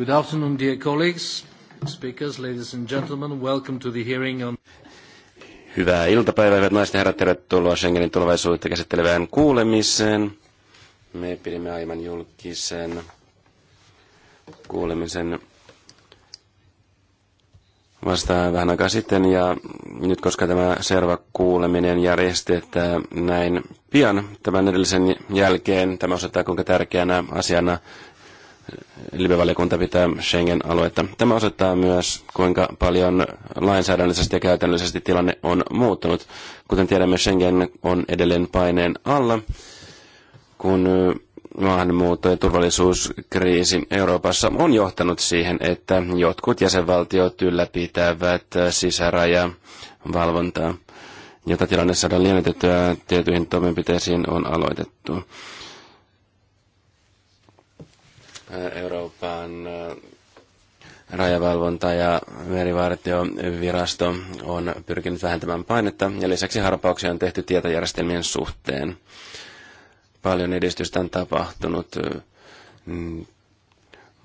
Good afternoon, dear colleagues, speakers, ladies and gentlemen. Welcome to the hearing on... Hyvää iltapäivää, hyvät naiset ja herrat. Tervetuloa Schengenin tulevaisuutta käsittelevään kuulemiseen. Me pidimme aivan julkisen kuulemisen vasta vähän aikaa sitten ja nyt koska tämä seuraava kuuleminen järjestetään näin pian tämän edellisen jälkeen, tämä osoittaa kuinka tärkeänä asiana Libevaliokunta pitää Schengen-aluetta. Tämä osoittaa myös, kuinka paljon lainsäädännöllisesti ja käytännöllisesti tilanne on muuttunut. Kuten tiedämme, Schengen on edelleen paineen alla, kun maahanmuutto- ja turvallisuuskriisi Euroopassa on johtanut siihen, että jotkut jäsenvaltiot ylläpitävät sisärajavalvontaa, jota tilanne saadaan liennetettyä tietyihin toimenpiteisiin on aloitettu. Euroopan rajavalvonta ja merivartiovirasto on pyrkinyt vähentämään painetta ja lisäksi harpauksia on tehty tietojärjestelmien suhteen. Paljon edistystä on tapahtunut. Mm,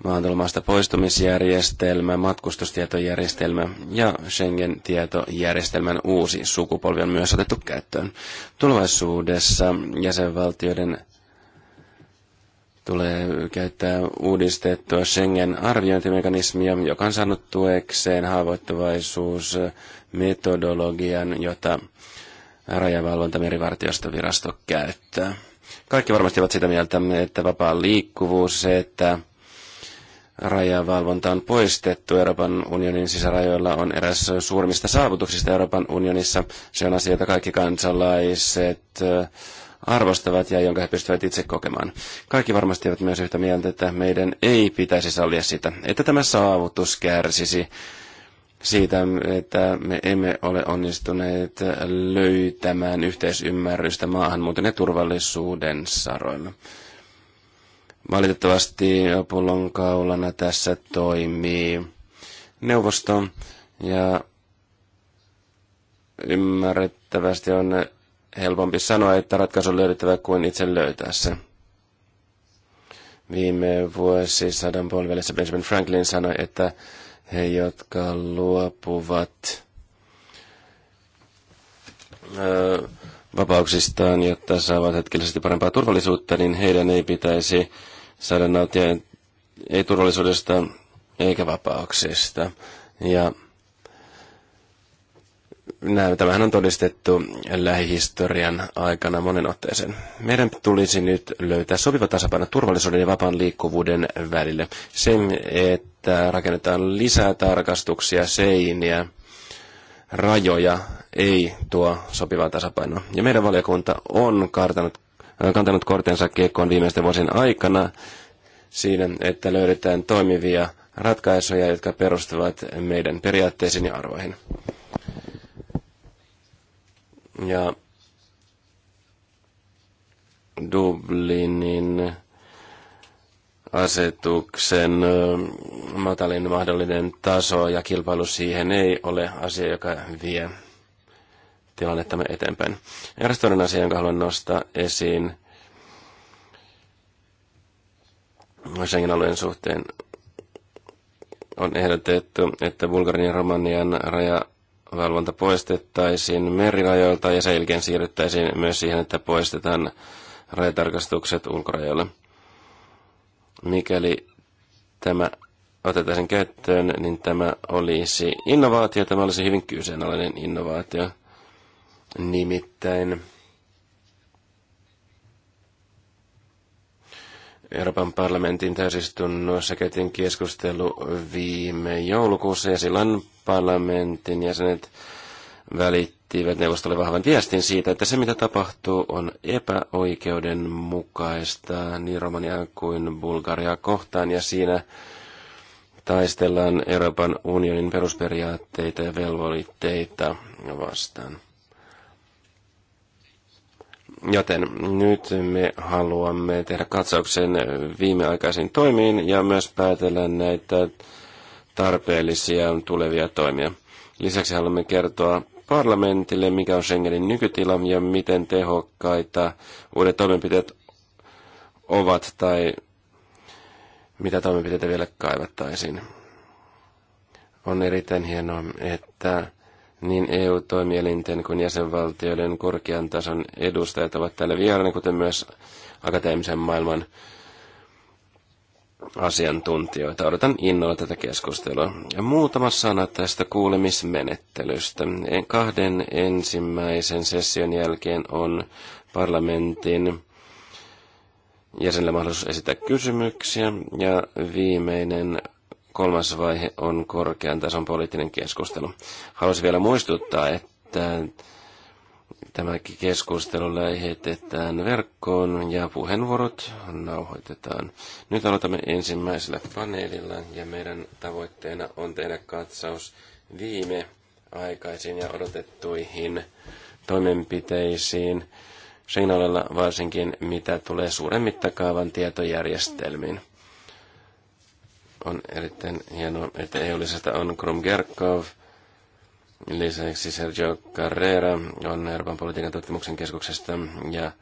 Maantulomasta poistumisjärjestelmä, matkustustietojärjestelmä ja Schengen-tietojärjestelmän uusi sukupolvi on myös otettu käyttöön. Tulevaisuudessa jäsenvaltioiden tulee käyttää uudistettua Schengen-arviointimekanismia, joka on saanut tuekseen haavoittuvaisuusmetodologian, jota rajavalvonta virasto käyttää. Kaikki varmasti ovat sitä mieltä, että vapaa liikkuvuus, se, että rajavalvonta on poistettu Euroopan unionin sisärajoilla, on eräs suurimmista saavutuksista Euroopan unionissa. Se on asia, jota kaikki kansalaiset arvostavat ja jonka he pystyvät itse kokemaan. Kaikki varmasti ovat myös yhtä mieltä, että meidän ei pitäisi sallia sitä, että tämä saavutus kärsisi siitä, että me emme ole onnistuneet löytämään yhteisymmärrystä maahanmuuton ja turvallisuuden saroilla. Valitettavasti kaulana tässä toimii neuvosto ja ymmärrettävästi on helpompi sanoa, että ratkaisu on löydettävä kuin itse löytää se. Viime vuosisadan puolivälissä Benjamin Franklin sanoi, että he, jotka luopuvat ö, vapauksistaan, jotta saavat hetkellisesti parempaa turvallisuutta, niin heidän ei pitäisi saada nautia ei turvallisuudesta eikä vapauksista. Ja Tämähän on todistettu lähihistorian aikana monen otteeseen. Meidän tulisi nyt löytää sopiva tasapaino turvallisuuden ja vapaan liikkuvuuden välille. Se, että rakennetaan lisää tarkastuksia, seiniä, rajoja, ei tuo sopivaa tasapainoa. Ja meidän valiokunta on kartanut, äh, kantanut kortensa kiekkoon viimeisten vuosien aikana siinä, että löydetään toimivia ratkaisuja, jotka perustuvat meidän periaatteisiin ja arvoihin. Ja Dublinin asetuksen matalin mahdollinen taso ja kilpailu siihen ei ole asia, joka vie tilannettamme eteenpäin. Eräs toinen asia, jonka haluan nostaa esiin Schengen-alueen suhteen, on ehdotettu, että Bulgarian ja Romanian raja valvonta poistettaisiin merirajoilta ja selkeän siirryttäisiin myös siihen, että poistetaan rajatarkastukset ulkorajoilla. Mikäli tämä otetaan käyttöön, niin tämä olisi innovaatio. Tämä olisi hyvin kyseenalainen innovaatio. Nimittäin Euroopan parlamentin täysistunnossa käytiin keskustelu viime joulukuussa ja silloin parlamentin jäsenet välittivät neuvostolle vahvan viestin siitä, että se mitä tapahtuu on epäoikeudenmukaista niin Romania kuin Bulgaria kohtaan ja siinä taistellaan Euroopan unionin perusperiaatteita ja velvoitteita vastaan. Joten nyt me haluamme tehdä katsauksen viimeaikaisiin toimiin ja myös päätellä näitä tarpeellisia tulevia toimia. Lisäksi haluamme kertoa parlamentille, mikä on Schengenin nykytila ja miten tehokkaita uudet toimenpiteet ovat tai mitä toimenpiteitä vielä kaivattaisiin. On erittäin hienoa, että niin EU-toimielinten kuin jäsenvaltioiden korkean tason edustajat ovat täällä vieraana, kuten myös akateemisen maailman asiantuntijoita. Odotan innolla tätä keskustelua. Ja muutama sana tästä kuulemismenettelystä. Kahden ensimmäisen session jälkeen on parlamentin jäsenille mahdollisuus esittää kysymyksiä ja viimeinen Kolmas vaihe on korkean tason poliittinen keskustelu. Haluaisin vielä muistuttaa, että tämäkin keskustelu lähetetään verkkoon ja puheenvuorot nauhoitetaan. Nyt aloitamme ensimmäisellä paneelilla ja meidän tavoitteena on tehdä katsaus viime aikaisiin ja odotettuihin toimenpiteisiin, Signaalilla varsinkin mitä tulee suuren mittakaavan tietojärjestelmiin. On erittäin hienoa, että EU-lisästä on Krum Gerkov, lisäksi Sergio Carrera on Euroopan politiikan tutkimuksen keskuksesta ja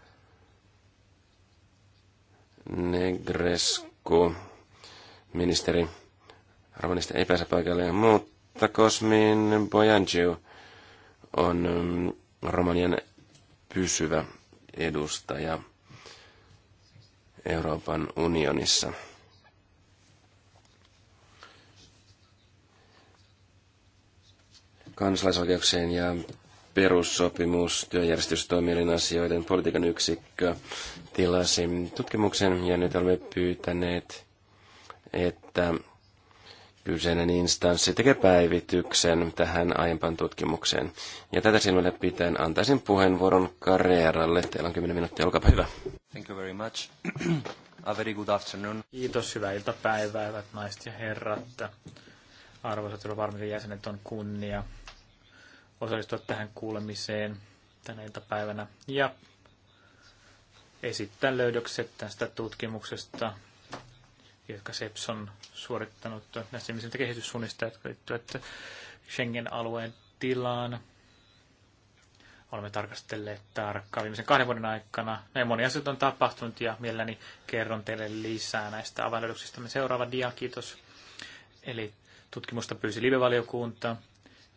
Negresku, ministeri Romanista ei pääse paikalle, mutta Kosmin Bojanciu on mm, Romanian pysyvä edustaja Euroopan unionissa. kansalaisoikeuksien ja perussopimus, työjärjestystoimielin asioiden politiikan yksikkö tilasi tutkimuksen ja nyt olemme pyytäneet, että kyseinen instanssi tekee päivityksen tähän aiempaan tutkimukseen. Ja tätä silmällä pitäen antaisin puheenvuoron Carreralle. Teillä on 10 minuuttia, olkaa hyvä. Thank you very much. A very good afternoon. Kiitos, hyvää iltapäivää, hyvät naiset ja herrat. Arvoisat varmasti jäsenet on kunnia osallistua tähän kuulemiseen tänä iltapäivänä ja esittää löydökset tästä tutkimuksesta, jotka SEPS on suorittanut näistä ihmisiltä kehityssuunnista, jotka liittyvät Schengen-alueen tilaan. Olemme tarkastelleet tarkkaan viimeisen kahden vuoden aikana. Näin moni asioita on tapahtunut ja mielelläni kerron teille lisää näistä avainlöydöksistä. seuraava dia, kiitos. Eli tutkimusta pyysi live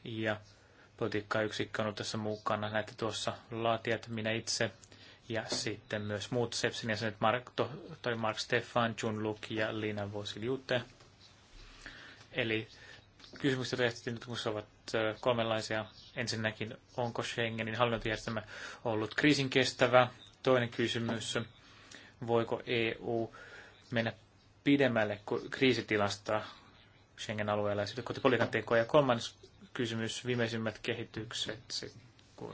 ja politiikkayksikkö on ollut tässä mukana. Näitä tuossa laatijat, minä itse ja sitten myös muut SEPSin jäsenet, Mark, toi Mark Stefan, Jun Luk ja Lina Vosiliute. Eli kysymykset, nyt, kun se ovat kolmenlaisia. Ensinnäkin, onko Schengenin hallintojärjestelmä ollut kriisin kestävä? Toinen kysymys, voiko EU mennä pidemmälle kriisitilasta Schengen-alueella ja sitten kotipolitiikan tekoa. Ja kolmas kysymys, viimeisimmät kehitykset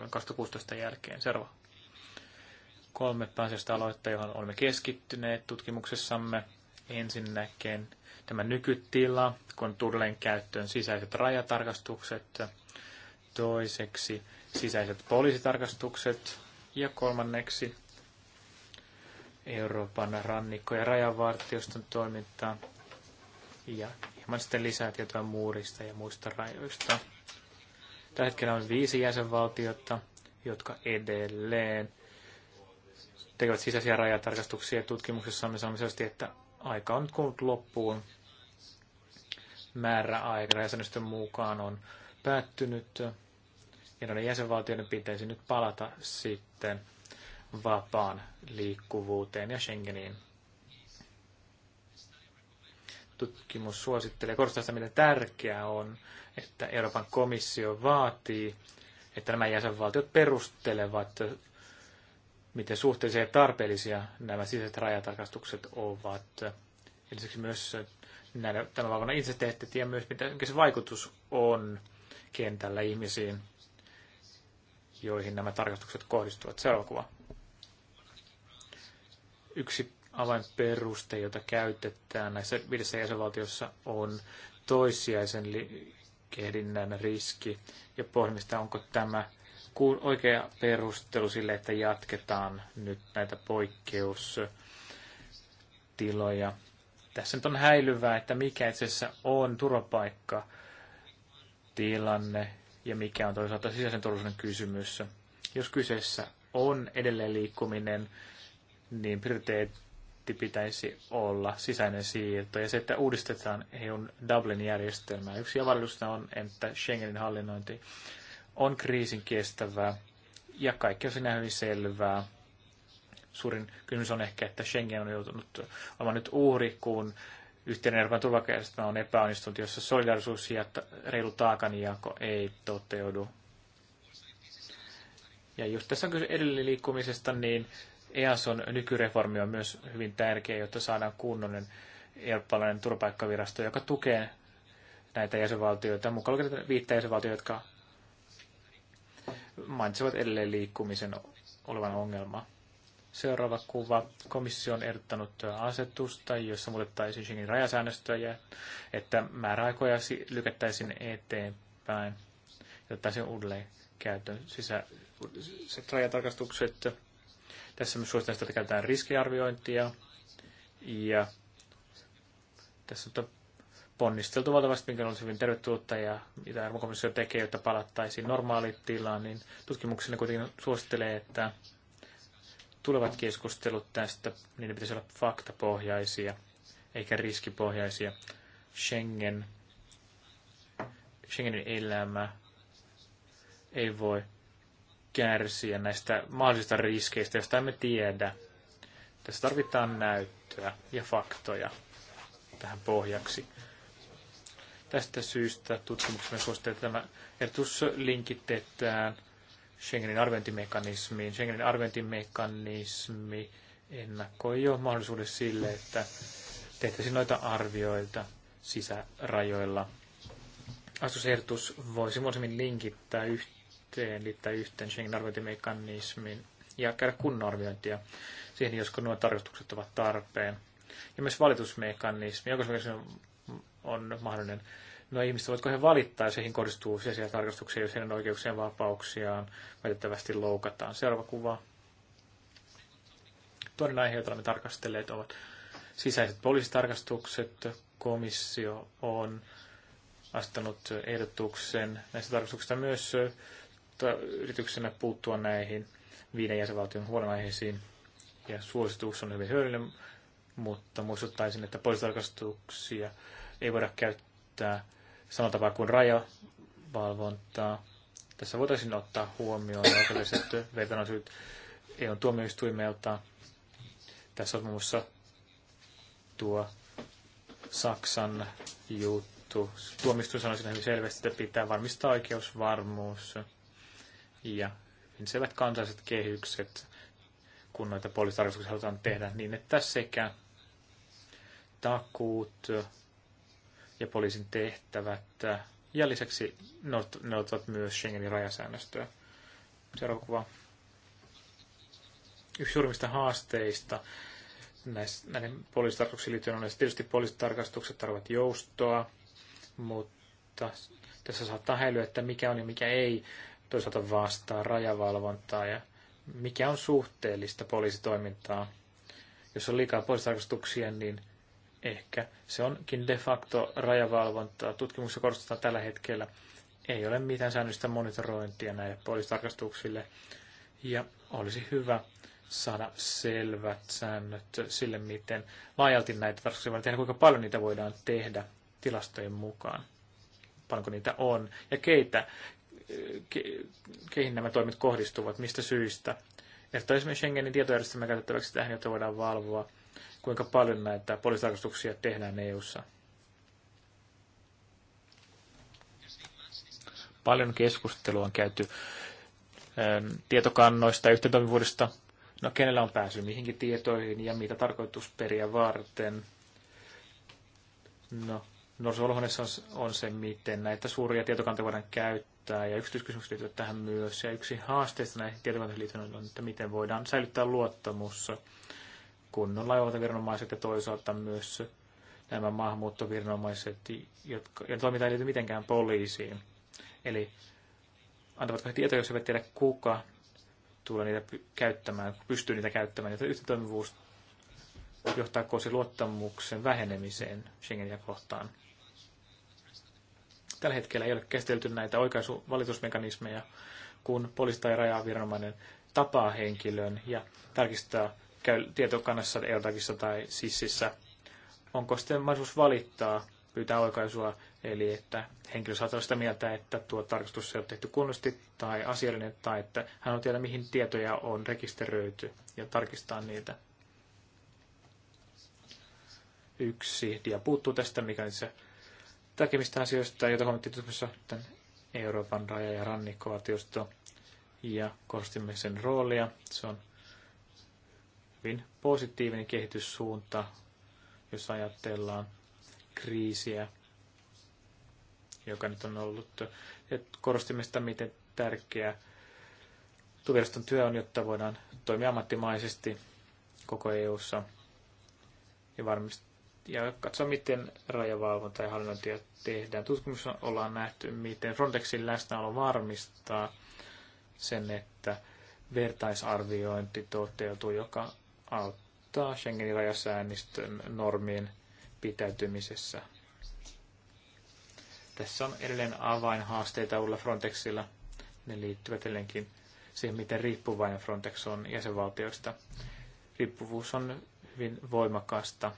2016 jälkeen. Seuraava. Kolme pääasiasta aloitetta, johon olemme keskittyneet tutkimuksessamme. Ensinnäkin tämä nykytila, kun tulleen käyttöön sisäiset rajatarkastukset, toiseksi sisäiset poliisitarkastukset ja kolmanneksi Euroopan rannikko- ja rajavartioston toimintaa ja hieman sitten lisää tietoa muurista ja muista rajoista. Tällä hetkellä on viisi jäsenvaltiota, jotka edelleen tekevät sisäisiä rajatarkastuksia. Tutkimuksessa me sanomme selvästi, että aika on nyt kulunut loppuun. Määräaika rajasäännöstön mukaan on päättynyt ja noiden jäsenvaltioiden pitäisi nyt palata sitten vapaan liikkuvuuteen ja Schengeniin tutkimus suosittelee korostaa sitä, miten tärkeää on, että Euroopan komissio vaatii, että nämä jäsenvaltiot perustelevat, miten suhteellisia ja tarpeellisia nämä sisäiset rajatarkastukset ovat. Ja lisäksi myös näiden, tämä valvonnan itse teette ja myös mikä se vaikutus on kentällä ihmisiin, joihin nämä tarkastukset kohdistuvat. Seuraava kuva. Yksi avainperuste, jota käytetään näissä viidessä jäsenvaltiossa, on toissijaisen liikehdinnän riski. Ja pohjimmista onko tämä oikea perustelu sille, että jatketaan nyt näitä poikkeustiloja. Tässä nyt on häilyvää, että mikä itse asiassa on turvapaikka tilanne ja mikä on toisaalta sisäisen turvallisuuden kysymys. Jos kyseessä on edelleen liikkuminen, niin prioriteet, pointti pitäisi olla sisäinen siirto ja se, että uudistetaan EUn Dublin-järjestelmää. Yksi avaruudesta on, että Schengenin hallinnointi on kriisin kestävää ja kaikki on siinä hyvin selvää. Suurin kysymys on ehkä, että Schengen on joutunut olemaan nyt uhri, kun yhteinen Euroopan turvakärjestelmä on epäonnistunut, jossa solidarisuus ja reilu taakanjako ei toteudu. Ja jos tässä on kyse edelleen liikkumisesta, niin EASON nykyreformi on myös hyvin tärkeä, jotta saadaan kunnollinen eurooppalainen turvapaikkavirasto, joka tukee näitä jäsenvaltioita, mukaan lukien viittä jäsenvaltioita, jotka mainitsevat edelleen liikkumisen olevan ongelma. Seuraava kuva. Komissio on ehdottanut asetusta, jossa muutettaisiin Schengenin rajasäännöstöä ja että määräaikoja lykättäisiin eteenpäin jotta se uudelleen käyttöön sisä, rajatarkastukset tässä myös suositaan sitä, että käytetään riskiarviointia ja tässä on ponnisteltu valtavasti, minkä olisi hyvin tervetullutta ja mitä arvokomissio tekee, jotta palattaisiin normaalitilaan, niin tutkimuksena kuitenkin suosittelee, että tulevat keskustelut tästä, niiden pitäisi olla faktapohjaisia eikä riskipohjaisia. Schengen, Schengenin elämä ei voi kärsiä näistä mahdollisista riskeistä, joista emme tiedä. Tässä tarvitaan näyttöä ja faktoja tähän pohjaksi. Tästä syystä tutkimuksemme suosittelee, tämä ehdotus linkitetään Schengenin arviointimekanismiin. Schengenin arviointimekanismi ennakkoi jo mahdollisuuden sille, että tehtäisiin noita arvioita sisärajoilla. Asusehdotus voisi mahdollisimmin linkittää yhteen yhteen, liittää yhteen Schengen arviointimekanismin ja käydä kunnon arviointia siihen, josko nuo tarkastukset ovat tarpeen. Ja myös valitusmekanismi, jonka on mahdollinen. No ihmiset voitko he valittaa, jos heihin kohdistuu sisäisiä tarkastuksia, jos heidän oikeuksien vapauksiaan väitettävästi loukataan. Seuraava kuva. Toinen aihe, jota olemme tarkastelleet, ovat sisäiset poliisitarkastukset. Komissio on astanut ehdotuksen näistä tarkastuksista myös yrityksenä puuttua näihin viiden jäsenvaltion huolenaiheisiin. Ja suositus on hyvin hyödyllinen, mutta muistuttaisin, että poistotarkastuksia ei voida käyttää samalla tapaa kuin rajavalvontaa. Tässä voitaisiin ottaa huomioon oikeudelliset vertailusyyt EUn tuomioistuimelta. Tässä on muun muassa tuo Saksan juttu. Tuomistuin sanoi hyvin selvästi, että pitää varmistaa oikeusvarmuus ja hyvin selvät kansalliset kehykset, kun noita poliisitarkastuksia halutaan tehdä niin, että sekä takuut ja poliisin tehtävät ja lisäksi ottavat myös Schengenin rajasäännöstöä. Seuraava kuva. Yksi suurimmista haasteista näissä, näiden poliisitarkastuksiin liittyen on, että tietysti poliisitarkastukset tarvitsevat joustoa, mutta tässä saattaa häilyä, että mikä on ja mikä ei toisaalta vastaan rajavalvontaa ja mikä on suhteellista poliisitoimintaa. Jos on liikaa poliisitarkastuksia, niin ehkä se onkin de facto rajavalvontaa. Tutkimuksessa korostetaan tällä hetkellä, ei ole mitään säännöllistä monitorointia näille poliisitarkastuksille. Ja olisi hyvä saada selvät säännöt sille, miten laajalti näitä tarkastuksia voidaan tehdä, kuinka paljon niitä voidaan tehdä tilastojen mukaan, paljonko niitä on ja keitä keihin nämä toimet kohdistuvat, mistä syistä. Että esimerkiksi Schengenin tietojärjestelmä käytettäväksi tähän, jotta voidaan valvoa, kuinka paljon näitä poliisitarkastuksia tehdään EU-ssa. Paljon keskustelua on käyty ähm, tietokannoista ja yhteentoimivuudesta. No kenellä on pääsy mihinkin tietoihin ja mitä tarkoitusperiä varten. No, Norsolhones on, on se, miten näitä suuria tietokantoja voidaan käyttää liittää ja yksityiskysymykset liittyvät tähän myös. Ja yksi haasteista näihin tietokantoihin on, että miten voidaan säilyttää luottamus kunnon viranomaiset, ja toisaalta myös nämä maahanmuuttoviranomaiset, jotka, ja toiminta ei liity mitenkään poliisiin. Eli antavatko he tietoja, jos eivät tiedä kuka tulee niitä käyttämään, pystyy niitä käyttämään, joten yhteentoimivuus johtaako se luottamuksen vähenemiseen Schengenia kohtaan. Tällä hetkellä ei ole käsitelty näitä oikaisuvalitusmekanismeja, kun poliisi tai rajaviranomainen tapaa henkilön ja tarkistaa käy tietokannassa Eurotakissa tai sississä. Onko sitten mahdollisuus valittaa, pyytää oikaisua, eli että henkilö saattaa sitä mieltä, että tuo tarkastus ei ole tehty kunnosti tai asiallinen, tai että hän on tiedä, mihin tietoja on rekisteröity ja tarkistaa niitä. Yksi dia puuttuu tästä, mikä itse tärkeimmistä asioista, joita huomattiin tutkimuksessa tämän Euroopan raja- ja rannikkovaltiosto, ja korostimme sen roolia. Se on hyvin positiivinen kehityssuunta, jos ajatellaan kriisiä, joka nyt on ollut. Ja korostimme sitä, miten tärkeä tuviraston työ on, jotta voidaan toimia ammattimaisesti koko EU:ssa ja varmistaa ja katsoa, miten rajavalvonta ja hallinnointia tehdään. Tutkimuksessa ollaan nähty, miten Frontexin läsnäolo varmistaa sen, että vertaisarviointi toteutuu, joka auttaa Schengenin rajasäännistön normien pitäytymisessä. Tässä on edelleen avainhaasteita uudella Frontexilla. Ne liittyvät edelleenkin siihen, miten riippuvainen Frontex on jäsenvaltioista. Riippuvuus on hyvin voimakasta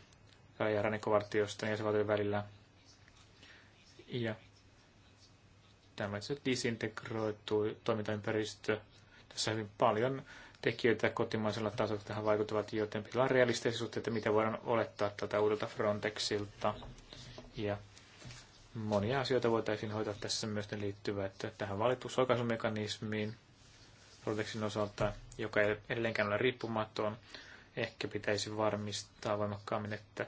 ja ja jäsenvaltioiden välillä. Ja tämä disintegroitu toimintaympäristö. Tässä on hyvin paljon tekijöitä kotimaisella tasolla tähän vaikuttavat, joten pitää olla realistisia suhteita, mitä voidaan olettaa tätä uudelta Frontexilta. Ja monia asioita voitaisiin hoitaa tässä myös ne liittyvät tähän valitusoikaisumekanismiin Frontexin osalta, joka ei edelleenkään ole riippumaton. Ehkä pitäisi varmistaa voimakkaammin, että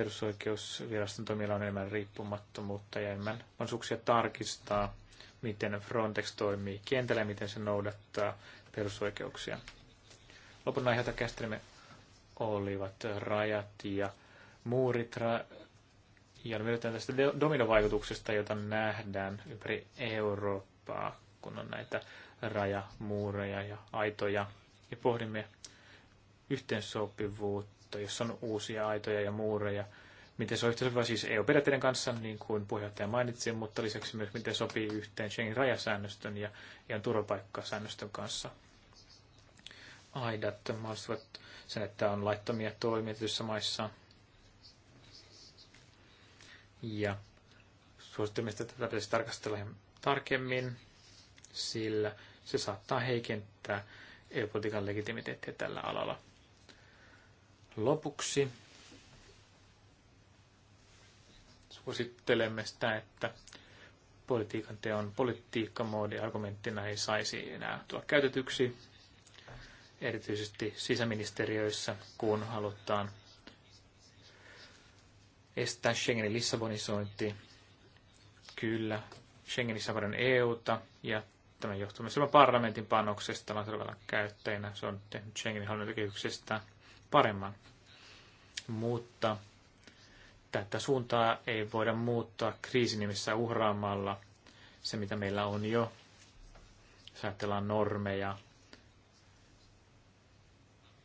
perusoikeusviraston toimilla on enemmän riippumattomuutta ja enemmän mahdollisuuksia tarkistaa, miten Frontex toimii kentällä ja miten se noudattaa perusoikeuksia. Lopun aiheita käsittelemme olivat rajat ja muurit. ja me löydetään tästä dominovaikutuksesta, jota nähdään ympäri Eurooppaa, kun on näitä rajamuureja ja aitoja. Ja pohdimme yhteensopivuutta mutta jos on uusia aitoja ja muureja, miten se on yhteensopivaa siis EU-periaatteiden kanssa, niin kuin puheenjohtaja mainitsi, mutta lisäksi myös miten sopii yhteen Schengen rajasäännöstön ja ja turvapaikkasäännöstön kanssa. Aidat mahdollistavat sen, että on laittomia toimia tietyissä maissa. Ja suosittelemista tätä pitäisi tarkastella tarkemmin, sillä se saattaa heikentää EU-politiikan legitimiteettiä tällä alalla. Lopuksi suosittelemme sitä, että politiikan teon politiikkamoodi argumenttina ei saisi enää tulla käytetyksi, erityisesti sisäministeriöissä, kun halutaan estää Schengenin lissabonisointi. Kyllä, Schengenissä on EUta ja tämä johtuu myös parlamentin panoksesta lainsäädännön käyttäjänä. Se on tehnyt Schengenin hallintokehyksestä paremman. Mutta tätä suuntaa ei voida muuttaa kriisinimissä uhraamalla se, mitä meillä on jo. Jos ajatellaan normeja,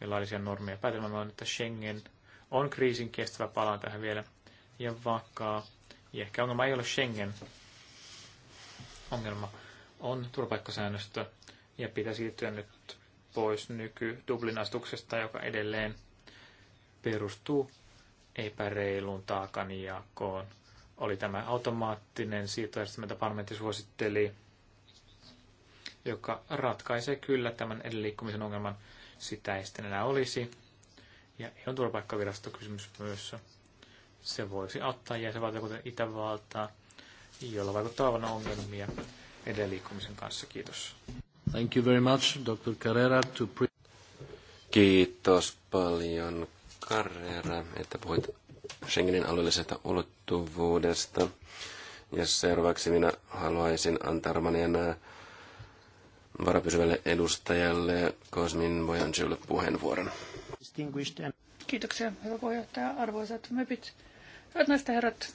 millaisia normeja. Päätelmämme on, että Schengen on kriisin kestävä, palaan tähän vielä, ja vakaa. Ja ehkä ongelma ei ole Schengen. Ongelma on turvapaikkasäännöstö, ja pitää siirtyä nyt pois nyky Dublinastuksesta, joka edelleen perustuu epäreiluun taakanjakoon. Oli tämä automaattinen siirtojärjestelmä, jota parlamentti suositteli, joka ratkaisee kyllä tämän edelliikkumisen ongelman. Sitä ei sitten enää olisi. Ja on turvapaikkavirasto kysymys myös. Se voisi auttaa jäsenvaltio, kuten Itävaltaa, jolla vaikuttaa olevan ongelmia edelliikkumisen kanssa. Kiitos. Kiitos paljon, Carrera, että puhuit Schengenin alueellisesta ulottuvuudesta. Ja seuraavaksi minä haluaisin antaa Romanian äh, varapysyvälle edustajalle Cosmin Bojanjulle puheenvuoron. Kiitoksia, hyvä puheenjohtaja, arvoisat MEPit. Hyvät naiset herrat,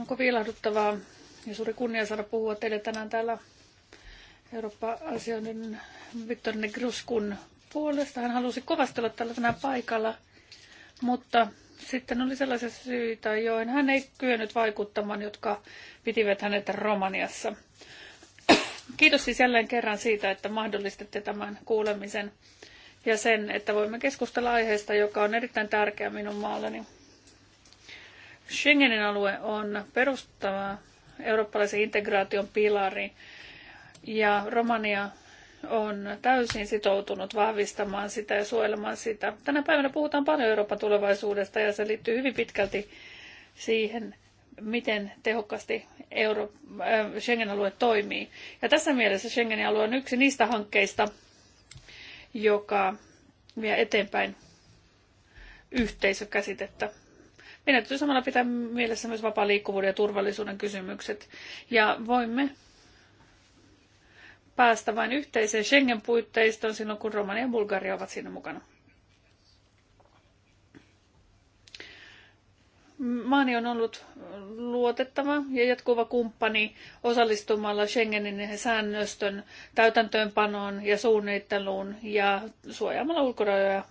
onko viilahduttavaa ja suuri kunnia saada puhua teille tänään täällä Eurooppa-asioiden Viktor Negruskun puolesta. Hän halusi kovasti olla tällä tänään paikalla, mutta sitten oli sellaisia syitä, joihin hän ei kyennyt vaikuttamaan, jotka pitivät hänet Romaniassa. Kiitos siis jälleen kerran siitä, että mahdollistitte tämän kuulemisen ja sen, että voimme keskustella aiheesta, joka on erittäin tärkeä minun maalleni. Schengenin alue on perustava eurooppalaisen integraation pilari ja Romania on täysin sitoutunut vahvistamaan sitä ja suojelemaan sitä. Tänä päivänä puhutaan paljon Euroopan tulevaisuudesta ja se liittyy hyvin pitkälti siihen, miten tehokkaasti Euro- äh, Schengen-alue toimii. Ja tässä mielessä schengen alue on yksi niistä hankkeista, joka vie eteenpäin yhteisökäsitettä. Meidän täytyy samalla pitää mielessä myös vapaa liikkuvuuden ja turvallisuuden kysymykset. Ja voimme päästä vain yhteiseen Schengen-puitteistoon silloin, kun Romania ja Bulgaria ovat siinä mukana. Maani on ollut luotettava ja jatkuva kumppani osallistumalla Schengenin säännöstön täytäntöönpanoon ja suunnitteluun ja suojaamalla ulkorajoja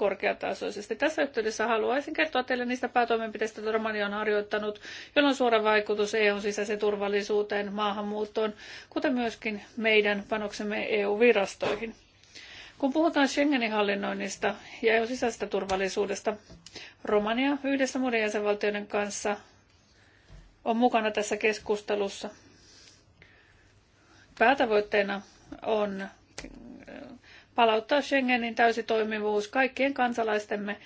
korkeatasoisesti. Tässä yhteydessä haluaisin kertoa teille niistä päätoimenpiteistä, joita Romania on harjoittanut, joilla on suora vaikutus EUn sisäiseen turvallisuuteen, maahanmuuttoon, kuten myöskin meidän panoksemme EU-virastoihin. Kun puhutaan Schengenin hallinnoinnista ja EUn sisäisestä turvallisuudesta, Romania yhdessä muiden jäsenvaltioiden kanssa on mukana tässä keskustelussa. Päätavoitteena on palauttaa Schengenin täysi toimivuus kaikkien kansalaistemme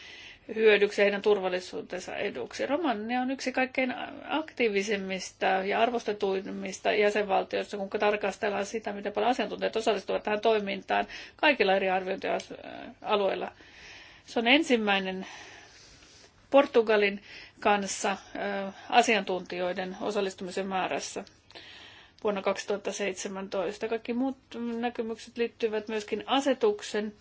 hyödyksi heidän turvallisuutensa eduksi. Romania on yksi kaikkein aktiivisimmista ja arvostetuimmista jäsenvaltioista, kun tarkastellaan sitä, miten paljon asiantuntijat osallistuvat tähän toimintaan kaikilla eri arviointialueilla. Se on ensimmäinen Portugalin kanssa asiantuntijoiden osallistumisen määrässä vuonna 2017. Kaikki muut näkemykset liittyvät myöskin asetuksen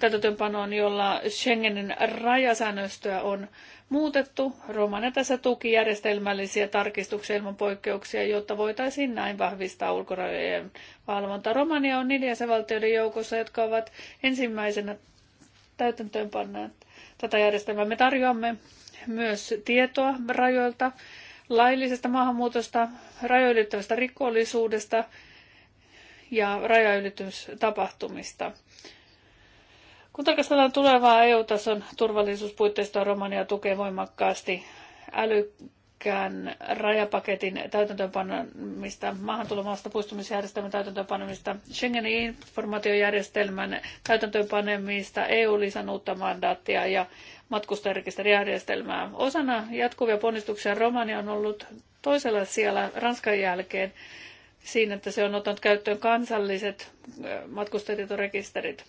täytäntöönpanoon, jolla Schengenin rajasäännöstöä on muutettu. Romania tässä tuki järjestelmällisiä tarkistuksia ilman poikkeuksia, jotta voitaisiin näin vahvistaa ulkorajojen valvonta. Romania on niiden jäsenvaltioiden joukossa, jotka ovat ensimmäisenä täytäntöönpanneet tätä järjestelmää. Me tarjoamme myös tietoa rajoilta laillisesta maahanmuutosta, rajoilyttävästä rikollisuudesta ja rajaylitystapahtumista. Kun tarkastellaan tulevaa EU-tason turvallisuuspuitteistoa, Romania tukee voimakkaasti äly, pitkään rajapaketin täytäntöönpanemista, maahantulomaasta puistumisjärjestelmän täytäntöönpanemista, Schengenin informaatiojärjestelmän täytäntöönpanemista, EU-lisän uutta mandaattia ja matkustajarekisterijärjestelmää. Osana jatkuvia ponnistuksia Romania on ollut toisella siellä Ranskan jälkeen siinä, että se on ottanut käyttöön kansalliset matkustajatietorekisterit.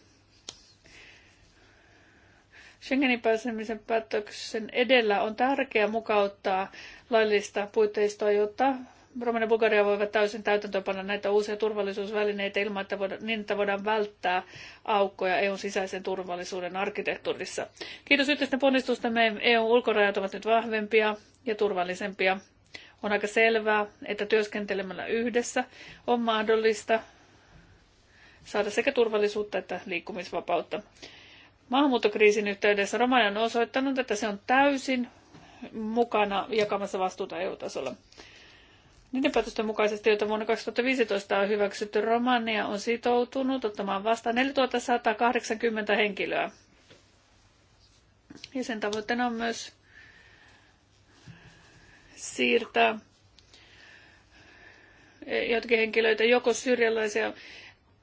Schengenin pääsemisen päätöksen edellä on tärkeää mukauttaa laillista puitteistoa, jotta Romania ja Bulgaria voivat täysin täytäntöönpanna näitä uusia turvallisuusvälineitä ilman, että voida, niin, että voidaan välttää aukkoja EUn sisäisen turvallisuuden arkkitehtuurissa. Kiitos yhteisten ponnistustemme, EUn ulkorajat ovat nyt vahvempia ja turvallisempia. On aika selvää, että työskentelemällä yhdessä on mahdollista saada sekä turvallisuutta että liikkumisvapautta. Maahanmuuttokriisin yhteydessä Romania on osoittanut, että se on täysin mukana jakamassa vastuuta EU-tasolla. Niiden päätösten mukaisesti, joita vuonna 2015 on hyväksytty, Romania on sitoutunut ottamaan vastaan 4180 henkilöä. Ja sen tavoitteena on myös siirtää jotkin henkilöitä joko syrjäläisiä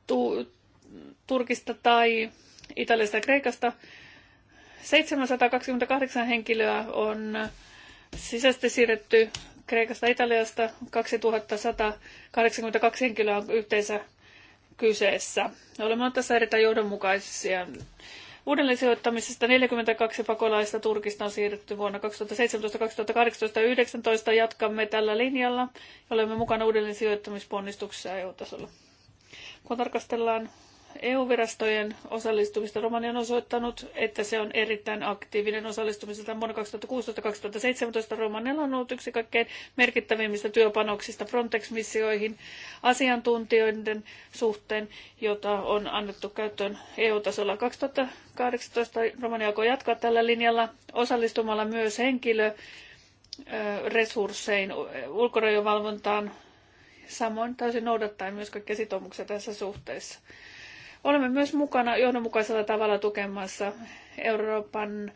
tu- Turkista tai Italiasta ja Kreikasta. 728 henkilöä on sisäisesti siirretty Kreikasta Italiasta, 2182 henkilöä on yhteensä kyseessä. Olemme tässä erittäin johdonmukaisia. Uudelleen sijoittamisesta 42 pakolaista Turkista on siirretty vuonna 2017, 2018 ja 2019. Jatkamme tällä linjalla ja olemme mukana uudelleen sijoittamisponnistuksessa EU-tasolla. Kun tarkastellaan EU-virastojen osallistumista. Romania on osoittanut, että se on erittäin aktiivinen osallistumiselta vuonna 2016-2017. Romanialla on ollut yksi kaikkein merkittävimmistä työpanoksista Frontex-missioihin asiantuntijoiden suhteen, jota on annettu käyttöön EU-tasolla 2018. Romania alkoi jatkaa tällä linjalla osallistumalla myös henkilö resurssein ulkorajovalvontaan samoin täysin noudattaen myös kaikkia sitoumuksia tässä suhteessa. Olemme myös mukana johdonmukaisella tavalla tukemassa Euroopan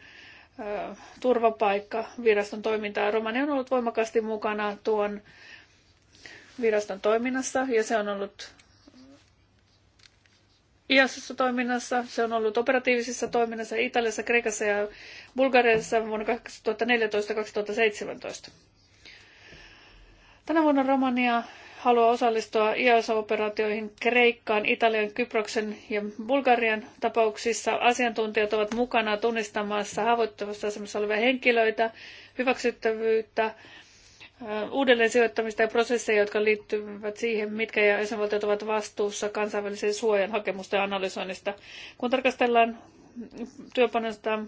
turvapaikkaviraston toimintaa. Romania on ollut voimakkaasti mukana tuon viraston toiminnassa ja se on ollut IASossa toiminnassa, se on ollut operatiivisessa toiminnassa Italiassa, Kreikassa ja Bulgariassa vuonna 2014-2017. Tänä vuonna Romania haluaa osallistua IASA-operaatioihin Kreikkaan, Italian, Kyproksen ja Bulgarian tapauksissa. Asiantuntijat ovat mukana tunnistamassa haavoittuvassa asemassa olevia henkilöitä, hyväksyttävyyttä, uudelleen sijoittamista ja prosesseja, jotka liittyvät siihen, mitkä jäsenvaltiot ovat vastuussa kansainvälisen suojan hakemusten analysoinnista. Kun tarkastellaan työpanosta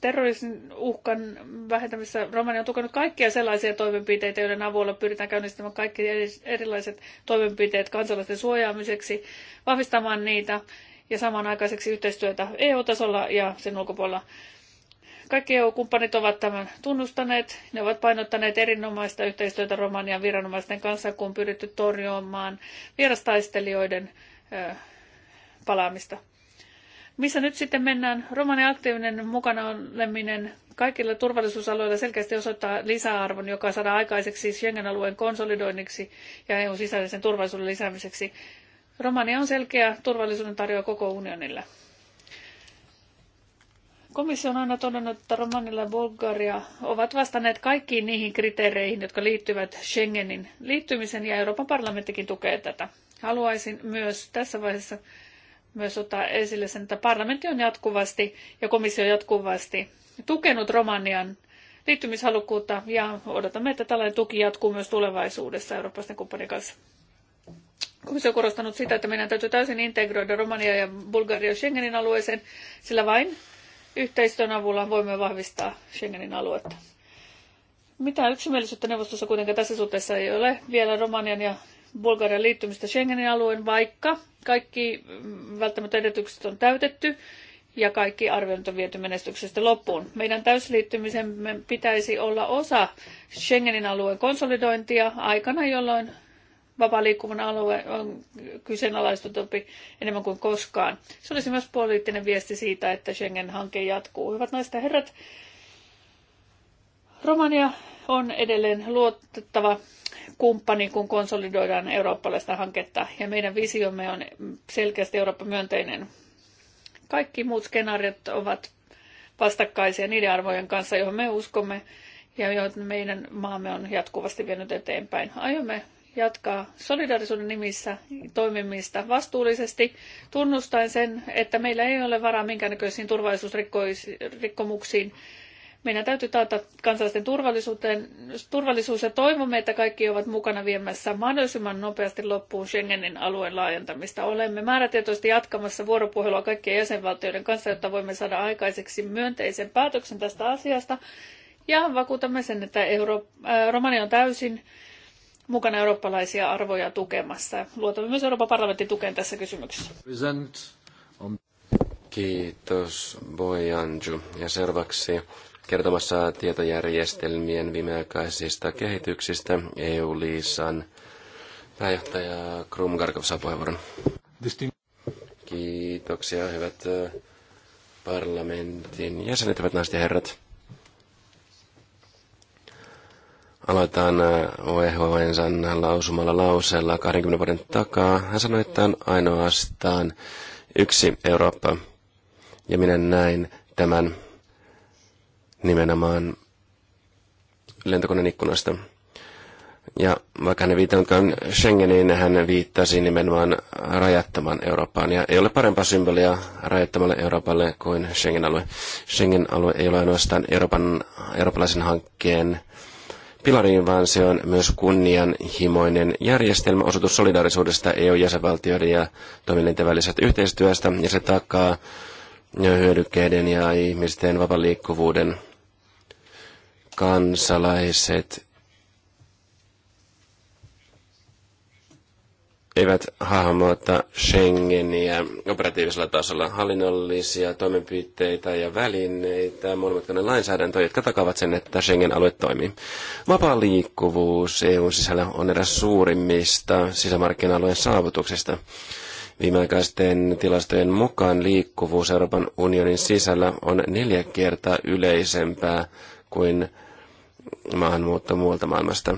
terrorismin uhkan vähentämisessä Romania on tukenut kaikkia sellaisia toimenpiteitä, joiden avulla pyritään käynnistämään kaikki erilaiset toimenpiteet kansalaisten suojaamiseksi, vahvistamaan niitä ja samanaikaiseksi yhteistyötä EU-tasolla ja sen ulkopuolella. Kaikki EU-kumppanit ovat tämän tunnustaneet. Ne ovat painottaneet erinomaista yhteistyötä Romanian viranomaisten kanssa, kun on pyritty torjumaan vierastaistelijoiden palaamista. Missä nyt sitten mennään? romani aktiivinen mukana oleminen kaikilla turvallisuusalueilla selkeästi osoittaa lisäarvon, joka saadaan aikaiseksi siis Schengen-alueen konsolidoinniksi ja EUn sisäisen turvallisuuden lisäämiseksi. Romania on selkeä turvallisuuden tarjoa koko unionille. Komissio on aina todennut, että Romanilla ja Bulgaria ovat vastanneet kaikkiin niihin kriteereihin, jotka liittyvät Schengenin liittymisen ja Euroopan parlamenttikin tukee tätä. Haluaisin myös tässä vaiheessa myös ottaa esille sen, että parlamentti on jatkuvasti ja komissio jatkuvasti tukenut Romanian liittymishalukkuutta ja odotamme, että tällainen tuki jatkuu myös tulevaisuudessa eurooppalaisten kumppanien kanssa. Komissio on korostanut sitä, että meidän täytyy täysin integroida Romania ja Bulgaria Schengenin alueeseen, sillä vain yhteistyön avulla voimme vahvistaa Schengenin aluetta. Mitään yksimielisyyttä neuvostossa kuitenkaan tässä suhteessa ei ole vielä Romanian ja Bulgarian liittymistä Schengenin alueen, vaikka kaikki välttämättä edellytykset on täytetty ja kaikki arviointi on viety menestyksestä loppuun. Meidän täysliittymisemme pitäisi olla osa Schengenin alueen konsolidointia aikana, jolloin vapaa liikkuvan alue on kyseenalaistetumpi enemmän kuin koskaan. Se olisi myös poliittinen viesti siitä, että Schengen-hanke jatkuu. Hyvät naiset ja herrat, Romania on edelleen luotettava kumppani, kun konsolidoidaan eurooppalaista hanketta. Ja meidän visiomme on selkeästi Eurooppa-myönteinen. Kaikki muut skenaariot ovat vastakkaisia niiden arvojen kanssa, joihin me uskomme ja joita meidän maamme on jatkuvasti vienyt eteenpäin. Aiomme jatkaa solidaarisuuden nimissä toimimista vastuullisesti, tunnustaen sen, että meillä ei ole varaa minkäännäköisiin turvallisuusrikkomuksiin, meidän täytyy taata kansalaisten turvallisuus ja toivomme, että kaikki ovat mukana viemässä mahdollisimman nopeasti loppuun Schengenin alueen laajentamista. Olemme määrätietoisesti jatkamassa vuoropuhelua kaikkien jäsenvaltioiden kanssa, jotta voimme saada aikaiseksi myönteisen päätöksen tästä asiasta. Ja vakuutamme sen, että Euro- äh, Romania on täysin mukana eurooppalaisia arvoja tukemassa. Luotamme myös Euroopan parlamentin tukeen tässä kysymyksessä. Kiitos, Ja seuraavaksi kertomassa tietojärjestelmien viimeaikaisista kehityksistä. EU-liisan pääjohtaja Krum Garkov saa puheenvuoron. Kiitoksia, hyvät parlamentin jäsenet, hyvät naiset ja herrat. Aloitetaan OEHO-ensan lausumalla lauseella 20 vuoden takaa. Hän sanoi, että on ainoastaan yksi Eurooppa. Ja minä näin tämän nimenomaan lentokoneen ikkunasta. Ja vaikka hän ei viitannutkaan Schengeniin, hän viittasi nimenomaan rajattoman Eurooppaan. Ja ei ole parempaa symbolia rajattomalle Euroopalle kuin Schengen-alue. Schengen-alue ei ole ainoastaan Euroopan, eurooppalaisen hankkeen pilariin, vaan se on myös kunnianhimoinen järjestelmä, osoitus solidaarisuudesta EU-jäsenvaltioiden ja toimielinten välisestä yhteistyöstä, ja se takaa hyödykkeiden ja ihmisten vapaan liikkuvuuden kansalaiset eivät hahmota Schengeniä operatiivisella tasolla hallinnollisia toimenpiteitä ja välineitä, monimutkainen lainsäädäntö, jotka takavat sen, että Schengen-alue toimii. Vapaa liikkuvuus EUn sisällä on eräs suurimmista sisämarkkina-alueen saavutuksista. Viimeaikaisten tilastojen mukaan liikkuvuus Euroopan unionin sisällä on neljä kertaa yleisempää kuin maahanmuutto muualta maailmasta.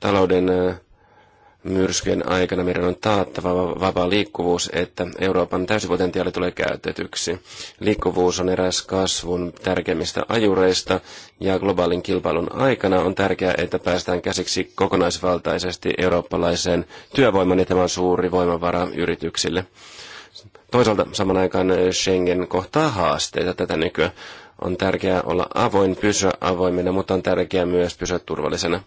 Talouden myrskyjen aikana meidän on taattava vapaa liikkuvuus, että Euroopan täysipotentiaali tulee käytetyksi. Liikkuvuus on eräs kasvun tärkeimmistä ajureista ja globaalin kilpailun aikana on tärkeää, että päästään käsiksi kokonaisvaltaisesti eurooppalaiseen työvoiman ja tämän suuri voimavara yrityksille. Toisaalta saman aikaan Schengen kohtaa haasteita tätä nykyään. On tärkeää olla avoin, pysyä avoimena, mutta on tärkeää myös pysyä turvallisena.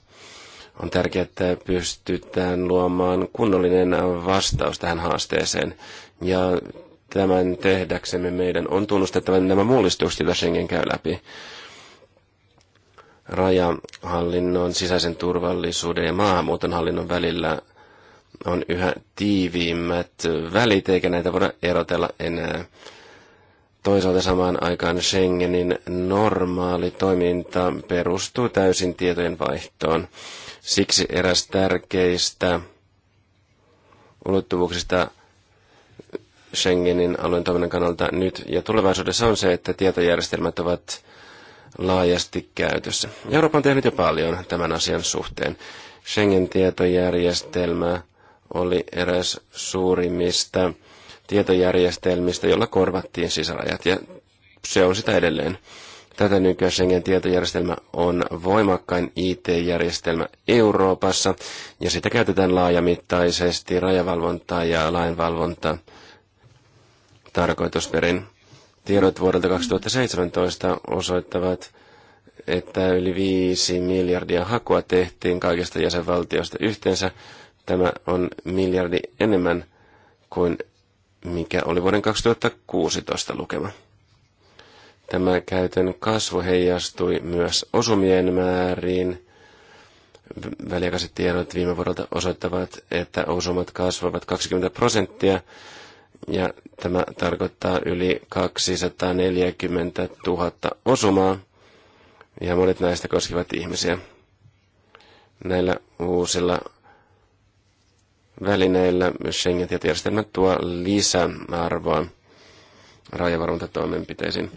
On tärkeää, että pystytään luomaan kunnollinen vastaus tähän haasteeseen. Ja tämän tehdäksemme meidän on tunnustettava nämä mullistukset, joita Schengen käy läpi rajahallinnon, sisäisen turvallisuuden ja maahanmuuton hallinnon välillä on yhä tiiviimmät välit, eikä näitä voida erotella enää Toisaalta samaan aikaan Schengenin normaali toiminta perustuu täysin tietojen vaihtoon. Siksi eräs tärkeistä ulottuvuuksista Schengenin alueen toiminnan kannalta nyt ja tulevaisuudessa on se, että tietojärjestelmät ovat laajasti käytössä. Eurooppa on tehnyt jo paljon tämän asian suhteen. Schengen-tietojärjestelmä oli eräs suurimmista tietojärjestelmistä, jolla korvattiin sisärajat, ja se on sitä edelleen. Tätä nykyään Schengen tietojärjestelmä on voimakkain IT-järjestelmä Euroopassa, ja sitä käytetään laajamittaisesti rajavalvontaa ja lainvalvontaa tarkoitusperin. Tiedot vuodelta 2017 osoittavat, että yli 5 miljardia hakua tehtiin kaikista jäsenvaltioista yhteensä. Tämä on miljardi enemmän kuin mikä oli vuoden 2016 lukema. Tämä käytön kasvu heijastui myös osumien määriin. Väliaikaiset tiedot viime vuodelta osoittavat, että osumat kasvavat 20 prosenttia, ja tämä tarkoittaa yli 240 000 osumaa, ja monet näistä koskivat ihmisiä. Näillä uusilla välineillä Schengen-tietojärjestelmä tuo lisäarvoa rajavaruntatoimenpiteisiin.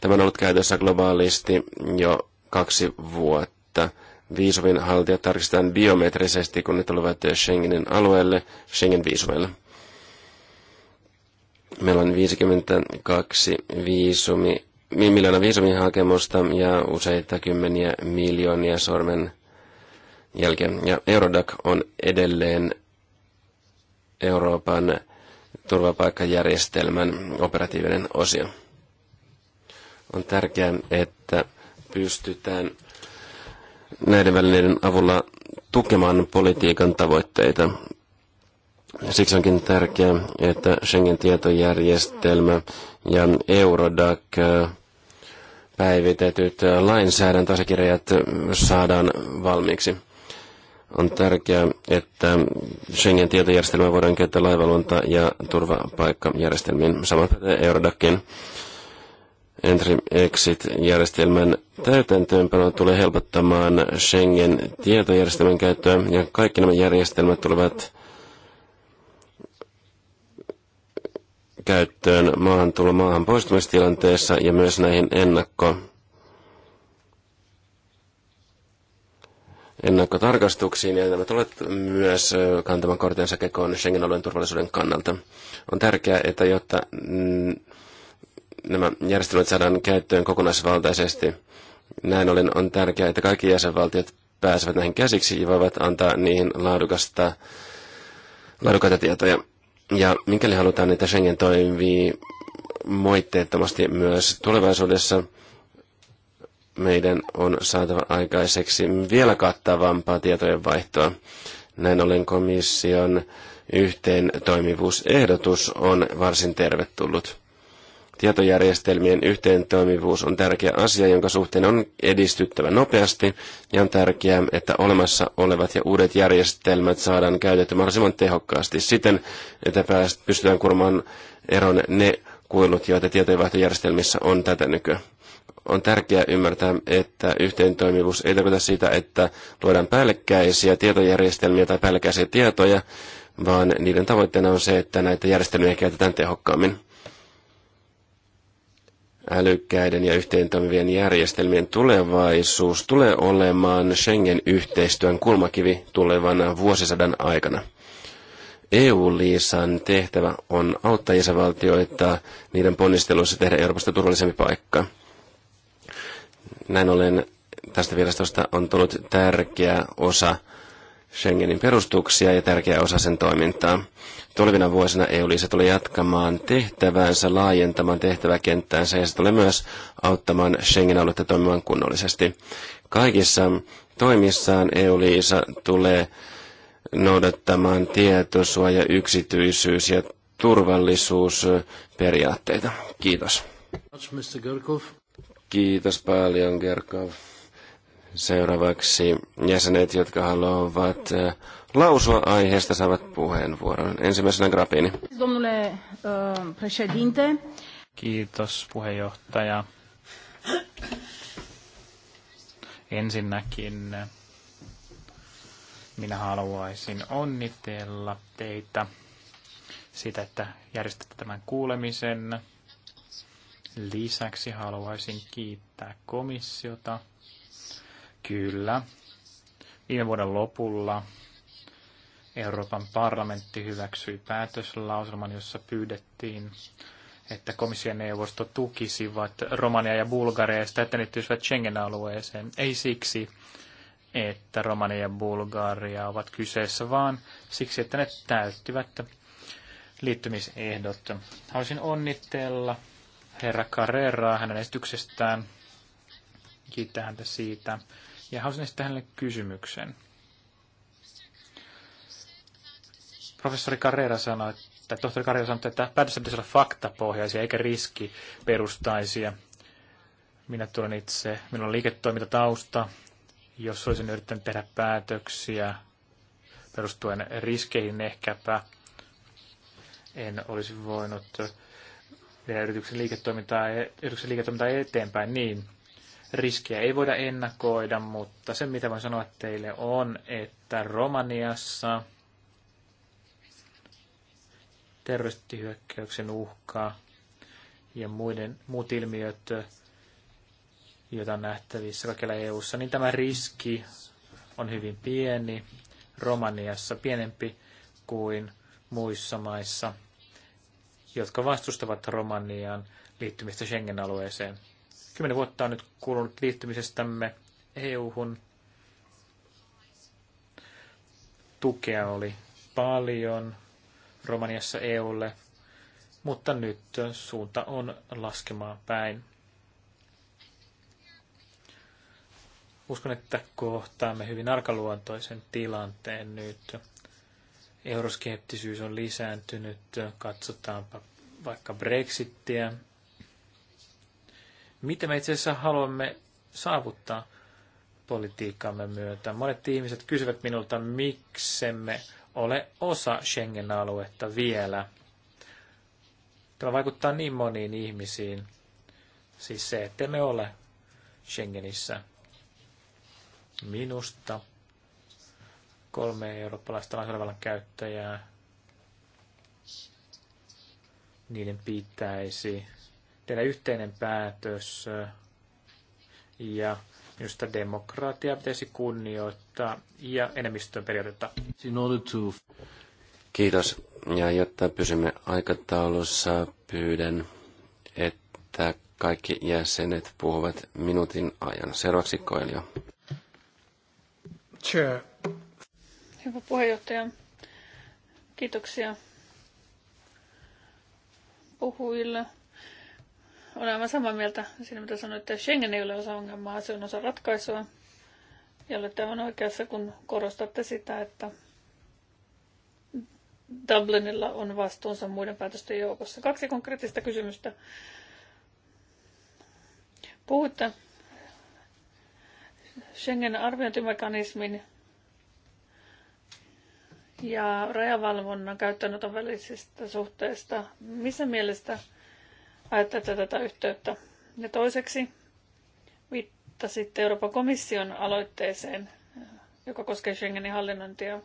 Tämä on ollut käytössä globaalisti jo kaksi vuotta. Viisumin haltijat tarkistetaan biometrisesti, kun ne tulevat Schengenin alueelle Schengen-viisumeilla. Meillä on 52 viisumi, miljoonaa viisumihakemusta ja useita kymmeniä miljoonia sormen jälkeen. Ja Eurodac on edelleen Euroopan turvapaikkajärjestelmän operatiivinen osio. On tärkeää, että pystytään näiden välineiden avulla tukemaan politiikan tavoitteita. Siksi onkin tärkeää, että Schengen-tietojärjestelmä ja Eurodac päivitetyt lainsäädäntöasiakirjat saadaan valmiiksi. On tärkeää, että Schengen-tietojärjestelmä voidaan käyttää laivaluonta- ja turvapaikkajärjestelmiin. Sama pätee Eurodakin. Entry-Exit-järjestelmän täytäntöönpano tulee helpottamaan Schengen-tietojärjestelmän käyttöä, ja kaikki nämä järjestelmät tulevat käyttöön maahantulo maahan poistumistilanteessa ja myös näihin ennakko ennakkotarkastuksiin, ja nämä tulevat myös kantamaan kortensa kekoon Schengen-alueen turvallisuuden kannalta. On tärkeää, että jotta mm, nämä järjestelmät saadaan käyttöön kokonaisvaltaisesti, näin ollen on tärkeää, että kaikki jäsenvaltiot pääsevät näihin käsiksi ja voivat antaa niihin laadukasta, laadukkaita tietoja. Ja mikäli halutaan, että Schengen toimii moitteettomasti myös tulevaisuudessa, meidän on saatava aikaiseksi vielä kattavampaa tietojen vaihtoa. Näin ollen komission yhteen toimivuusehdotus on varsin tervetullut. Tietojärjestelmien yhteen toimivuus on tärkeä asia, jonka suhteen on edistyttävä nopeasti, ja on tärkeää, että olemassa olevat ja uudet järjestelmät saadaan käytetty mahdollisimman tehokkaasti siten, että pystytään kurmaan eron ne kuilut, joita tietojenvaihtojärjestelmissä on tätä nykyään on tärkeää ymmärtää, että yhteentoimivuus ei tarkoita sitä, että luodaan päällekkäisiä tietojärjestelmiä tai päällekkäisiä tietoja, vaan niiden tavoitteena on se, että näitä järjestelmiä käytetään tehokkaammin. Älykkäiden ja yhteentoimivien järjestelmien tulevaisuus tulee olemaan Schengen-yhteistyön kulmakivi tulevan vuosisadan aikana. EU-liisan tehtävä on auttaa jäsenvaltioita niiden ponnisteluissa tehdä Euroopasta turvallisempi paikka. Näin ollen tästä virastosta on tullut tärkeä osa Schengenin perustuksia ja tärkeä osa sen toimintaa. Tulevina vuosina eu se tulee jatkamaan tehtävänsä laajentamaan tehtäväkenttäänsä ja se tulee myös auttamaan Schengen-aluetta toimimaan kunnollisesti. Kaikissa toimissaan EU-liisa tulee noudattamaan tietosuoja, yksityisyys ja turvallisuusperiaatteita. Kiitos. Kiitos paljon, Gerkov. Seuraavaksi jäsenet, jotka haluavat lausua aiheesta, saavat puheenvuoron. Ensimmäisenä Grapini. Kiitos puheenjohtaja. Ensinnäkin minä haluaisin onnitella teitä siitä, että järjestätte tämän kuulemisen Lisäksi haluaisin kiittää komissiota. Kyllä. Viime vuoden lopulla Euroopan parlamentti hyväksyi päätöslauselman, jossa pyydettiin, että komission neuvosto tukisivat Romania ja Bulgaria ja sitä, että ne Schengen-alueeseen. Ei siksi, että Romania ja Bulgaria ovat kyseessä, vaan siksi, että ne täyttivät liittymisehdot. Haluaisin onnitella herra Carreraa hänen esityksestään. Kiittää häntä siitä. Ja haluaisin esittää hänelle kysymyksen. Professori Carrera sanoi, että tohtori Carrera sanoi, että päätössä pitäisi olla faktapohjaisia eikä riskiperustaisia. Minä tulen itse, minulla on liiketoimintatausta, jos olisin yrittänyt tehdä päätöksiä perustuen riskeihin ehkäpä, en olisi voinut viedä yrityksen liiketoimintaa, e- yrityksen liiketoimintaa eteenpäin, niin riskiä ei voida ennakoida, mutta se mitä voin sanoa teille on, että Romaniassa terroristihyökkäyksen uhka ja muiden, muut ilmiöt, joita on nähtävissä kaikilla eu niin tämä riski on hyvin pieni Romaniassa, pienempi kuin muissa maissa – jotka vastustavat romaniaan liittymistä Schengen-alueeseen. Kymmenen vuotta on nyt kulunut liittymisestämme EU-hun. Tukea oli paljon Romaniassa EUlle, mutta nyt suunta on laskemaan päin. Uskon, että kohtaamme hyvin arkaluontoisen tilanteen nyt euroskeptisyys on lisääntynyt. Katsotaanpa vaikka Brexittiä. Mitä me itse asiassa haluamme saavuttaa politiikkamme myötä? Monet ihmiset kysyvät minulta, miksemme ole osa Schengen-aluetta vielä. Tämä vaikuttaa niin moniin ihmisiin. Siis se, että me ole Schengenissä. Minusta kolme eurooppalaista lainsäädännön käyttäjää. Niiden pitäisi tehdä yhteinen päätös ja minusta demokratia pitäisi kunnioittaa ja enemmistön periaatetta. Kiitos. Ja jotta pysymme aikataulussa, pyydän, että kaikki jäsenet puhuvat minuutin ajan. Seuraavaksi Koelio. Sure. Hyvä puheenjohtaja. Kiitoksia puhujille. Olen aivan samaa mieltä siinä, mitä sanoit, että Schengen ei ole osa ongelmaa, se on osa ratkaisua. Ja olette aivan oikeassa, kun korostatte sitä, että Dublinilla on vastuunsa muiden päätösten joukossa. Kaksi konkreettista kysymystä. Puhutte Schengen-arviointimekanismin ja rajavalvonnan käyttöönoton välisistä suhteista. Missä mielestä ajattelette tätä yhteyttä? Ja toiseksi viittasitte Euroopan komission aloitteeseen, joka koskee Schengenin hallinnointia.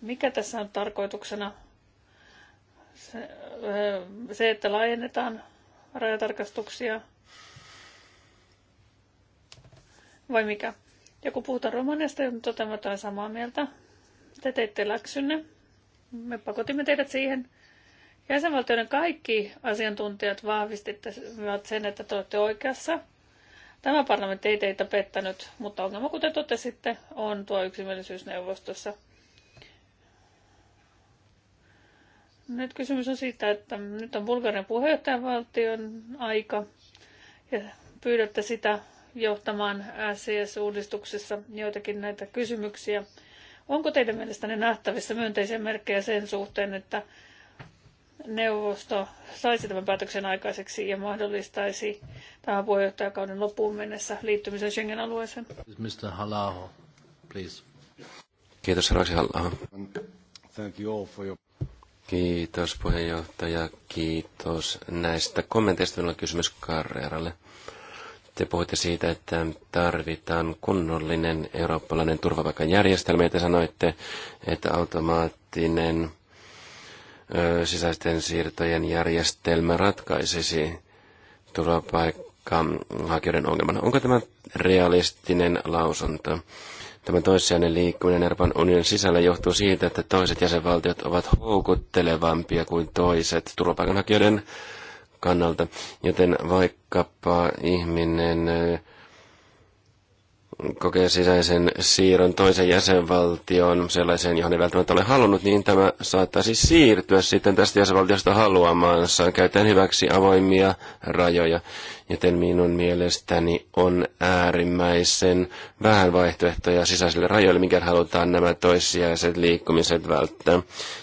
Mikä tässä on tarkoituksena? Se, se että laajennetaan rajatarkastuksia vai mikä? Ja kun puhutaan Romaniasta, niin toteamme samaa mieltä te teitte läksynne. Me pakotimme teidät siihen. Jäsenvaltioiden kaikki asiantuntijat vahvistivat sen, että te olette oikeassa. Tämä parlamentti ei teitä pettänyt, mutta ongelma, kuten totesitte, on tuo yksimielisyysneuvostossa. Nyt kysymys on siitä, että nyt on Bulgarian puheenjohtajavaltion aika ja pyydätte sitä johtamaan SIS-uudistuksessa joitakin näitä kysymyksiä. Onko teidän mielestänne nähtävissä myönteisiä merkkejä sen suhteen, että neuvosto saisi tämän päätöksen aikaiseksi ja mahdollistaisi tähän puheenjohtajakauden loppuun mennessä liittymisen Schengen-alueeseen? Mr. Halaho, please. Kiitos, Rasi Halaho. Thank you all for your... Kiitos puheenjohtaja, kiitos näistä kommenteista. Minulla on kysymys Carreralle. Te puhuitte siitä, että tarvitaan kunnollinen eurooppalainen turvapaikkajärjestelmä, ja te sanoitte, että automaattinen ö, sisäisten siirtojen järjestelmä ratkaisisi turvapaikkahakijoiden ongelman. Onko tämä realistinen lausunto? Tämä toissijainen liikkuminen Euroopan unionin sisällä johtuu siitä, että toiset jäsenvaltiot ovat houkuttelevampia kuin toiset turvapaikanhakijoiden kannalta, joten vaikkapa ihminen kokee sisäisen siirron toisen jäsenvaltion sellaiseen, johon ei välttämättä ole halunnut, niin tämä saattaa siis siirtyä sitten tästä jäsenvaltiosta haluamaansa, käytän hyväksi avoimia rajoja. Joten minun mielestäni on äärimmäisen vähän vaihtoehtoja sisäisille rajoille, mikä halutaan nämä toissijaiset liikkumiset välttää.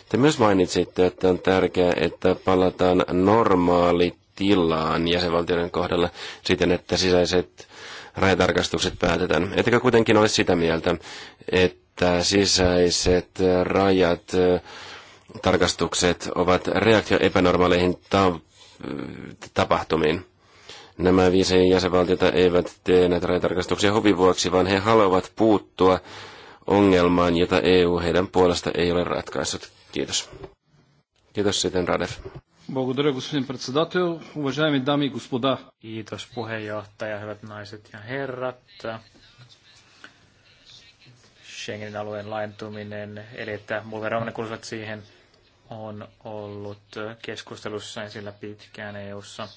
Te myös mainitsitte, että on tärkeää, että palataan normaali tilaan jäsenvaltioiden kohdalla siten, että sisäiset rajatarkastukset päätetään. Ettekö kuitenkin ole sitä mieltä, että sisäiset rajat tarkastukset ovat reaktio epänormaaleihin ta- tapahtumiin? Nämä viisi jäsenvaltiota eivät tee näitä rajatarkastuksia hovin vuoksi, vaan he haluavat puuttua ongelmaan, jota EU heidän puolesta ei ole ratkaissut. Kiitos. Kiitos sitten Radef. Благодаря, господин председател. Уважаеми дами и господа. Kiitos puheenjohtaja, hyvät naiset ja herrat. Schengenin alueen laajentuminen, eli että Bulgaria kuuluvat siihen, on ollut keskustelussa esillä pitkään EU-ssa.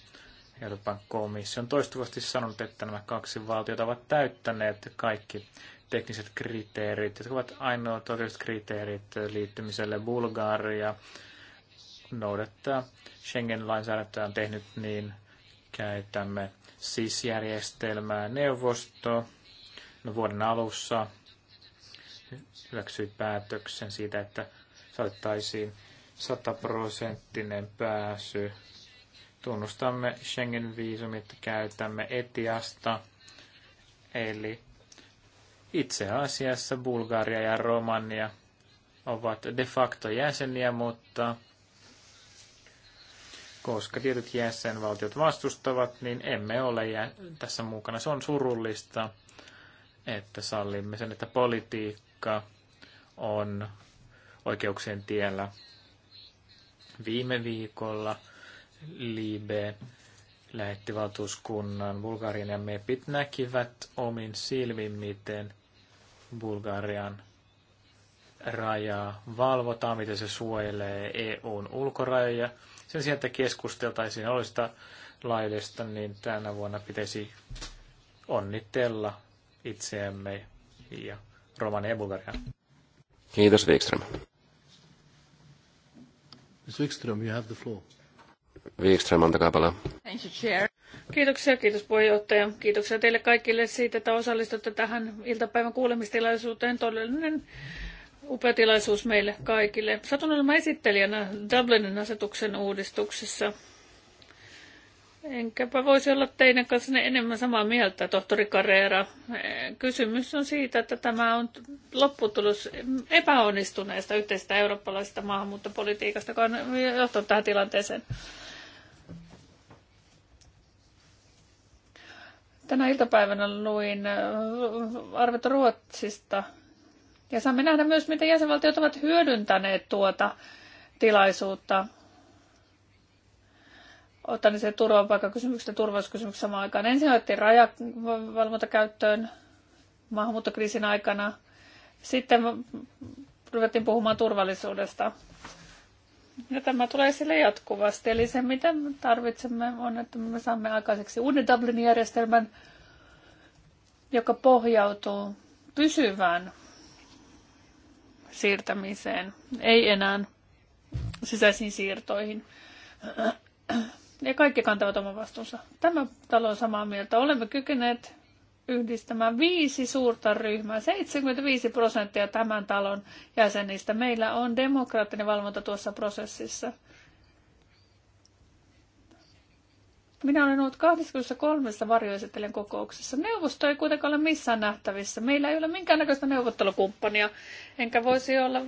Euroopan komissio on toistuvasti sanonut, että nämä kaksi valtiota ovat täyttäneet kaikki tekniset kriteerit, jotka ovat ainoat todelliset kriteerit liittymiselle Bulgaria noudattaa Schengen-lainsäädäntöä on tehnyt, niin käytämme SIS-järjestelmää neuvosto no, vuoden alussa hyväksyi päätöksen siitä, että saattaisiin sataprosenttinen pääsy. Tunnustamme Schengen-viisumit, käytämme Etiasta, eli itse asiassa Bulgaria ja Romania ovat de facto jäseniä, mutta koska tietyt jäsenvaltiot vastustavat, niin emme ole tässä mukana. Se on surullista, että sallimme sen, että politiikka on oikeuksien tiellä. Viime viikolla Libe lähetti valtuuskunnan Bulgarian ja MEPit näkivät omin silmin, miten Bulgarian rajaa valvotaan, miten se suojelee EUn ulkorajoja – sen sijaan, että keskusteltaisiin oloista laidesta, niin tänä vuonna pitäisi onnitella itseämme ja Romania ja Bulgaria. Kiitos Wikström. Ms. Wikström, you have the floor. Wikström, antakaa palaa. Thank you, chair. Kiitoksia, kiitos puheenjohtaja. Kiitoksia teille kaikille siitä, että osallistutte tähän iltapäivän kuulemistilaisuuteen. Todellinen upea tilaisuus meille kaikille. Satun olemaan esittelijänä Dublinin asetuksen uudistuksessa. Enkäpä voisi olla teidän kanssanne enemmän samaa mieltä, tohtori Carrera. Kysymys on siitä, että tämä on lopputulos epäonnistuneesta yhteisestä eurooppalaisesta maahanmuuttopolitiikasta, joka on johtanut tähän tilanteeseen. Tänä iltapäivänä luin arvetta Ruotsista ja saamme nähdä myös, miten jäsenvaltiot ovat hyödyntäneet tuota tilaisuutta ottaneet se turvapaikkakysymykset ja turvallisuuskysymykset samaan aikaan. Ensin otettiin rajavalvonta käyttöön maahanmuuttokriisin aikana. Sitten ruvettiin puhumaan turvallisuudesta. Ja tämä tulee sille jatkuvasti. Eli se, mitä me tarvitsemme, on, että me saamme aikaiseksi uuden Dublin-järjestelmän, joka pohjautuu pysyvään siirtämiseen, ei enää sisäisiin siirtoihin. Ja kaikki kantavat oman vastuunsa. Tämä talo on samaa mieltä. Olemme kykeneet yhdistämään viisi suurta ryhmää. 75 prosenttia tämän talon jäsenistä. Meillä on demokraattinen valvonta tuossa prosessissa. Minä olen ollut 23 varjoesittelijän kokouksessa. Neuvosto ei kuitenkaan ole missään nähtävissä. Meillä ei ole minkäännäköistä neuvottelukumppania, enkä voisi olla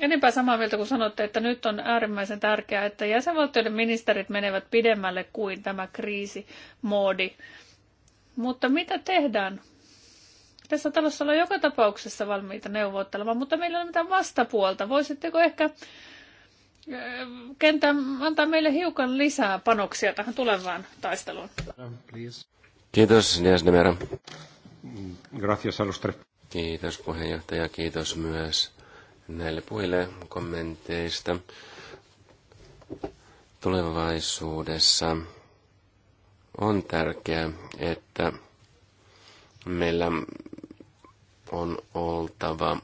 enempää samaa mieltä kuin sanotte, että nyt on äärimmäisen tärkeää, että jäsenvaltioiden ministerit menevät pidemmälle kuin tämä kriisimoodi. Mutta mitä tehdään? Tässä talossa ollaan joka tapauksessa valmiita neuvottelemaan, mutta meillä ei ole mitään vastapuolta. Voisitteko ehkä kentä antaa meille hiukan lisää panoksia tähän tulevaan taisteluun. Kiitos, Nias Nemera. Gracias, Alustre. Kiitos puheenjohtaja, kiitos myös näille puille kommenteista. Tulevaisuudessa on tärkeää, että meillä on oltava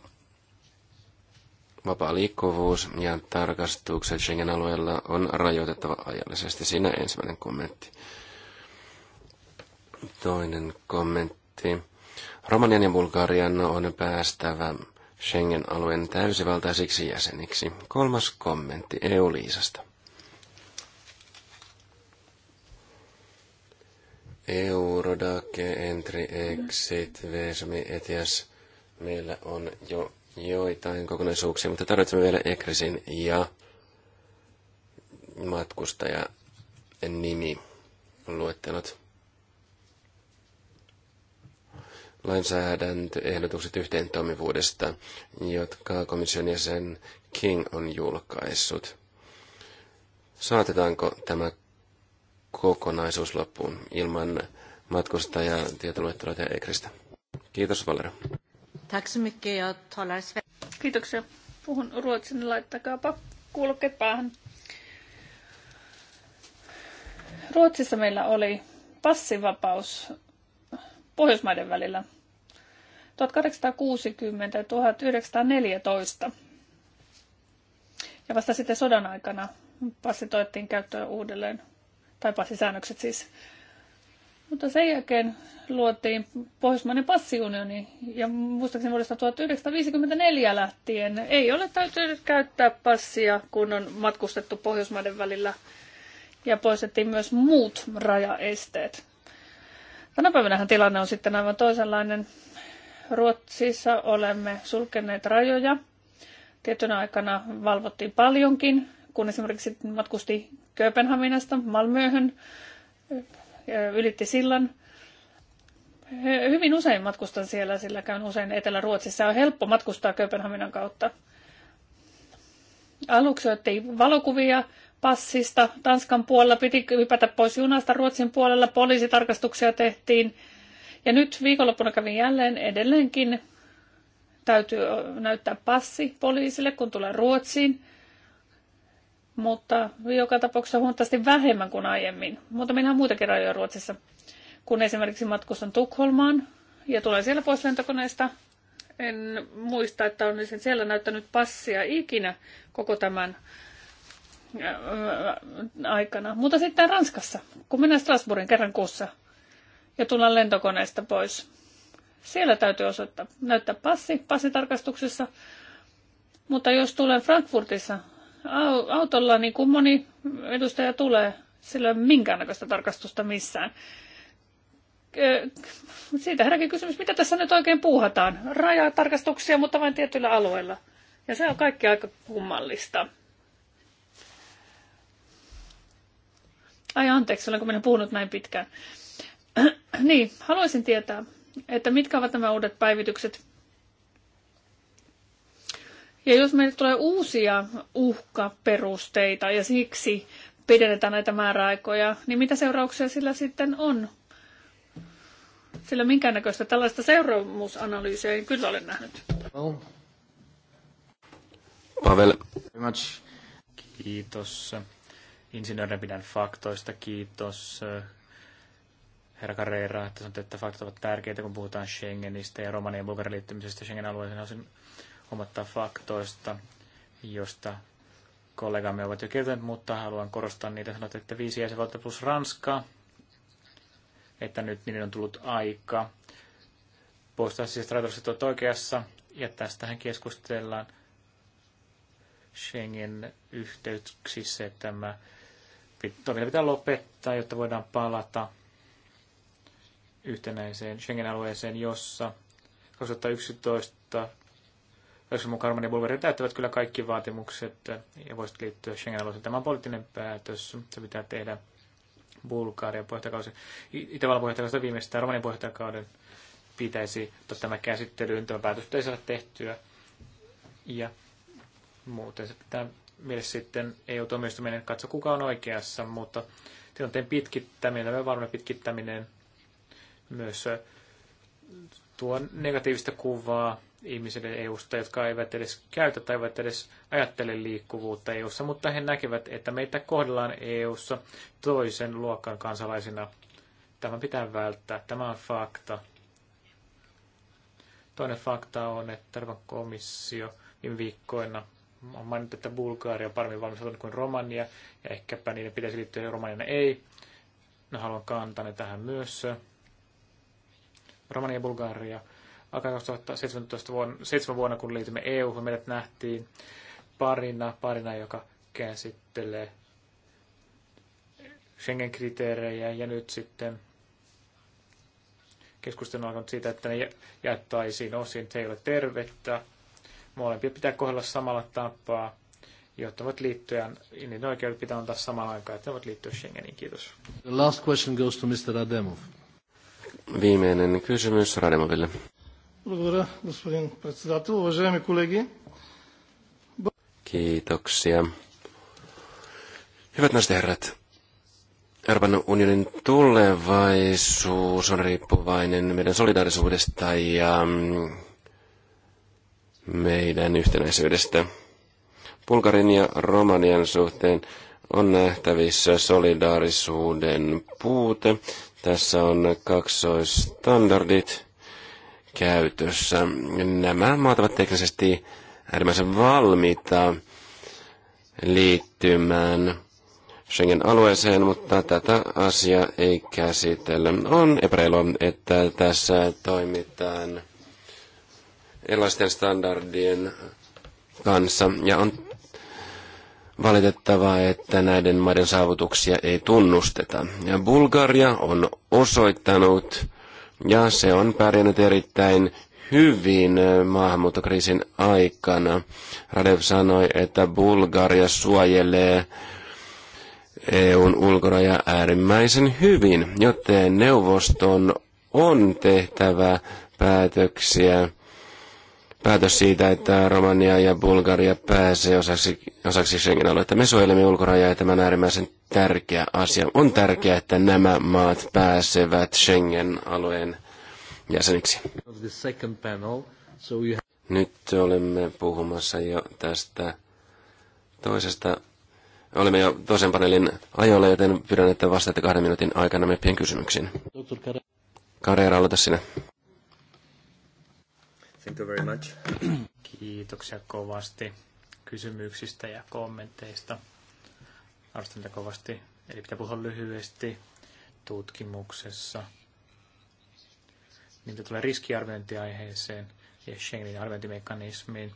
Vapaa liikkuvuus ja tarkastukset Schengen-alueella on rajoitettava ajallisesti. Siinä ensimmäinen kommentti. Toinen kommentti. Romanian ja Bulgarian on päästävä Schengen-alueen täysivaltaisiksi jäseniksi. Kolmas kommentti EU-liisasta. Rodake, Entry, Exit, Vesmi, Etias. Meillä on jo joitain kokonaisuuksia, mutta tarvitsemme vielä ekrisin ja matkustaja nimi luettelot. Lainsäädäntöehdotukset yhteen toimivuudesta, jotka komission jäsen King on julkaissut. Saatetaanko tämä kokonaisuus loppuun ilman matkustajatietoluetteloita ja ekristä? Kiitos Valero. Kiitoksia. Puhun ruotsin, laittakaapa kuulokkeet päähän. Ruotsissa meillä oli passivapaus Pohjoismaiden välillä 1860 ja 1914. Ja vasta sitten sodan aikana passi toettiin käyttöön uudelleen, tai passisäännökset siis. Mutta sen jälkeen luotiin Pohjoismainen passiunioni ja muistaakseni vuodesta 1954 lähtien ei ole täytynyt käyttää passia, kun on matkustettu Pohjoismaiden välillä ja poistettiin myös muut rajaesteet. Tänä päivänä tilanne on sitten aivan toisenlainen. Ruotsissa olemme sulkeneet rajoja. Tietynä aikana valvottiin paljonkin, kun esimerkiksi matkusti Kööpenhaminasta Malmöhön ylitti sillan. Hyvin usein matkustan siellä, sillä käyn usein Etelä-Ruotsissa. On helppo matkustaa Kööpenhaminan kautta. Aluksi otettiin valokuvia passista. Tanskan puolella piti hypätä pois junasta. Ruotsin puolella poliisitarkastuksia tehtiin. Ja nyt viikonloppuna kävin jälleen edelleenkin. Täytyy näyttää passi poliisille, kun tulee Ruotsiin mutta joka tapauksessa huomattavasti vähemmän kuin aiemmin. Mutta minä muitakin rajoja Ruotsissa, kun esimerkiksi matkustan Tukholmaan ja tulen siellä pois lentokoneesta. En muista, että on sen siellä näyttänyt passia ikinä koko tämän äh, aikana. Mutta sitten Ranskassa, kun mennään Strasbourgin kerran kuussa ja tullaan lentokoneesta pois. Siellä täytyy osoittaa, näyttää passi passitarkastuksessa. Mutta jos tulen Frankfurtissa autolla, niin kuin moni edustaja tulee, sillä ei ole minkäännäköistä tarkastusta missään. Siitä herääkin kysymys, mitä tässä nyt oikein puuhataan? tarkastuksia, mutta vain tietyillä alueilla. Ja se on kaikki aika kummallista. Ai anteeksi, olenko minä puhunut näin pitkään. niin, haluaisin tietää, että mitkä ovat nämä uudet päivitykset, ja jos meille tulee uusia uhkaperusteita ja siksi pidennetään näitä määräaikoja, niin mitä seurauksia sillä sitten on? Sillä minkäännäköistä tällaista seuraamusanalyysiä ei kyllä ole nähnyt. Pavel. Kiitos. Insinöörinä pidän faktoista. Kiitos. Eh, herra Carrera, että sanotte, että faktat ovat tärkeitä, kun puhutaan Schengenistä ja Romanian ja Bulgarian liittymisestä Schengen-alueeseen huomattaa faktoista, josta kollegamme ovat jo kertoneet, mutta haluan korostaa niitä. Sanoit, että viisi jäsenvaltiota plus Ranska, että nyt niiden on tullut aika poistaa siis rajoitukset ovat oikeassa, ja tästähän keskustellaan Schengen-yhteyksissä, että tämä toiminta pitää lopettaa, jotta voidaan palata yhtenäiseen Schengen-alueeseen, jossa 2011 jos mukaan Romania ja Bulgaria täyttävät kyllä kaikki vaatimukset ja voisit liittyä Schengen-alueeseen. Tämä on poliittinen päätös, se pitää tehdä Bulgarian puheenjohtajakausi. Itävallan puheenjohtajakausi viimeistään Romanian puheenjohtajakauden pitäisi ottaa tämä käsittelyyn. Tämä päätös pitäisi saada tehtyä. Ja muuten se pitää mielessä sitten EU-tuomioistuminen katso kuka on oikeassa, mutta tilanteen pitkittäminen, tämä varmaan pitkittäminen myös tuo negatiivista kuvaa ihmisille EU-sta, jotka eivät edes käytä tai eivät edes ajattele liikkuvuutta EU-ssa, mutta he näkevät, että meitä kohdellaan EU-ssa toisen luokan kansalaisina. Tämä pitää välttää. Tämä on fakta. Toinen fakta on, että Euroopan komissio viime viikkoina on mainittu, että Bulgaria on paremmin valmistautunut kuin Romania, ja ehkäpä niiden pitäisi liittyä Romaniana ei. No haluan kantaa ne tähän myös. Romania ja Bulgaria alkaen 2017 vuonna, 7 vuonna, kun liitymme EU-hun, meidät nähtiin parina, parina, joka käsittelee Schengen-kriteerejä ja nyt sitten keskustelu on alkanut siitä, että ne jättäisiin osin, teille tervettä. Molempia pitää kohdella samalla tapaa, jotta voit liittyä, niin oikeudet pitää antaa samaan aikaan, että ne voit liittyä Schengeniin. Kiitos. The last question goes to Mr. Ademov. Viimeinen kysymys Rademoville. Благодаря, господин председател. Уважаеми колеги. Kiitoksia. Hyvät naiset herrat, Euroopan unionin tulevaisuus on riippuvainen meidän solidaarisuudesta ja meidän yhtenäisyydestä. Bulgarin ja Romanian suhteen on nähtävissä solidaarisuuden puute. Tässä on kaksoistandardit käytössä. Nämä maat ovat teknisesti äärimmäisen valmiita liittymään Schengen-alueeseen, mutta tätä asiaa ei käsitellä. On epäreilua, että tässä toimitaan erilaisten standardien kanssa ja on valitettavaa, että näiden maiden saavutuksia ei tunnusteta. Ja Bulgaria on osoittanut ja se on pärjännyt erittäin hyvin eh, maahanmuuttokriisin aikana. Radev sanoi, että Bulgaria suojelee EUn ulkoraja äärimmäisen hyvin, joten neuvoston on tehtävä päätöksiä päätös siitä, että Romania ja Bulgaria pääsee osaksi, osaksi Schengen-aluetta. Me suojelemme ulkorajaa ja tämä on äärimmäisen tärkeä asia. On tärkeää, että nämä maat pääsevät Schengen-alueen jäseniksi. Nyt olemme puhumassa jo tästä toisesta. Olemme jo toisen paneelin ajoilla, joten pyydän, että vastaatte kahden minuutin aikana meppien kysymyksiin. Kareera, aloita sinä. Thank you very much. Kiitoksia kovasti kysymyksistä ja kommenteista. Arvostan kovasti. Eli pitää puhua lyhyesti tutkimuksessa. Mitä tulee riskiarviointiaiheeseen ja Schengenin arviointimekanismiin.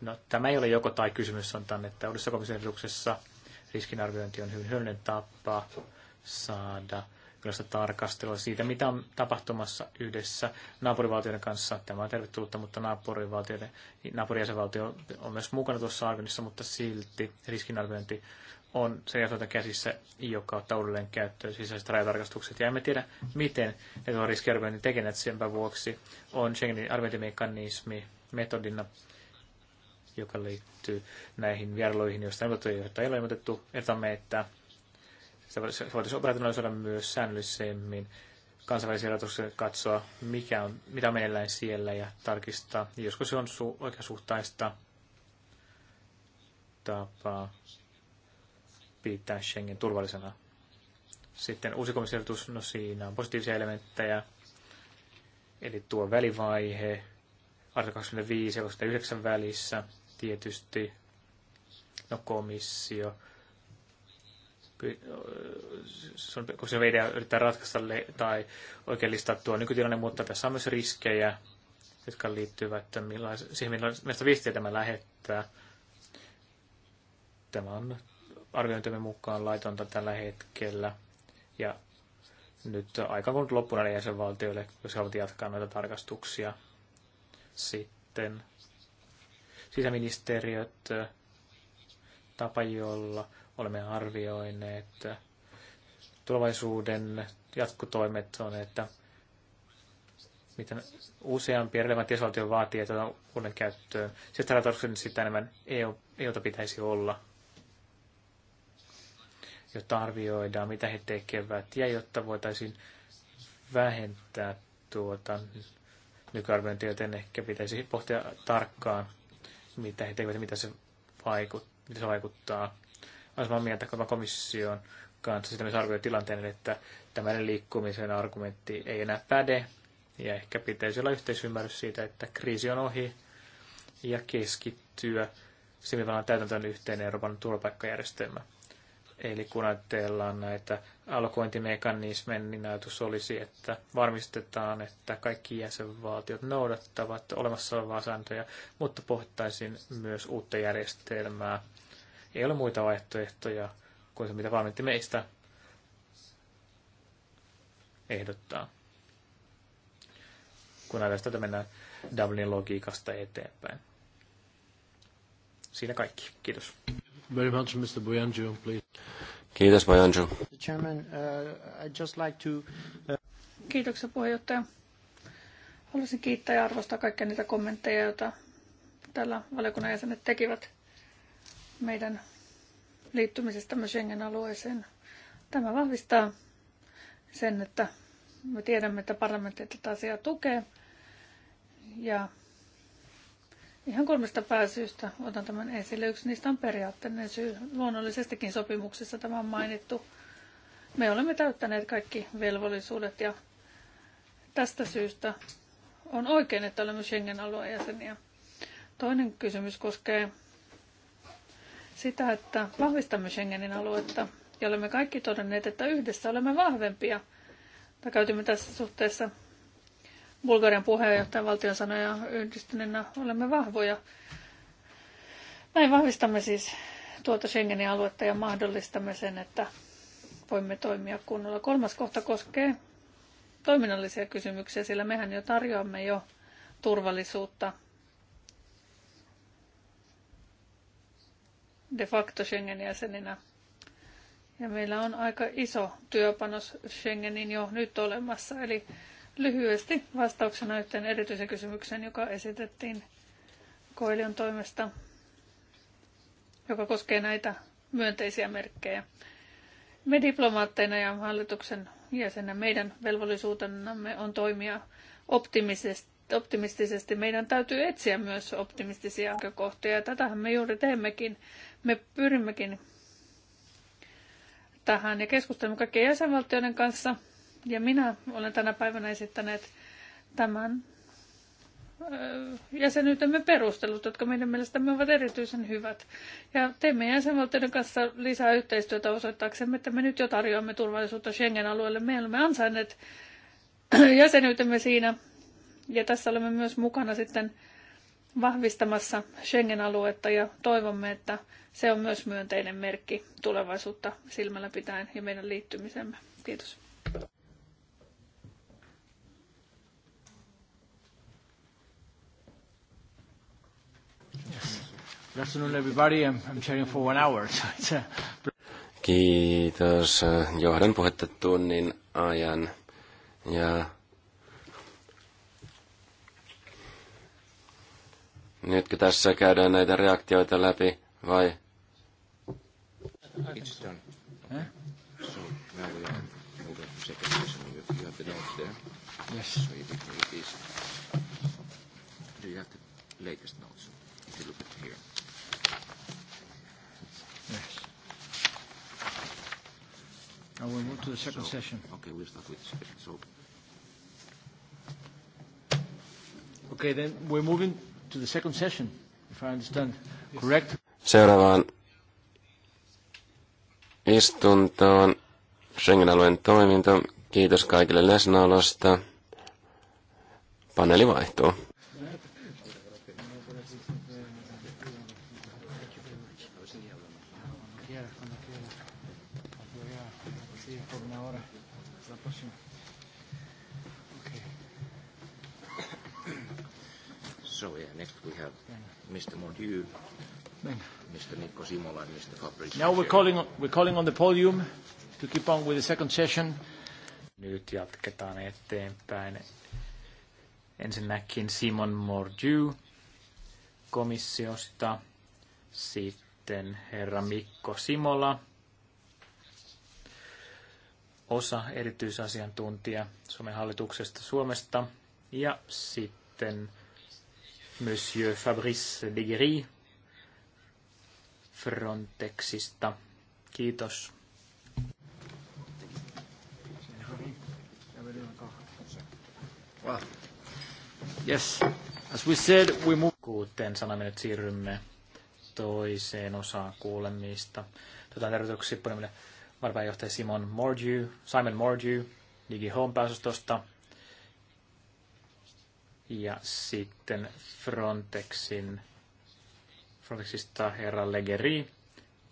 No, tämä ei ole joko tai kysymys, on tämän, että uudessa komission riskinarviointi on hyvin hyödyllinen tapa saada jonkinlaista tarkastella siitä, mitä on tapahtumassa yhdessä naapurivaltioiden kanssa. Tämä on tervetullutta, mutta naapurivaltioiden, naapurijäsenvaltio on myös mukana tuossa arvioinnissa, mutta silti riskinarviointi on se käsissä, joka ottaa uudelleen käyttöön sisäiset rajatarkastukset. Ja emme tiedä, miten ne tuon riskiarvioinnin tekevät senpä vuoksi. On Schengenin arviointimekanismi metodina, joka liittyy näihin vierailuihin, joista ei ole ilmoitettu. Ehdotamme, että se voitaisiin operationalisoida myös säännöllisemmin kansainvälisiä rajoituksia katsoa, mikä on, mitä on meneillään siellä ja tarkistaa. Joskus se on su- oikeasuhtaista tapaa pitää Schengen turvallisena. Sitten uusi komissiotus, no siinä on positiivisia elementtejä, eli tuo välivaihe, artikla 25 ja 29 välissä tietysti, no komissio se kun se idea yrittää ratkaista tai oikein listaa tuo nykytilanne, mutta tässä on myös riskejä, jotka liittyvät millais, siihen, millaista viestiä tämä lähettää. Tämä on arviointimme mukaan laitonta tällä hetkellä. Ja nyt aika kun loppuna näille jäsenvaltioille, jos haluat jatkaa noita tarkastuksia. Sitten sisäministeriöt, tapa jolla Olemme arvioineet tulevaisuuden jatkotoimet on, että miten useampi relevantti jäsenvaltio vaatii tätä uuden käyttöön. se tällä tarkoituksella sitä enemmän EU, EUta pitäisi olla, jotta arvioidaan, mitä he tekevät, ja jotta voitaisiin vähentää tuota nykyarviointia, joten ehkä pitäisi pohtia tarkkaan, mitä he tekevät ja mitä se, vaikut, mitä se vaikuttaa. Olen samaa mieltä komission kanssa. sitten myös arvioi tilanteen, että tämmöinen liikkumisen argumentti ei enää päde. Ja ehkä pitäisi olla yhteisymmärrys siitä, että kriisi on ohi ja keskittyä simivallan täytäntöön yhteen Euroopan turvapaikkajärjestelmä. Eli kun ajatellaan näitä alkointimekanismeja, niin ajatus olisi, että varmistetaan, että kaikki jäsenvaltiot noudattavat olemassa olevaa sääntöjä, mutta pohtaisin myös uutta järjestelmää, ei ole muita vaihtoehtoja kuin se, mitä valmentti meistä ehdottaa. Kun tätä mennään Dublinin logiikasta eteenpäin. Siinä kaikki. Kiitos. Very much, Mr. Boyanju, please. Kiitos, Boyanju. Chairman, uh, I just like to... Uh... Kiitoksia, puheenjohtaja. Haluaisin kiittää ja arvostaa kaikkia niitä kommentteja, joita tällä valiokunnan jäsenet tekivät meidän liittymisestämme Schengen-alueeseen. Tämä vahvistaa sen, että me tiedämme, että parlamentti tätä asiaa tukee. Ja ihan kolmesta pääsyystä otan tämän esille. Yksi niistä on periaatteellinen syy. Luonnollisestikin sopimuksessa tämä on mainittu. Me olemme täyttäneet kaikki velvollisuudet ja tästä syystä on oikein, että olemme Schengen-alueen jäseniä. Toinen kysymys koskee sitä, että vahvistamme Schengenin aluetta ja olemme kaikki todenneet, että yhdessä olemme vahvempia. Tämä käytimme tässä suhteessa Bulgarian puheenjohtajan valtion sanoja yhdistyneenä olemme vahvoja. Näin vahvistamme siis tuota Schengenin aluetta ja mahdollistamme sen, että voimme toimia kunnolla. Kolmas kohta koskee toiminnallisia kysymyksiä, sillä mehän jo tarjoamme jo turvallisuutta de facto Schengenin jäsenenä. Ja meillä on aika iso työpanos Schengenin jo nyt olemassa. Eli lyhyesti vastauksena yhteen erityisen kysymykseen, joka esitettiin Koelion toimesta, joka koskee näitä myönteisiä merkkejä. Me diplomaatteina ja hallituksen jäsenä meidän velvollisuutenamme on toimia optimisesti optimistisesti, meidän täytyy etsiä myös optimistisia näkökohtia. Ja tätähän me juuri teemmekin. Me pyrimmekin tähän ja keskustelemme kaikkien jäsenvaltioiden kanssa. Ja minä olen tänä päivänä esittänyt tämän jäsenyytemme perustelut, jotka meidän mielestämme ovat erityisen hyvät. Ja teemme jäsenvaltioiden kanssa lisää yhteistyötä osoittaaksemme, että me nyt jo tarjoamme turvallisuutta Schengen-alueelle. Me olemme ansainneet jäsenyytemme siinä ja tässä olemme myös mukana sitten vahvistamassa Schengen-aluetta ja toivomme, että se on myös myönteinen merkki tulevaisuutta silmällä pitäen ja meidän liittymisemme. Kiitos. Good afternoon, everybody. I'm, I'm for one hour, uh, Kiitos. Johdan puhetta tunnin ajan. Ja Nytkö tässä käydään näitä reaktioita läpi vai? move to the second so, session. Okay, we'll start with the second. So. Okay, then we're moving to the second session, if I understand correct. Seuraavaan istuntoon Schengen-alueen toiminto. Kiitos kaikille läsnäolosta. Paneeli vaihtuu. we have Mr. Mordieu, Mr. Nico Simola, and Mr. Fabrice. Now we're calling on, we're calling on the podium to keep on with the second session. Nyt jatketaan eteenpäin. Ensinnäkin Simon Mordieu komissiosta, sitten herra Mikko Simola, osa erityisasiantuntija Suomen hallituksesta Suomesta, ja sitten Monsieur Fabrice Begeri Frontexista. Kiitos. Yes. As we said, we move... Kuten sanoimme, nyt siirrymme toiseen osaan kuulemista. Tuota tervetuloksi Sipponimille varpaanjohtaja Simon Mordew, Simon Mordew, Digi Home-pääosastosta ja sitten Frontexin, Frontexista herra Legeri,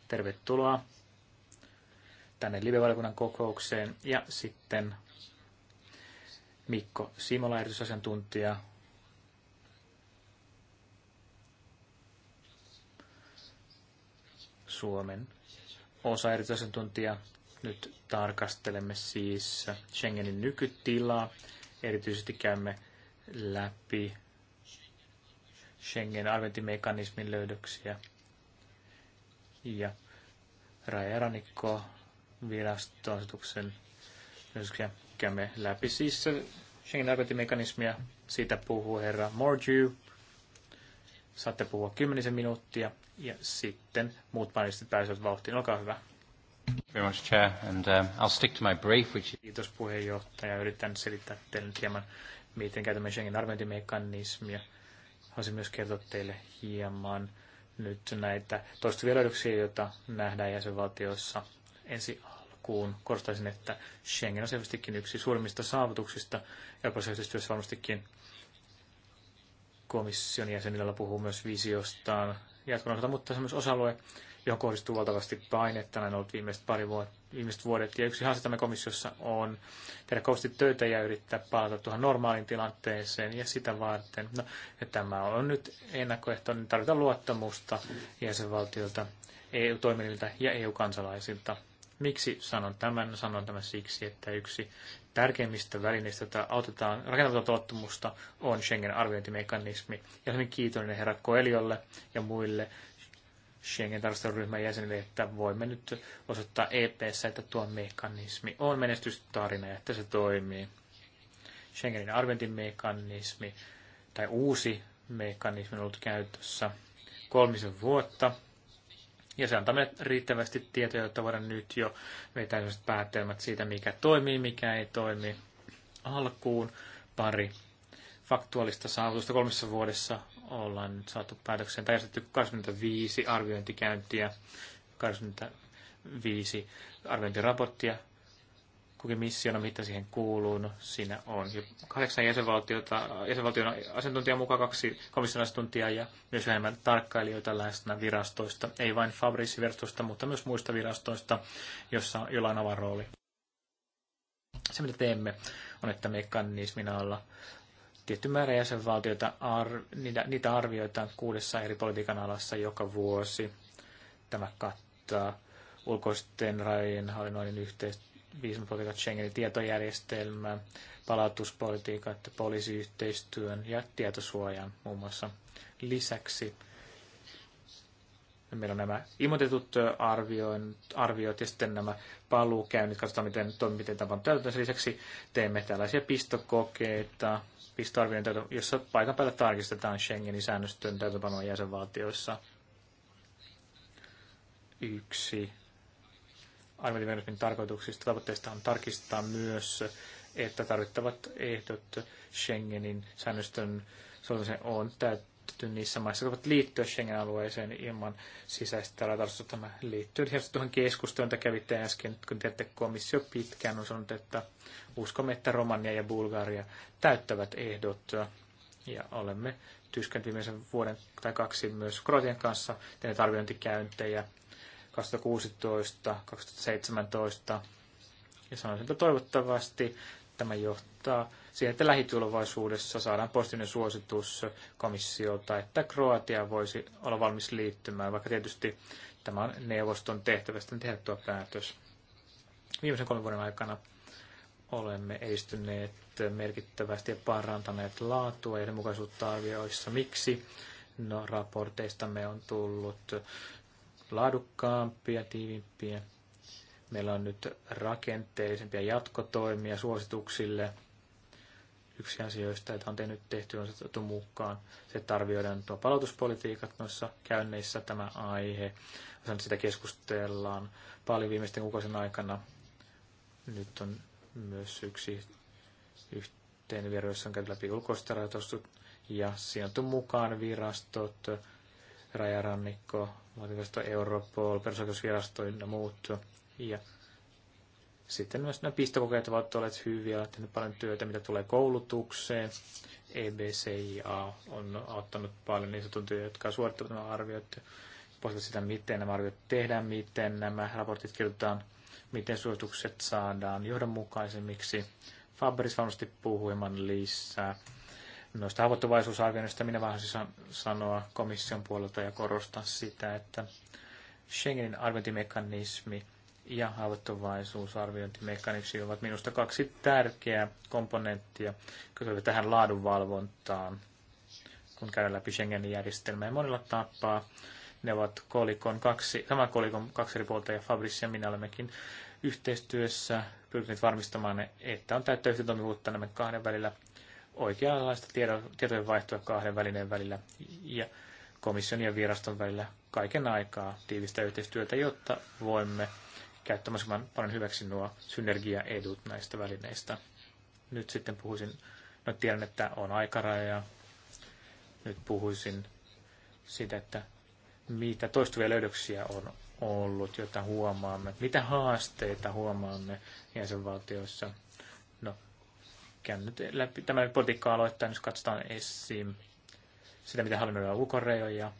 tervetuloa tänne live kokoukseen. Ja sitten Mikko Simola, erityisasiantuntija Suomen osa erityisasiantuntija. Nyt tarkastelemme siis Schengenin nykytilaa. Erityisesti käymme läpi Schengen-arviointimekanismin löydöksiä ja rajarannikko virastoasetuksen löydöksiä käymme läpi. Siis Schengen-arviointimekanismia, siitä puhuu herra Mordew. Saatte puhua kymmenisen minuuttia ja sitten muut panelistit pääsevät vauhtiin. Olkaa hyvä. Um, Kiitos puheenjohtaja. Yritän selittää teille hieman miten käytämme Schengen arviointimekanismia. Haluaisin myös kertoa teille hieman nyt näitä toistuvia löydöksiä, joita nähdään jäsenvaltioissa ensi alkuun. Korostaisin, että Schengen on selvästikin yksi suurimmista saavutuksista Euroopassa yhteistyössä varmastikin komission jäsenillä puhuu myös visiostaan jatkon osalta, mutta se on myös osa-alue, johon kohdistuu valtavasti painetta. Näin on ollut viimeiset, pari vuotta, viimeiset vuodet. Ja yksi haastamme komissiossa on tehdä kovasti töitä ja yrittää palata tuohon normaaliin tilanteeseen ja sitä varten. No, ja tämä on nyt ennakkoehto, niin tarvitaan luottamusta jäsenvaltiolta, EU-toimijoilta ja EU-kansalaisilta. Miksi sanon tämän? Sanon tämän siksi, että yksi tärkeimmistä välineistä, joita autetaan rakentamaan luottamusta, on Schengen-arviointimekanismi. Ja hyvin kiitollinen herra Koeliolle ja muille Schengen tarkasteluryhmän jäsenille, että voimme nyt osoittaa EPssä, että tuo mekanismi on menestystarina ja että se toimii. Schengenin arviointimekanismi tai uusi mekanismi on ollut käytössä kolmisen vuotta. Ja se antaa meille riittävästi tietoja, jotta voidaan nyt jo vetää päätelmät siitä, mikä toimii, mikä ei toimi. Alkuun pari faktuaalista saavutusta kolmessa vuodessa ollaan saatu päätökseen tai 25 arviointikäyntiä, 25 arviointiraporttia kukin missiona, no mitä siihen kuuluu, no, siinä on. Ja kahdeksan jäsenvaltiota, jäsenvaltion asiantuntijan mukaan kaksi komission asiantuntijaa ja myös vähemmän tarkkailijoita läsnä virastoista, ei vain Fabrice-virastosta, mutta myös muista virastoista, jossa jollain on avarooli. Se, mitä teemme, on, että mekanismina alla tietty määrä jäsenvaltioita, ar, niitä, niitä arvioitaan kuudessa eri politiikan alassa joka vuosi. Tämä kattaa ulkoisten rajojen hallinnoinnin yhteistyö viisumipolitiikat, Schengenin tietojärjestelmä, palautuspolitiikat, poliisiyhteistyön ja tietosuojan muun muassa. Lisäksi Meillä on nämä ilmoitetut arviot ja sitten nämä paluukäynnit. Katsotaan, miten toimenpiteitä on täytetty. Sen lisäksi teemme tällaisia pistokokeita, pistoarviointia, jossa paikan päällä tarkistetaan Schengenin säännöstön täytäntöpanoa jäsenvaltioissa. Yksi arviointimenetelmien tarkoituksista tavoitteista on tarkistaa myös, että tarvittavat ehdot Schengenin säännöstön soveltamisen on täyttä käytetty niissä maissa, jotka ovat liittyä Schengen-alueeseen ilman sisäistä rajatarkastusta. Tämä liittyy tietysti tuohon keskusteluun, jota kävitte äsken, kun tiedätte komissio pitkään on sanonut, että uskomme, että Romania ja Bulgaria täyttävät ehdot ja olemme tyskän viimeisen vuoden tai kaksi myös Kroatian kanssa tehneet arviointikäyntejä 2016, 2017 ja sanoisin, että toivottavasti tämä johtaa siihen, että lähitulevaisuudessa saadaan positiivinen suositus komissiolta, että Kroatia voisi olla valmis liittymään, vaikka tietysti tämä on neuvoston tehtävästä tehdä tuo päätös. Viimeisen kolmen vuoden aikana olemme edistyneet merkittävästi ja parantaneet laatua ja mukaisuutta arvioissa. Miksi? No, raporteistamme on tullut laadukkaampia, tiivimpiä. Meillä on nyt rakenteellisempia jatkotoimia suosituksille – Yksi asioista, että on tehnyt tehty, on otettu mukaan. Se, että arvioidaan tuo palautuspolitiikat noissa käynneissä tämä aihe. Osan sitä keskustellaan paljon viimeisten kuukausien aikana. Nyt on myös yksi yhteen vero, jossa on käyty läpi ulkoista ja siinä on mukaan virastot, rajarannikko, valtionvirasto Europol, perusoikeusvirasto ja muut. Ja sitten myös nämä pistokokeet ovat olleet hyviä, että tehnyt paljon työtä, mitä tulee koulutukseen. EBCIA on auttanut paljon niitä tuntia, jotka suorittavat nämä arviot, pohtivat sitä, miten nämä arviot tehdään, miten nämä raportit kirjoitetaan, miten suositukset saadaan johdonmukaisemmiksi. Fabris varmasti puhuu hieman lisää. Noista haavoittuvaisuusarvioinnista minä vähän siis sanoa komission puolelta ja korostan sitä, että Schengenin arviointimekanismi – ja haavoittuvaisuusarviointimekanismi ovat minusta kaksi tärkeää komponenttia, kyllä tähän laadunvalvontaan, kun käydään läpi Schengenin järjestelmää monilla tapaa. Ne ovat kolikon kaksi, sama kolikon kaksi eri puolta ja Fabrice ja minä olemmekin yhteistyössä pyrkineet varmistamaan, että on täyttä yhteentoimivuutta nämä kahden välillä, oikeanlaista tietojen vaihtoa kahden välineen välillä ja komission ja viraston välillä kaiken aikaa tiivistä yhteistyötä, jotta voimme käyttämään paljon hyväksi nuo synergiaedut näistä välineistä. Nyt sitten puhuisin, no tiedän, että on aikaraja, nyt puhuisin siitä, että mitä toistuvia löydöksiä on ollut, joita huomaamme, mitä haasteita huomaamme jäsenvaltioissa. No, käyn nyt läpi tämän politiikka aloittain, jos katsotaan esim. sitä, mitä hallinnoidaan ulkorajoja,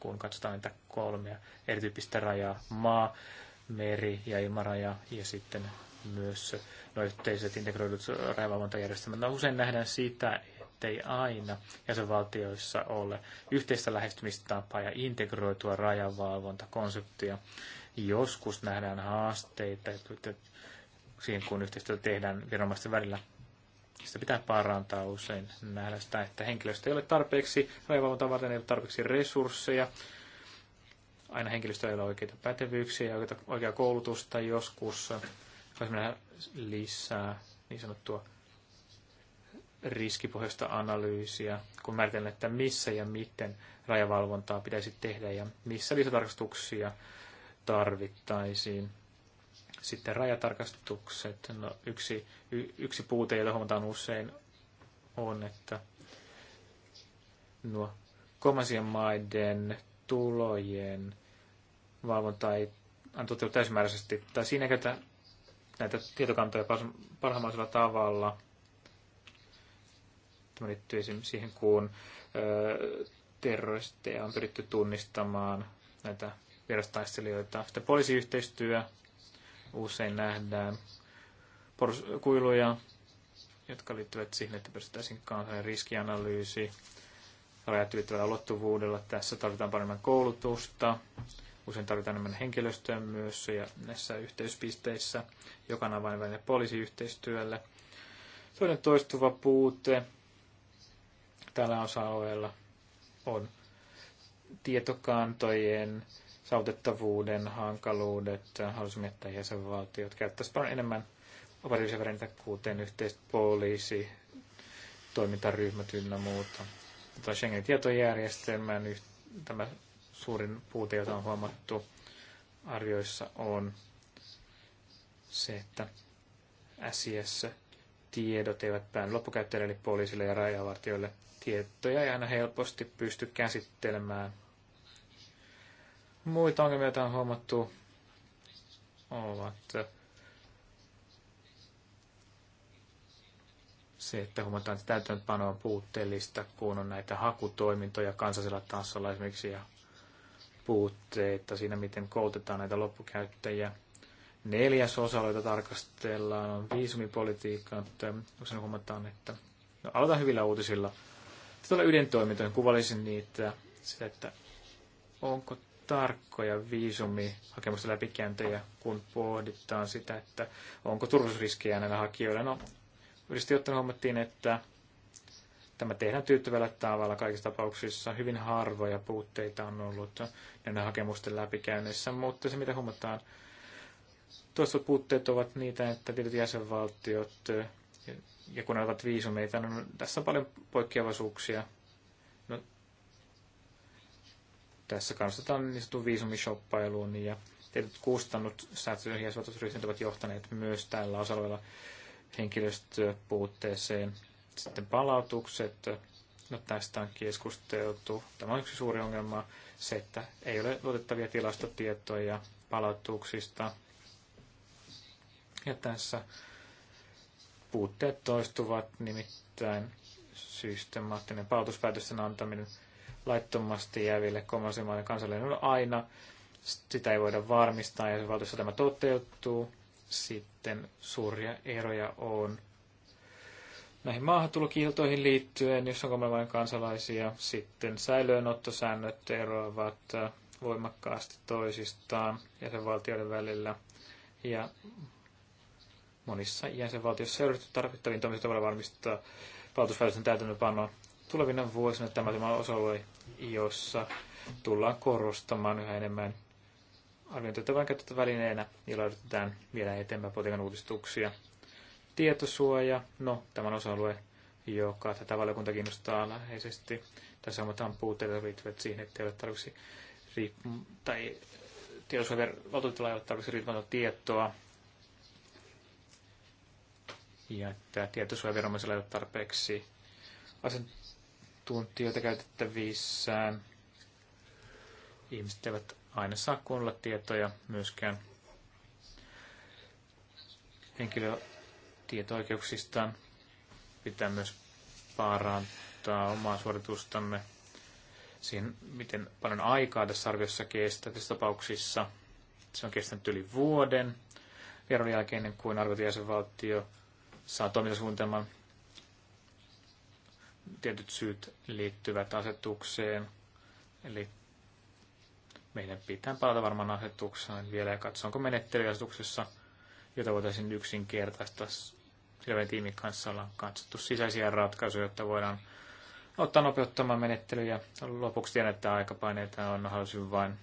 kun katsotaan niitä kolmea erityyppistä rajaa, maa, meri- ja ilmaraja ja sitten myös no, yhteiset integroidut rajavalvontajärjestelmät. No, usein nähdään sitä, ettei aina jäsenvaltioissa ole yhteistä lähestymistapaa ja integroitua rajavalvontakonseptia. Joskus nähdään haasteita että siihen, kun yhteistyötä tehdään viranomaisten välillä. Sitä pitää parantaa usein nähdä sitä, että henkilöstö ei ole tarpeeksi rajavalvontaa varten, ei ole tarpeeksi resursseja aina henkilöstöllä ei ole oikeita pätevyyksiä ja oikeaa koulutusta joskus. Saisi mennä lisää niin sanottua riskipohjaista analyysiä, kun määritellään, että missä ja miten rajavalvontaa pitäisi tehdä ja missä lisätarkastuksia tarvittaisiin. Sitten rajatarkastukset. No, yksi, y, yksi puute, jota huomataan usein, on, että nuo kolmansien maiden tulojen valvonta ei toteudu täysimääräisesti, tai siinä käytä näitä tietokantoja parhaimmaisella tavalla. Tämä liittyy esimerkiksi siihen, kun öö, terroristeja on pyritty tunnistamaan, näitä vierastaistelijoita. Sitten poliisiyhteistyö, usein nähdään kuiluja, jotka liittyvät siihen, että pystyttäisiin kansallinen riskianalyysi rajat ylittävällä ulottuvuudella. Tässä tarvitaan paremmin koulutusta, Usein tarvitaan enemmän henkilöstöä myös ja näissä yhteyspisteissä, joka on väline poliisiyhteistyölle. Toinen toistuva puute tällä osa-alueella on tietokantojen saavutettavuuden hankaluudet. Halusimme, että jäsenvaltiot käyttäisivät paljon enemmän operatiivisia välineitä, kuten yhteiset poliisi, toimintaryhmät ynnä muuta. Schengen-tietojärjestelmän tämä suurin puute, jota on huomattu arvioissa, on se, että SIS-tiedot eivät päin loppukäyttäjille, eli poliisille ja rajavartijoille tietoja ei aina helposti pysty käsittelemään. Muita ongelmia, joita on huomattu, ovat se, että huomataan, että täytäntöpano on puutteellista, kun on näitä hakutoimintoja kansallisella tasolla esimerkiksi ja puutteita siinä, miten koulutetaan näitä loppukäyttäjiä. Neljäs osa, joita tarkastellaan, on viisumipolitiikka. Usein ähm, huomataan, että no, aloitan hyvillä uutisilla. tuolla ydintoimintoihin kuvallisin niitä, sitä, että onko tarkkoja viisumihakemusten läpikäyntejä, kun pohditaan sitä, että onko turvallisuusriskejä näillä hakijoilla. No, yleisesti ottaen huomattiin, että Tämä tehdään tyytyvällä tavalla kaikissa tapauksissa. Hyvin harvoja puutteita on ollut näiden hakemusten läpikäynnissä, mutta se mitä huomataan, tuossa puutteet ovat niitä, että tietyt jäsenvaltiot ja kun ne ovat viisumeita, niin tässä on paljon poikkeavaisuuksia. No, tässä kannustetaan niin sanotun viisumishoppailuun ja tietyt kustannut säästöihin ja ovat johtaneet myös tällä osa-alueella henkilöstöpuutteeseen. Sitten palautukset. No tästä on keskusteltu. Tämä on yksi suuri ongelma, se, että ei ole luotettavia tilastotietoja palautuksista. Ja tässä puutteet toistuvat, nimittäin systemaattinen palautuspäätösten antaminen laittomasti jääville kolmansien maiden on aina. Sitä ei voida varmistaa ja valtuussa tämä toteutuu. Sitten suuria eroja on näihin maahantulokieltoihin liittyen, jos on kolmannen kansalaisia, sitten säilöönottosäännöt eroavat äh, voimakkaasti toisistaan jäsenvaltioiden välillä. Ja monissa jäsenvaltioissa on tarvittaviin toimintatavan varmistaa palautusvälitysten täytäntöönpanoa tulevina vuosina tämä tämä osa jossa tullaan korostamaan yhä enemmän arviointittavan käyttötä välineenä, jolla yritetään viedä eteenpäin potikan uudistuksia Tietosuoja, no tämä on osa-alue, joka tätä valiokunta kiinnostaa läheisesti. Tässä on puutteita liittyvät siihen, että ei ole tarvitsisi riippum- tai tietosuojavaltuutetulla ei ole tarvitsisi riippumatonta tietoa. Ja että tietosuojaviranomaisella ei ole tarpeeksi asiantuntijoita käytettävissään. Ihmiset eivät aina saa kuunnella tietoja myöskään henkilö tieto-oikeuksistaan. Pitää myös parantaa omaa suoritustamme siihen, miten paljon aikaa tässä arviossa kestää tässä tapauksissa. Se on kestänyt yli vuoden vieron jälkeen, kuin kuin jäsenvaltio saa toimintasuunnitelman. Tietyt syyt liittyvät asetukseen, eli meidän pitää palata varmaan asetukseen vielä ja katsoa, onko menettely asetuksessa – jota voitaisiin yksinkertaistaa. Sillä tiimin kanssa ollaan katsottu sisäisiä ratkaisuja, jotta voidaan ottaa nopeuttamaan menettelyjä. Lopuksi tiedän, että aikapaineita on. halusin vain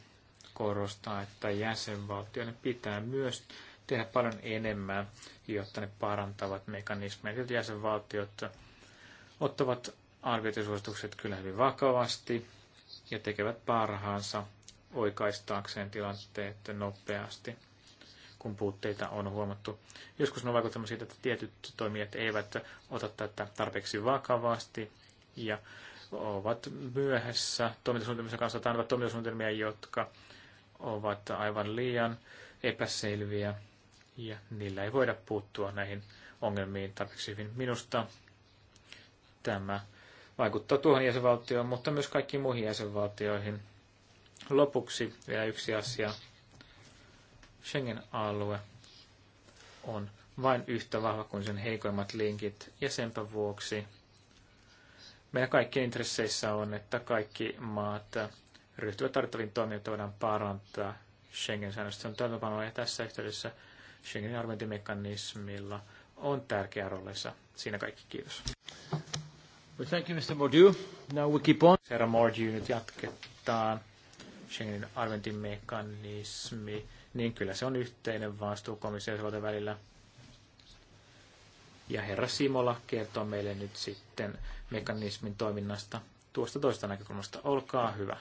korostaa, että jäsenvaltioiden pitää myös tehdä paljon enemmän, jotta ne parantavat mekanismeja. Jotta jäsenvaltiot ottavat arviointisuositukset kyllä hyvin vakavasti ja tekevät parhaansa oikaistaakseen tilanteet nopeasti kun puutteita on huomattu. Joskus on vaikuttanut siitä, että tietyt toimijat eivät ota tätä tarpeeksi vakavasti ja ovat myöhässä toimintasuunnitelmissa kanssa tai ovat toimintasuunnitelmia, jotka ovat aivan liian epäselviä ja niillä ei voida puuttua näihin ongelmiin tarpeeksi hyvin. Minusta tämä vaikuttaa tuohon jäsenvaltioon, mutta myös kaikkiin muihin jäsenvaltioihin. Lopuksi vielä yksi asia, Schengen-alue on vain yhtä vahva kuin sen heikoimmat linkit, ja senpä vuoksi meidän kaikkien intresseissä on, että kaikki maat ryhtyvät tarvittaviin toimijoita voidaan parantaa Schengen-säännöstä. On toimeenpanoa ja tässä yhteydessä Schengenin arviointimekanismilla on tärkeä roolissa Siinä kaikki, kiitos. Well, thank you, Mr. Mordieu. Now we keep on. Herra Mordieu, nyt jatketaan. Schengenin arviointimekanismi niin kyllä se on yhteinen vastuu komission välillä. Ja herra Simola kertoo meille nyt sitten mekanismin toiminnasta tuosta toista näkökulmasta. Olkaa hyvä.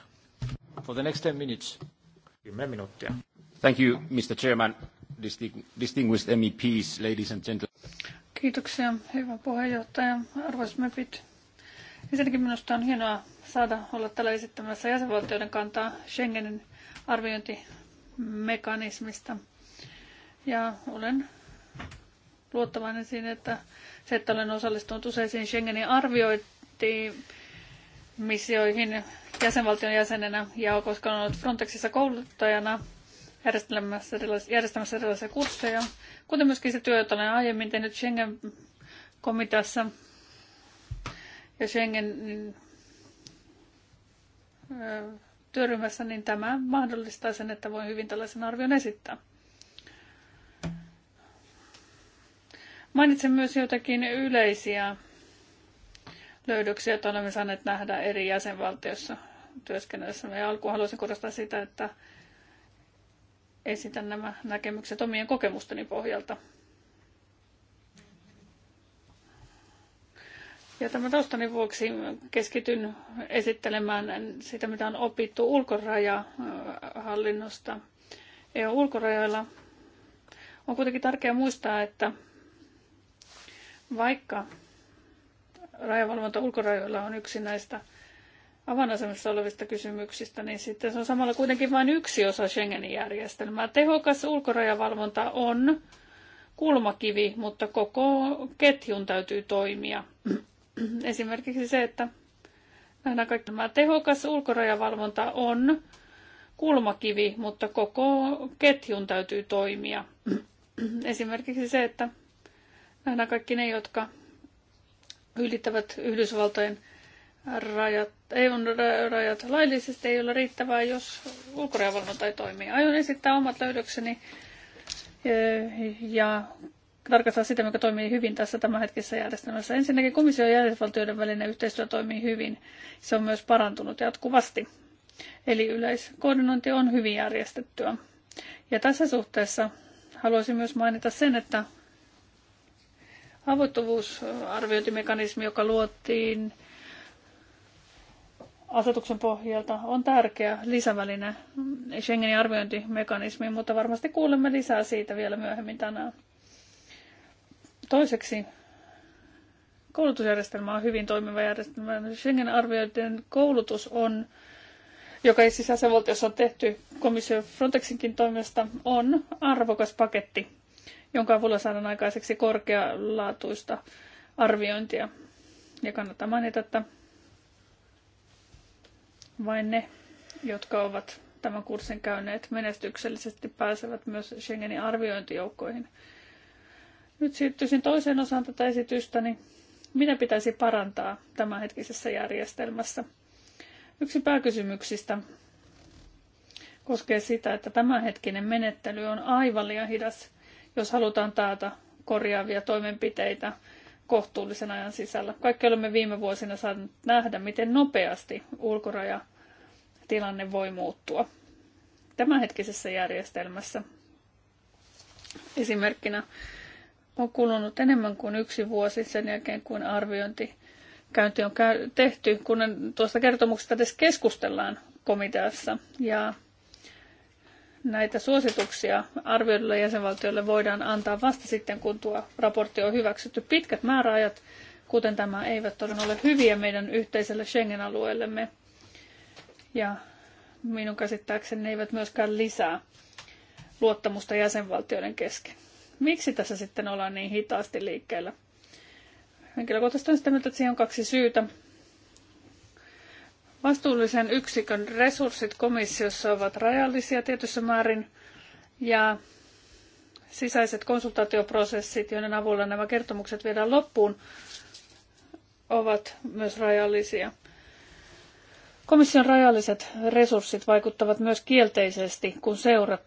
For the next 10 minutes. 10 minuuttia. Thank you, Mr. Chairman, distinguished MEPs, ladies and gentlemen. Kiitoksia, hyvä puheenjohtaja, arvoisat MEPit. Ensinnäkin minusta on hienoa saada olla täällä esittämässä jäsenvaltioiden kantaa Schengenin arviointi mekanismista. Ja olen luottavainen siinä, että se, että olen osallistunut useisiin Schengenin arviointiin, missioihin jäsenvaltion jäsenenä ja koska olen ollut Frontexissa kouluttajana järjestämässä erilaisia, järjestämässä erilaisia kursseja, kuten myöskin se työ, jota olen aiemmin tehnyt Schengen-komiteassa ja Schengen työryhmässä, niin tämä mahdollistaa sen, että voi hyvin tällaisen arvion esittää. Mainitsen myös jotakin yleisiä löydöksiä, joita olemme saaneet nähdä eri jäsenvaltioissa työskennellessä. Ja alkuun haluaisin korostaa sitä, että esitän nämä näkemykset omien kokemusteni pohjalta. Ja tämän taustani vuoksi keskityn esittelemään sitä, mitä on opittu ulkorajahallinnosta EU-ulkorajoilla. On kuitenkin tärkeää muistaa, että vaikka rajavalvonta ulkorajoilla on yksi näistä avainasemassa olevista kysymyksistä, niin sitten se on samalla kuitenkin vain yksi osa Schengenin järjestelmää. Tehokas ulkorajavalvonta on kulmakivi, mutta koko ketjun täytyy toimia. Esimerkiksi se, että nähdään kaikki tämä tehokas ulkorajavalvonta on kulmakivi, mutta koko ketjun täytyy toimia. Esimerkiksi se, että nähdään kaikki ne, jotka ylittävät Yhdysvaltojen rajat, EUn rajat laillisesti ei ole riittävää, jos ulkorajavalvonta ei toimi. Aion esittää omat löydökseni eh, ja tarkastaa sitä, mikä toimii hyvin tässä tämänhetkisessä järjestelmässä. Ensinnäkin komission ja jäsenvaltioiden välinen yhteistyö toimii hyvin. Se on myös parantunut jatkuvasti. Eli yleiskoordinointi on hyvin järjestettyä. Ja tässä suhteessa haluaisin myös mainita sen, että avoittuvuusarviointimekanismi, joka luotiin asetuksen pohjalta, on tärkeä lisäväline Schengenin arviointimekanismiin, mutta varmasti kuulemme lisää siitä vielä myöhemmin tänään. Toiseksi koulutusjärjestelmä on hyvin toimiva järjestelmä. Schengen-arvioiden koulutus on, joka ei sisäisen on tehty komissio Frontexinkin toimesta, on arvokas paketti, jonka avulla saadaan aikaiseksi korkealaatuista arviointia. Ja kannattaa mainita, että vain ne, jotka ovat tämän kurssin käyneet menestyksellisesti, pääsevät myös Schengenin arviointijoukkoihin – nyt siirtyisin toiseen osaan tätä esitystä, niin mitä pitäisi parantaa tämänhetkisessä järjestelmässä? Yksi pääkysymyksistä koskee sitä, että tämänhetkinen menettely on aivan liian hidas, jos halutaan taata korjaavia toimenpiteitä kohtuullisen ajan sisällä. Kaikki olemme viime vuosina saaneet nähdä, miten nopeasti ulkorajatilanne voi muuttua. Tämänhetkisessä järjestelmässä esimerkkinä on kulunut enemmän kuin yksi vuosi sen jälkeen, kun arviointi käynti on tehty, kun tuosta kertomuksesta edes keskustellaan komiteassa. Ja näitä suosituksia arvioidulle jäsenvaltioille voidaan antaa vasta sitten, kun tuo raportti on hyväksytty. Pitkät määräajat, kuten tämä, eivät todella ole hyviä meidän yhteiselle Schengen-alueellemme. Ja minun käsittääkseni ne eivät myöskään lisää luottamusta jäsenvaltioiden kesken. Miksi tässä sitten ollaan niin hitaasti liikkeellä? Henkilökohtaisesti on sitä mieltä, että siihen on kaksi syytä. Vastuullisen yksikön resurssit komissiossa ovat rajallisia tietyssä määrin ja sisäiset konsultaatioprosessit, joiden avulla nämä kertomukset viedään loppuun, ovat myös rajallisia. Komission rajalliset resurssit vaikuttavat myös kielteisesti, kun seura-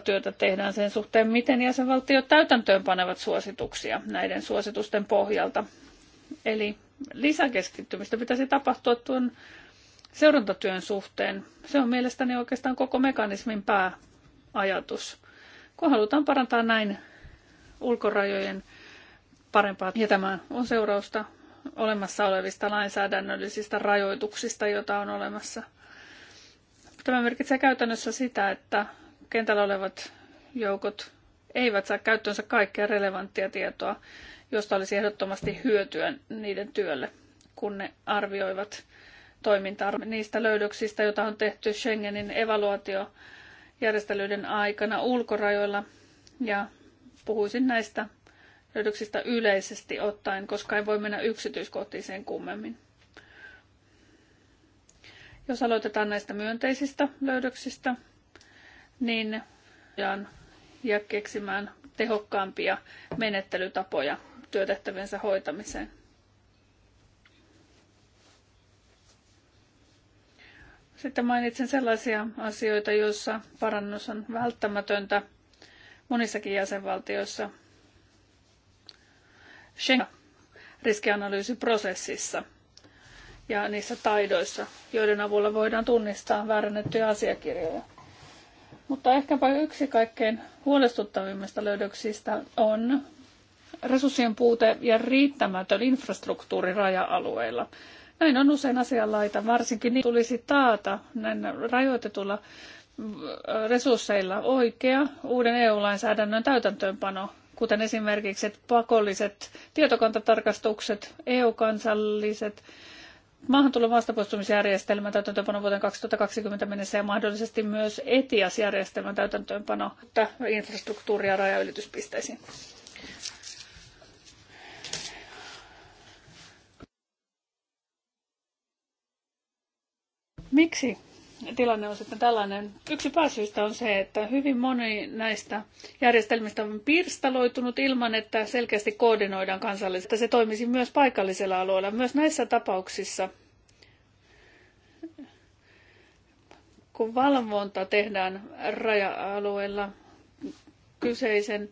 työtä tehdään sen suhteen, miten jäsenvaltiot täytäntöön panevat suosituksia näiden suositusten pohjalta. Eli lisäkeskittymistä pitäisi tapahtua tuon seurantatyön suhteen. Se on mielestäni oikeastaan koko mekanismin pääajatus. Kun halutaan parantaa näin ulkorajojen parempaa, ja tämä on seurausta olemassa olevista lainsäädännöllisistä rajoituksista, joita on olemassa. Tämä merkitsee käytännössä sitä, että kentällä olevat joukot eivät saa käyttöönsä kaikkea relevanttia tietoa, josta olisi ehdottomasti hyötyä niiden työlle, kun ne arvioivat toimintaa niistä löydöksistä, joita on tehty Schengenin evaluatiojärjestelyiden aikana ulkorajoilla. Ja puhuisin näistä löydöksistä yleisesti ottaen, koska en voi mennä yksityiskohtiin sen kummemmin. Jos aloitetaan näistä myönteisistä löydöksistä, niin ja keksimään tehokkaampia menettelytapoja työtehtäviensä hoitamiseen. Sitten mainitsen sellaisia asioita, joissa parannus on välttämätöntä monissakin jäsenvaltioissa. Schengen riskianalyysiprosessissa ja niissä taidoissa, joiden avulla voidaan tunnistaa väärännettyjä asiakirjoja. Mutta ehkäpä yksi kaikkein huolestuttavimmista löydöksistä on resurssien puute ja riittämätön infrastruktuuri raja-alueilla. Näin on usein asianlaita, varsinkin niin tulisi taata näin rajoitetulla resursseilla oikea uuden EU-lainsäädännön täytäntöönpano, kuten esimerkiksi pakolliset tietokantatarkastukset, EU-kansalliset maahantulon vastapuolustusjärjestelmän täytäntöönpano vuoteen 2020 mennessä ja mahdollisesti myös ETIAS-järjestelmän täytäntöönpano ja rajanylityspisteisiin. Miksi tilanne on sitten tällainen. Yksi pääsyistä on se, että hyvin moni näistä järjestelmistä on pirstaloitunut ilman, että selkeästi koordinoidaan kansallisesti, se toimisi myös paikallisella alueella. Myös näissä tapauksissa, kun valvonta tehdään raja-alueella kyseisen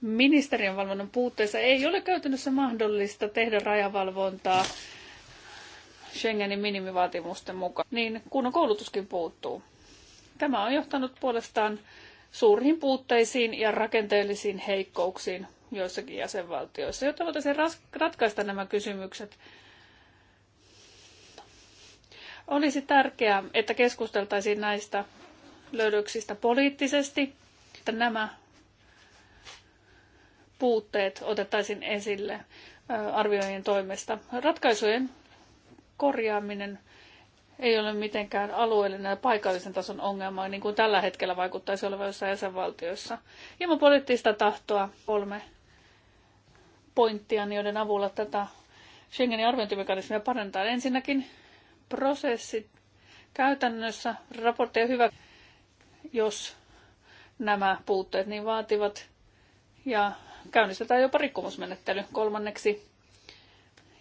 ministeriön valvonnan puutteessa, ei ole käytännössä mahdollista tehdä rajavalvontaa Schengenin minimivaatimusten mukaan, niin kunnon koulutuskin puuttuu. Tämä on johtanut puolestaan suuriin puutteisiin ja rakenteellisiin heikkouksiin joissakin jäsenvaltioissa, jotta voitaisiin ratkaista nämä kysymykset. Olisi tärkeää, että keskusteltaisiin näistä löydöksistä poliittisesti, että nämä puutteet otettaisiin esille arvioijien toimesta. Ratkaisujen korjaaminen ei ole mitenkään alueellinen ja paikallisen tason ongelma, niin kuin tällä hetkellä vaikuttaisi olevan jossain jäsenvaltioissa. Ilman poliittista tahtoa kolme pointtia, joiden avulla tätä Schengenin arviointimekanismia parantaa. Ensinnäkin prosessit käytännössä raportteja hyvä, jos nämä puutteet niin vaativat. Ja käynnistetään jopa rikkomusmenettely. Kolmanneksi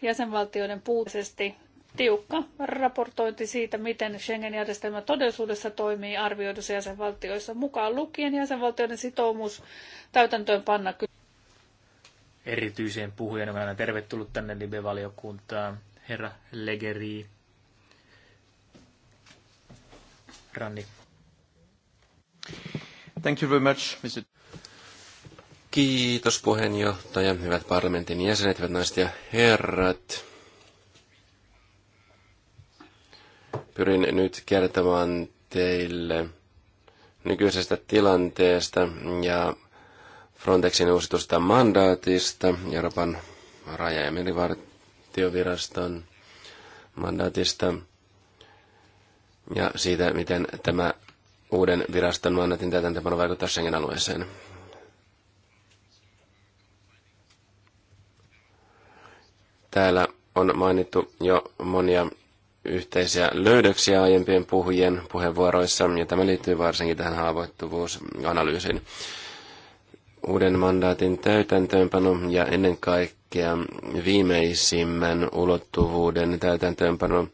jäsenvaltioiden puutteisesti tiukka raportointi siitä, miten Schengen-järjestelmä todellisuudessa toimii arvioidussa jäsenvaltioissa mukaan lukien jäsenvaltioiden sitoumus täytäntöön panna. Erityiseen on aina tervetullut tänne Libe-valiokuntaan, herra Legeri. Ranni. Thank you very much, Mr. Kiitos puheenjohtaja, hyvät parlamentin jäsenet, hyvät naiset ja herrat. Pyrin nyt kertomaan teille nykyisestä tilanteesta ja Frontexin uusitusta mandaatista, Euroopan raja- ja merivartioviraston mandaatista ja siitä, miten tämä uuden viraston mandaatin täytäntöpano vaikuttaa Schengen-alueeseen. Täällä on mainittu jo monia yhteisiä löydöksiä aiempien puhujien puheenvuoroissa, ja tämä liittyy varsinkin tähän haavoittuvuusanalyysiin. Uuden mandaatin täytäntöönpano ja ennen kaikkea viimeisimmän ulottuvuuden täytäntöönpano,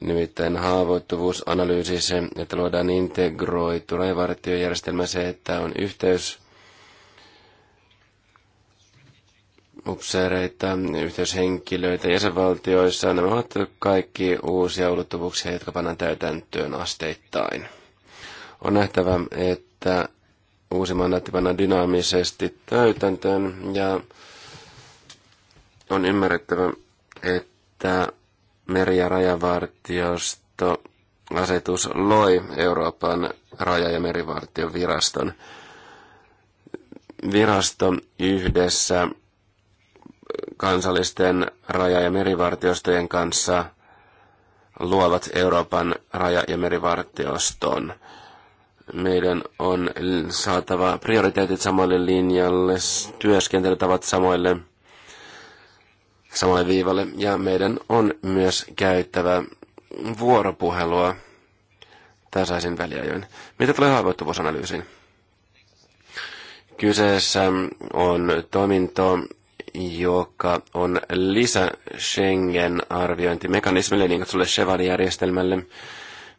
nimittäin haavoittuvuusanalyysi, se, että luodaan integroitu rajavartiojärjestelmä, se, että on yhteys upseereita, yhteyshenkilöitä jäsenvaltioissa. Nämä ovat kaikki uusia ulottuvuuksia, jotka pannaan täytäntöön asteittain. On nähtävä, että uusi mandaatti pannaan dynaamisesti täytäntöön ja on ymmärrettävä, että meri- ja rajavartiosto asetus loi Euroopan raja- ja merivartion viraston. Virasto yhdessä kansallisten raja- ja merivartiostojen kanssa luovat Euroopan raja- ja merivartioston. Meidän on saatava prioriteetit samalle linjalle, työskentelytavat samoille, samalle viivalle ja meidän on myös käyttävä vuoropuhelua tasaisin väliajoin. Mitä tulee haavoittuvuusanalyysiin? Kyseessä on toiminto, joka on lisä Schengen-arviointimekanismille, niin kutsulle Cheval-järjestelmälle.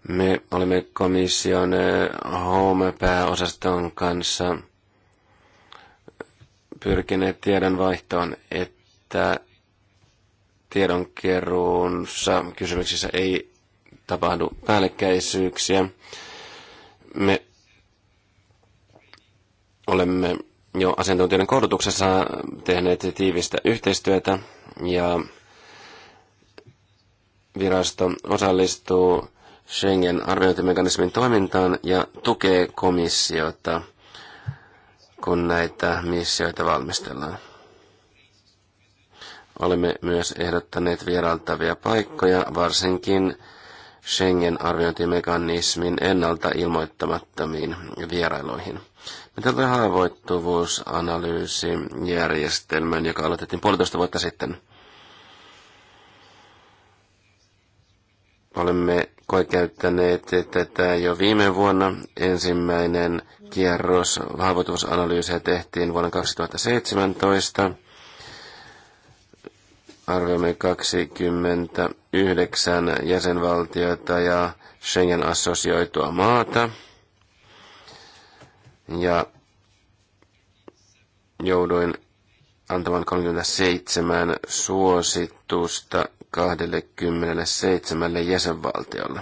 Me olemme komission eh, Home-pääosaston kanssa pyrkineet tiedonvaihtoon, että tiedonkeruunsa kysymyksissä ei tapahdu päällekkäisyyksiä. Me olemme jo asiantuntijoiden koulutuksessa tehneet tiivistä yhteistyötä ja virasto osallistuu Schengen-arviointimekanismin toimintaan ja tukee komissiota, kun näitä missioita valmistellaan. Olemme myös ehdottaneet vierailtavia paikkoja, varsinkin Schengen-arviointimekanismin ennalta ilmoittamattomiin vierailuihin tämä haavoittuvuusanalyysijärjestelmän, joka aloitettiin puolitoista vuotta sitten. Olemme koikäyttäneet tätä jo viime vuonna. Ensimmäinen kierros haavoittuvuusanalyysiä tehtiin vuonna 2017. Arvioimme 29 jäsenvaltiota ja Schengen-assosioitua maata – ja jouduin antamaan 37 suositusta 27 jäsenvaltiolle.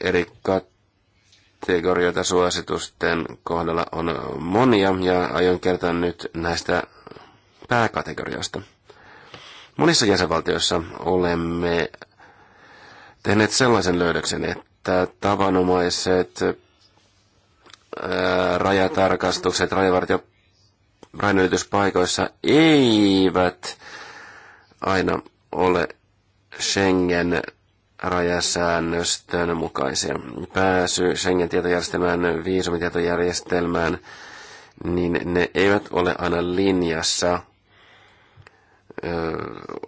Eri kategorioita suositusten kohdalla on monia ja aion kertoa nyt näistä pääkategorioista. Monissa jäsenvaltioissa olemme tehneet sellaisen löydöksen, että tavanomaiset ää, äh, rajatarkastukset rajavartio rajanylityspaikoissa eivät aina ole Schengen rajasäännöstön mukaisia. Pääsy Schengen-tietojärjestelmään, viisumitietojärjestelmään, niin ne eivät ole aina linjassa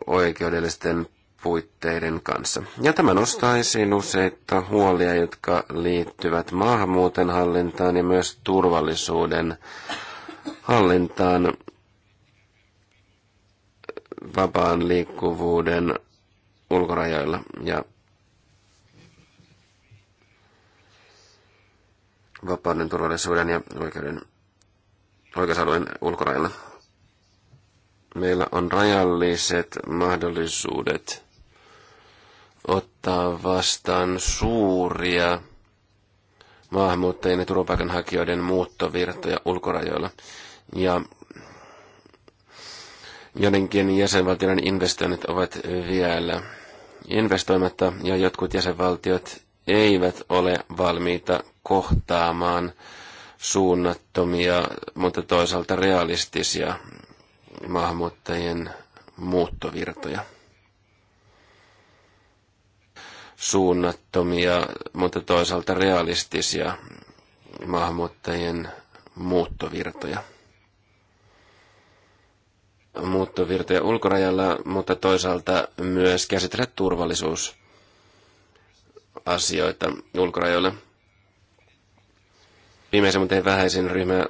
oikeudellisten puitteiden kanssa. Ja tämä nostaa esiin useita huolia, jotka liittyvät maahanmuuten hallintaan ja myös turvallisuuden hallintaan vapaan liikkuvuuden ulkorajoilla. Ja vapauden, turvallisuuden ja oikeuden, oikeusalueen ulkorajoilla meillä on rajalliset mahdollisuudet ottaa vastaan suuria maahanmuuttajien ja turvapaikanhakijoiden muuttovirtoja ulkorajoilla. Ja joidenkin jäsenvaltioiden investoinnit ovat vielä investoimatta ja jotkut jäsenvaltiot eivät ole valmiita kohtaamaan suunnattomia, mutta toisaalta realistisia maahanmuuttajien muuttovirtoja. Suunnattomia, mutta toisaalta realistisia maahanmuuttajien muuttovirtoja. Muuttovirtoja ulkorajalla, mutta toisaalta myös käsitellä turvallisuusasioita ulkorajoilla. Viimeisen, mutta ei vähäisin ryhmä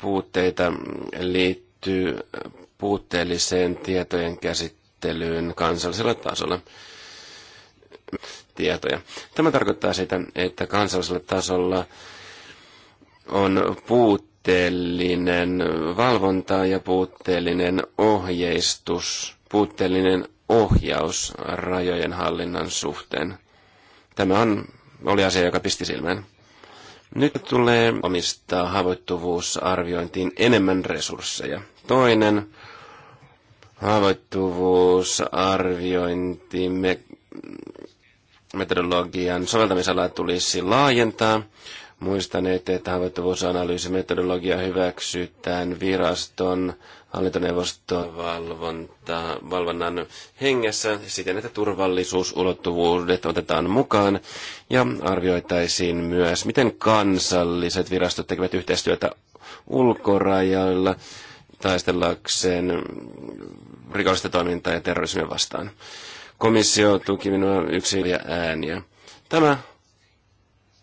puutteita liittyy puutteelliseen tietojen käsittelyyn kansallisella tasolla tietoja. Tämä tarkoittaa sitä, että kansallisella tasolla on puutteellinen valvonta ja puutteellinen ohjeistus, puutteellinen ohjaus rajojen hallinnan suhteen. Tämä on, oli asia, joka pisti silmään. Nyt tulee omistaa haavoittuvuusarviointiin enemmän resursseja. Toinen haavoittuvuusarviointi me, metodologian soveltamisalaa tulisi laajentaa. Muistaneet, että haavoittuvuusanalyysimetodologia hyväksytään viraston hallintoneuvosto valvonta, valvonnan hengessä siten, että turvallisuusulottuvuudet otetaan mukaan ja arvioitaisiin myös, miten kansalliset virastot tekevät yhteistyötä ulkorajoilla taistellakseen rikollista toimintaa ja terrorismia vastaan. Komissio tuki minua yksi ääniä. Tämä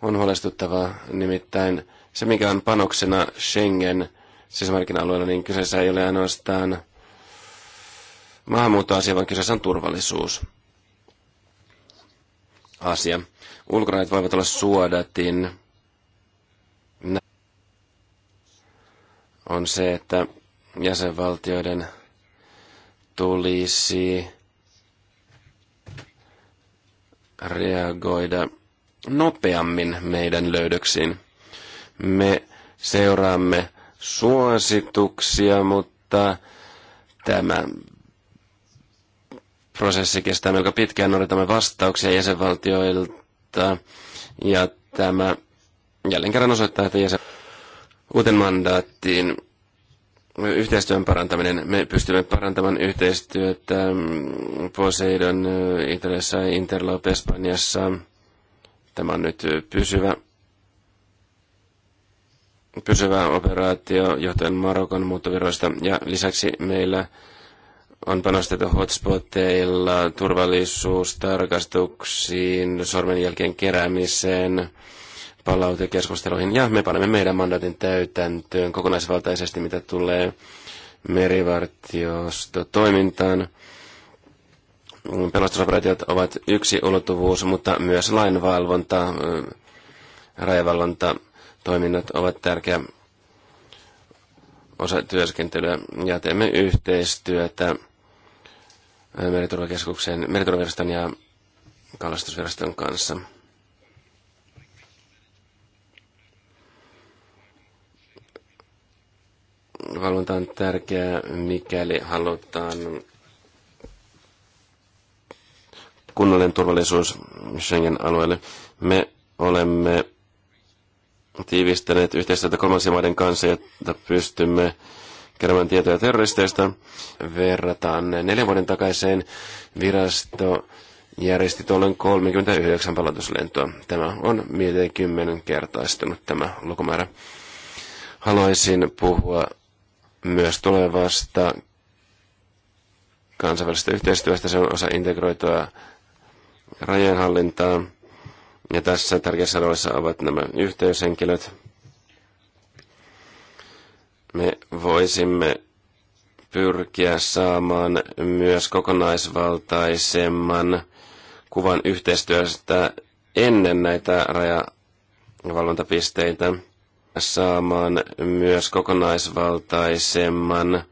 on huolestuttavaa, nimittäin se, mikä on panoksena Schengen – sisämarkkina-alueella, niin kyseessä ei ole ainoastaan maahanmuuttoasia, vaan kyseessä on turvallisuus asia. Ulkorajat voivat olla suodatin. On se, että jäsenvaltioiden tulisi reagoida nopeammin meidän löydöksiin. Me seuraamme suosituksia, mutta tämä prosessi kestää melko pitkään. Odotamme vastauksia jäsenvaltioilta ja tämä jälleen kerran osoittaa, että jäsen... uuteen mandaattiin yhteistyön parantaminen. Me pystymme parantamaan yhteistyötä Poseidon Italiassa ja Interlope Espanjassa. Tämä on nyt pysyvä pysyvä operaatio johtuen Marokon muuttoviroista ja lisäksi meillä on panostettu hotspoteilla turvallisuustarkastuksiin, sormenjälkien keräämiseen, palautekeskusteluihin ja me panemme meidän mandaatin täytäntöön kokonaisvaltaisesti, mitä tulee merivartiostotoimintaan. Pelastusoperaatiot ovat yksi ulottuvuus, mutta myös lainvalvonta, rajavalvonta, toiminnot ovat tärkeä osa työskentelyä ja teemme yhteistyötä meriturvakeskuksen, meriturvaviraston ja kalastusviraston kanssa. Valvonta on tärkeää, mikäli halutaan kunnollinen turvallisuus Schengen-alueelle. Me olemme tiivistäneet yhteistyötä kolmansien maiden kanssa, jotta pystymme keräämään tietoja terroristeista. Verrataan neljän vuoden takaiseen virasto järjesti tuolloin 39 palautuslentoa. Tämä on miltei kymmenen kertaistunut tämä lukumäärä. Haluaisin puhua myös tulevasta kansainvälisestä yhteistyöstä. Se on osa integroitua rajanhallintaa. Ja tässä tärkeässä roolissa ovat nämä yhteyshenkilöt. Me voisimme pyrkiä saamaan myös kokonaisvaltaisemman kuvan yhteistyöstä ennen näitä rajavalvontapisteitä saamaan myös kokonaisvaltaisemman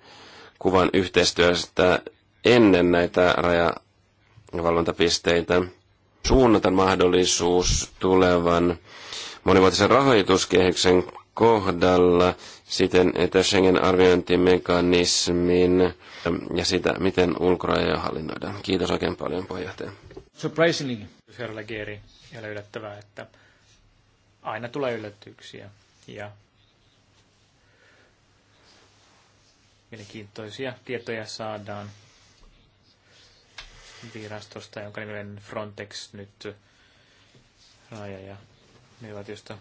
kuvan yhteistyöstä ennen näitä rajavalvontapisteitä suunnaton mahdollisuus tulevan monivuotisen rahoituskehyksen kohdalla siten, että Schengen-arviointimekanismin ja sitä, miten ulkorajoja hallinnoidaan. Kiitos oikein paljon, puheenjohtaja. Surprisingly, herra Legeri, ei ole yllättävää, että aina tulee yllätyksiä ja mielenkiintoisia tietoja saadaan virastosta, jonka nimellinen Frontex nyt raja ja jostain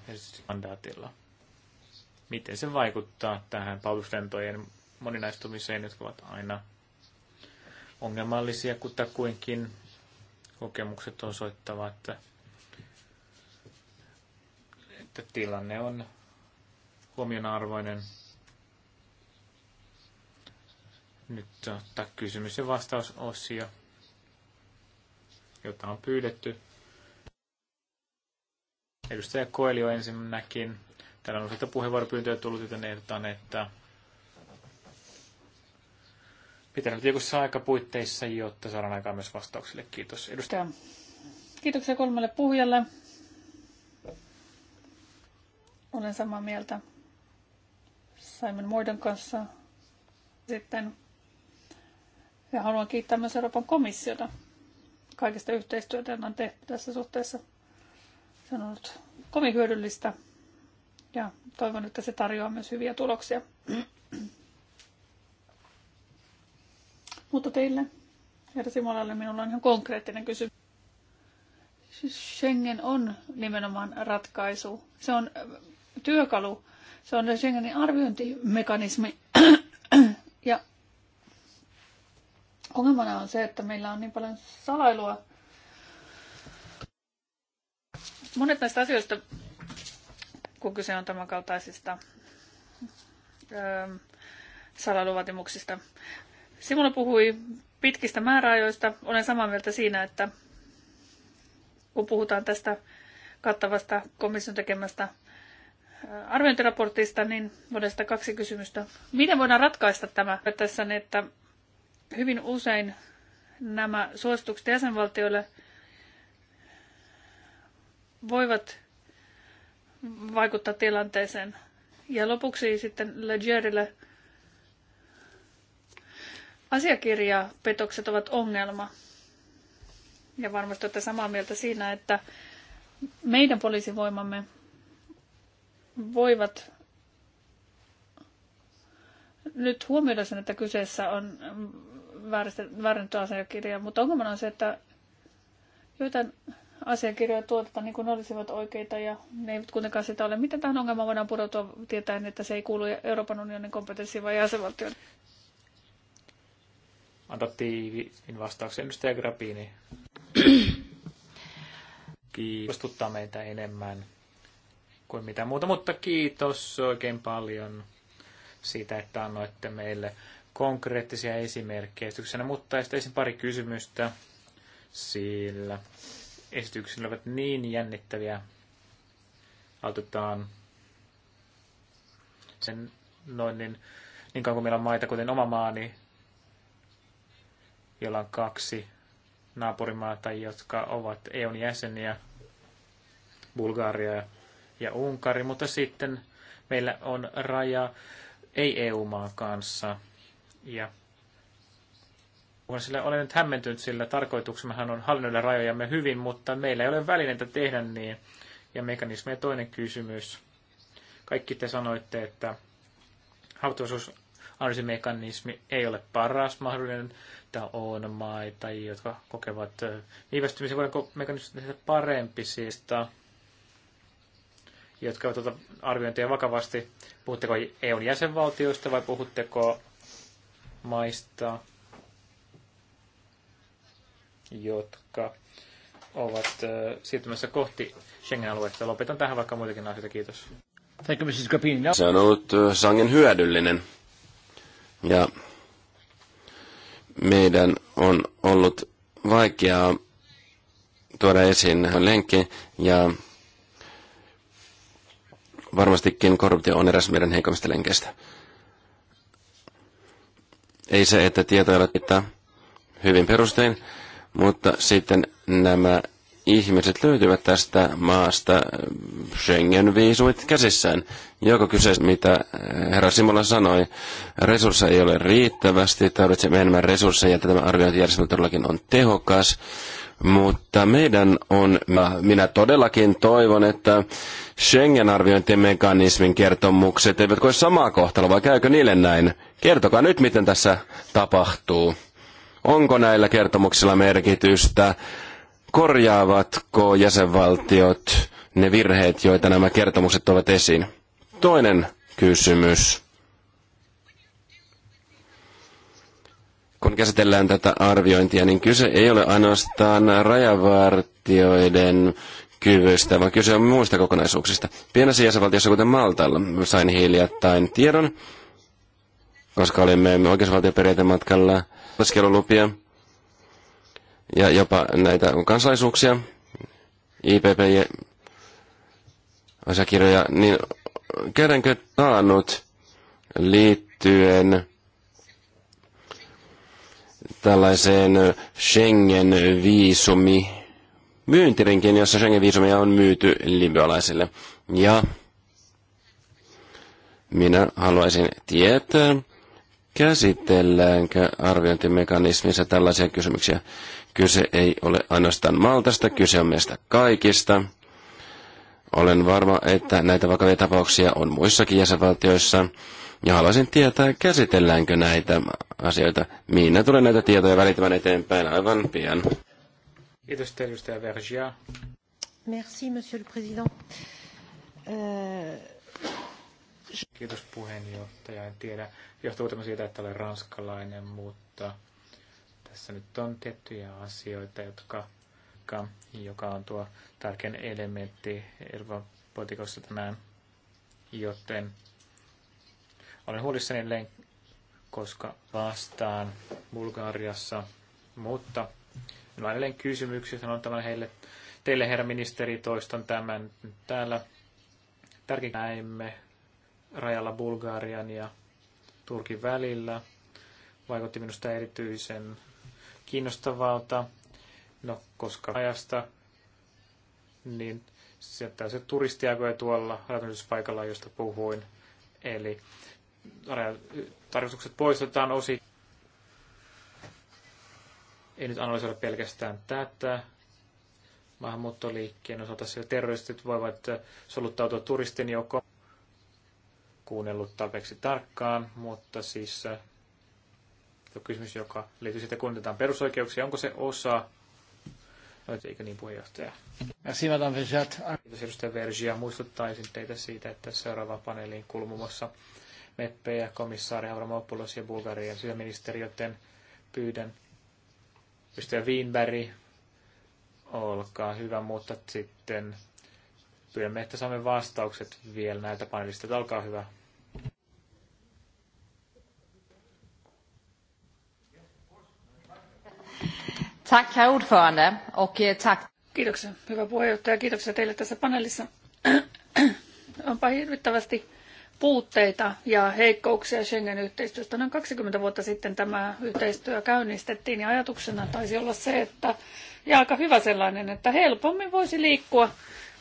mandaatilla. Miten se vaikuttaa tähän palveluslentojen moninaistumiseen, jotka ovat aina ongelmallisia, kutakuinkin kokemukset osoittavat, että, että tilanne on huomionarvoinen. Nyt ottaa kysymys- ja vastausosio jota on pyydetty. Edustaja Koelio ensinnäkin. Täällä on useita puheenvuoropyyntöjä tullut, joten ehdotan, että pitää nyt aika puitteissa, jotta saadaan aikaa myös vastauksille. Kiitos. Edustaja. Kiitoksia kolmelle puhujalle. Olen samaa mieltä Simon Moidon kanssa sitten. Ja haluan kiittää myös Euroopan komissiota kaikesta yhteistyötä, jota on tehty tässä suhteessa. Se on ollut kovin hyödyllistä ja toivon, että se tarjoaa myös hyviä tuloksia. Mutta teille, herra Simolalle, minulla on ihan konkreettinen kysymys. Schengen on nimenomaan ratkaisu. Se on äh, työkalu, se on Schengenin arviointimekanismi. ja Ongelmana on se, että meillä on niin paljon salailua. Monet näistä asioista, kun kyse on tämänkaltaisista öö, salailuvaatimuksista. Simula puhui pitkistä määräajoista. Olen samaa mieltä siinä, että kun puhutaan tästä kattavasta komission tekemästä öö, arviointiraportista, niin voidaan sitä kaksi kysymystä. Miten voidaan ratkaista tämä tässä, että Hyvin usein nämä suositukset jäsenvaltioille voivat vaikuttaa tilanteeseen. Ja lopuksi sitten Legerille asiakirjapetokset ovat ongelma. Ja varmasti olette samaa mieltä siinä, että meidän poliisivoimamme voivat nyt huomioida sen, että kyseessä on väärennetty asiakirja, mutta ongelmana on se, että joitain asiakirjoja tuotetaan niin kuin olisivat oikeita ja ne eivät kuitenkaan sitä ole. Miten tähän ongelmaan voidaan pudotua tietäen, että se ei kuulu Euroopan unionin kompetenssiin vai jäsenvaltioon? Anta tiivin vastauksen edustaja Grappini. Kiinnostaa meitä enemmän kuin mitä muuta, mutta kiitos oikein paljon siitä, että annoitte meille konkreettisia esimerkkejä esityksenä, mutta esittäisin pari kysymystä, sillä esityksillä ovat niin jännittäviä. Aloitetaan sen noin niin, niin kauan kuin meillä on maita, kuten oma maani, jolla on kaksi naapurimaata, jotka ovat EUn jäseniä, Bulgaria ja Unkari, mutta sitten meillä on raja ei-EU-maan kanssa – ja sillä olen nyt hämmentynyt, sillä tarkoituksemmehan on hallinnoida rajojamme hyvin, mutta meillä ei ole välineitä tehdä niin. Ja mekanismeja toinen kysymys. Kaikki te sanoitte, että hautuisuusanalyysimekanismi ei ole paras mahdollinen. Tämä on maita, jotka kokevat viivästymisen. Voidaanko mekanismi tehdä parempi siis, jotka ovat tuota arviointia vakavasti? Puhutteko EUn jäsenvaltioista vai puhutteko maista, jotka ovat siirtymässä kohti Schengen-aluetta. Lopetan tähän vaikka muitakin asioita. Kiitos. Thank you Se on ollut sangen hyödyllinen. Ja meidän on ollut vaikeaa tuoda esiin lenkki ja varmastikin korruptio on eräs meidän heikommista lenkeistä. Ei se, että tietää, ole hyvin perustein, mutta sitten nämä ihmiset löytyvät tästä maasta schengen viisuit käsissään. Joko kyseessä, mitä herra Simola sanoi, resursseja ei ole riittävästi, tarvitsemme enemmän resursseja, että tämä arviointijärjestelmä todellakin on tehokas mutta meidän on, minä todellakin toivon, että Schengen-arviointimekanismin kertomukset eivät ole samaa kohtaloa, vai käykö niille näin? Kertokaa nyt, miten tässä tapahtuu. Onko näillä kertomuksilla merkitystä? Korjaavatko jäsenvaltiot ne virheet, joita nämä kertomukset ovat esiin? Toinen kysymys. kun käsitellään tätä arviointia, niin kyse ei ole ainoastaan rajavartioiden kyvystä, vaan kyse on muista kokonaisuuksista. Pienessä jäsenvaltiossa, kuten Maltalla, sain hiljattain tiedon, koska olimme oikeusvaltioperiaatematkalla oleskelulupia ja jopa näitä kansalaisuuksia, IPP-asiakirjoja, niin käydäänkö taannut liittyen tällaiseen Schengen-viisumi myyntirinkin, jossa Schengen-viisumia on myyty libyalaisille. Ja minä haluaisin tietää, käsitelläänkö arviointimekanismissa tällaisia kysymyksiä. Kyse ei ole ainoastaan Maltasta, kyse on meistä kaikista. Olen varma, että näitä vakavia tapauksia on muissakin jäsenvaltioissa. Ja haluaisin tietää, käsitelläänkö näitä asioita. Minä tulen näitä tietoja välittämään eteenpäin aivan pian. Kiitos, edustaja Vergia. Merci, monsieur le président. Euh, Kiitos puheenjohtaja. En tiedä, johtuu tämä siitä, että olen ranskalainen, mutta tässä nyt on tiettyjä asioita, jotka, joka on tuo tärkein elementti Euroopan politiikassa tänään, joten olen huolissani edelleen, koska vastaan Bulgariassa, mutta minulla on edelleen kysymyksiä, sanon tämän heille, teille herra ministeri, toistan tämän täällä. Tärkein näemme rajalla Bulgarian ja Turkin välillä. Vaikutti minusta erityisen kiinnostavalta. No, koska ajasta, niin sieltä se turistiaikoja tuolla rakennuspaikalla, josta puhuin. Eli tarkastukset poistetaan osi. Ei nyt analysoida pelkästään tätä. Maahanmuuttoliikkeen osalta siellä terroristit voivat soluttautua turistin joko Kuunnellut tarpeeksi tarkkaan, mutta siis tuo kysymys, joka liittyy siitä, kunnitetaan perusoikeuksia, onko se osa Eikö niin, puheenjohtaja? Merci, Madame Vergiat. Kiitos, edustaja Vergia. Muistuttaisin teitä siitä, että seuraavaan paneeliin kulmumassa meppejä, komissaari Avramopoulos ja Bulgarian työministeri, joten pyydän ystävä Wienberg, olkaa hyvä, mutta sitten pyydämme, että saamme vastaukset vielä näiltä panelisteilta. Olkaa hyvä. Tack herr ordförande och eh, tack. Kiitoksia, hyvä puheenjohtaja. Kiitoksia teille tässä paneelissa. Onpa hirvittävästi puutteita ja heikkouksia Schengen-yhteistyöstä. Noin 20 vuotta sitten tämä yhteistyö käynnistettiin ja ajatuksena taisi olla se, että ja aika hyvä sellainen, että helpommin voisi liikkua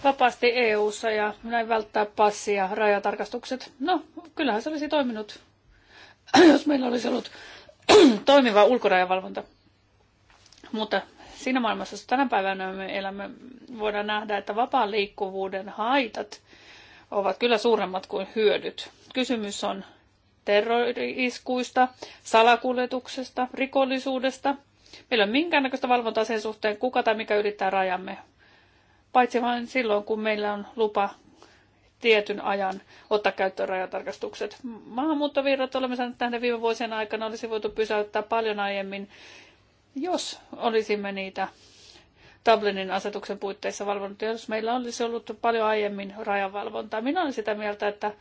vapaasti EU-ssa ja näin välttää passi- ja rajatarkastukset. No, kyllähän se olisi toiminut, jos meillä olisi ollut toimiva ulkorajavalvonta. Mutta siinä maailmassa, jossa tänä päivänä me elämme, voidaan nähdä, että vapaan liikkuvuuden haitat – ovat kyllä suuremmat kuin hyödyt. Kysymys on terroriiskuista, salakuljetuksesta, rikollisuudesta. Meillä on minkäännäköistä valvontaa sen suhteen, kuka tai mikä yrittää rajamme. Paitsi vain silloin, kun meillä on lupa tietyn ajan ottaa käyttöön rajatarkastukset. Maahanmuuttovirrat olemme saaneet tähän viime vuosien aikana olisi voitu pysäyttää paljon aiemmin, jos olisimme niitä Dublinin asetuksen puitteissa valvonut, jos meillä olisi ollut paljon aiemmin rajavalvontaa. Minä olen sitä mieltä, että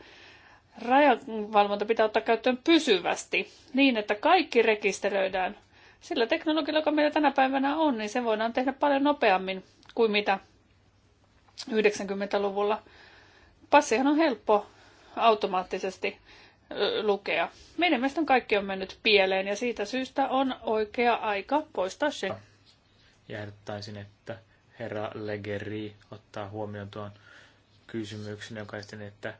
rajavalvonta pitää ottaa käyttöön pysyvästi niin, että kaikki rekisteröidään. Sillä teknologialla, joka meillä tänä päivänä on, niin se voidaan tehdä paljon nopeammin kuin mitä 90-luvulla. Passihan on helppo automaattisesti lukea. Meidän mielestä kaikki on mennyt pieleen ja siitä syystä on oikea aika poistaa se ja ehdottaisin, että herra Legeri ottaa huomioon tuon kysymyksen, joka sitten, että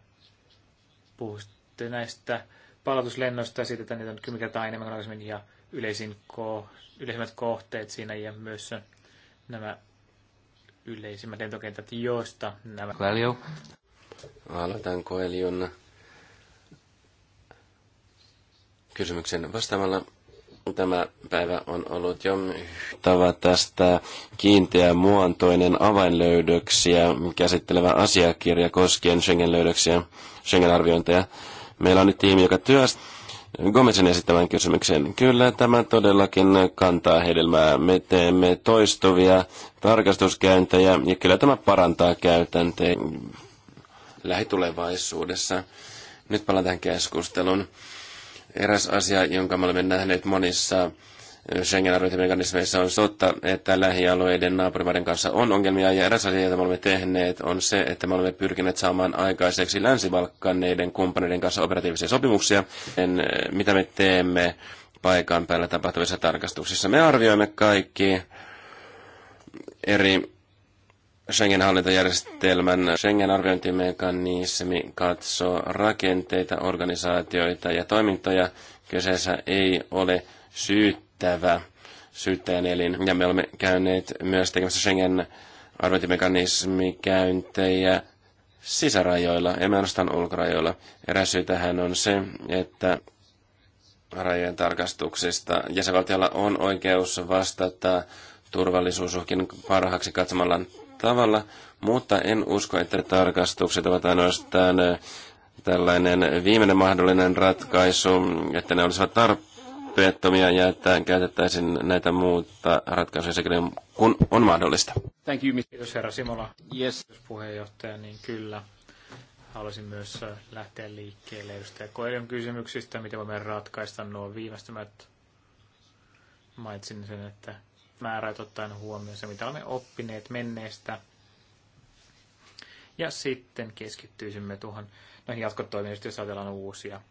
puhutte näistä palautuslennoista ja siitä, että niitä on kymmenen kertaa enemmän kuin aikaisemmin ja yleisin ko- yleisimmät kohteet siinä ja myös nämä yleisimmät lentokentät, joista nämä... Coelho. Aloitan Coelhon kysymyksen vastaamalla Tämä päivä on ollut jo tava tästä kiinteä muontoinen avainlöydöksiä käsittelevä asiakirja koskien Schengen-löydöksiä, Schengen-arviointeja. Meillä on nyt tiimi, joka työstää Gomezin esittävän kysymyksen, Kyllä tämä todellakin kantaa hedelmää. Me teemme toistuvia tarkastuskäyntejä ja kyllä tämä parantaa käytänteen lähitulevaisuudessa. Nyt palaan tähän keskusteluun. Eräs asia, jonka me olemme nähneet monissa schengen mekanismeissa on sotta, että lähialueiden naapurimaiden kanssa on ongelmia, ja eräs asia, jota me olemme tehneet, on se, että me olemme pyrkineet saamaan aikaiseksi länsi kumppaneiden kanssa operatiivisia sopimuksia, en, eh, mitä me teemme paikan päällä tapahtuvissa tarkastuksissa. Me arvioimme kaikki eri Schengen-hallintajärjestelmän Schengen-arviointimekanismi katsoo rakenteita, organisaatioita ja toimintoja. Kyseessä ei ole syyttävä syyttäjän elin. Ja me olemme käyneet myös tekemässä Schengen-arviointimekanismikäyntejä sisärajoilla, emme ainoastaan ulkorajoilla. Eräs syy tähän on se, että rajojen tarkastuksista jäsenvaltiolla on oikeus vastata turvallisuusuhkin parhaaksi katsomallaan tavalla, mutta en usko, että tarkastukset ovat ainoastaan eh, tällainen viimeinen mahdollinen ratkaisu, että ne olisivat tarpeettomia ja että käytettäisiin näitä muuta ratkaisuja sekä kun on mahdollista. Thank you, kiitos herra Simola. Yes. Puheenjohtaja, niin kyllä. Haluaisin myös eh, lähteä liikkeelle edustaja Koelion kysymyksistä, miten voimme ratkaista nuo viimeistymät. Mainitsin sen, että määrät ottaen huomioon se, mitä olemme oppineet menneestä. Ja sitten keskittyisimme tuohon noihin jatkotoimiin, jos ajatellaan uusia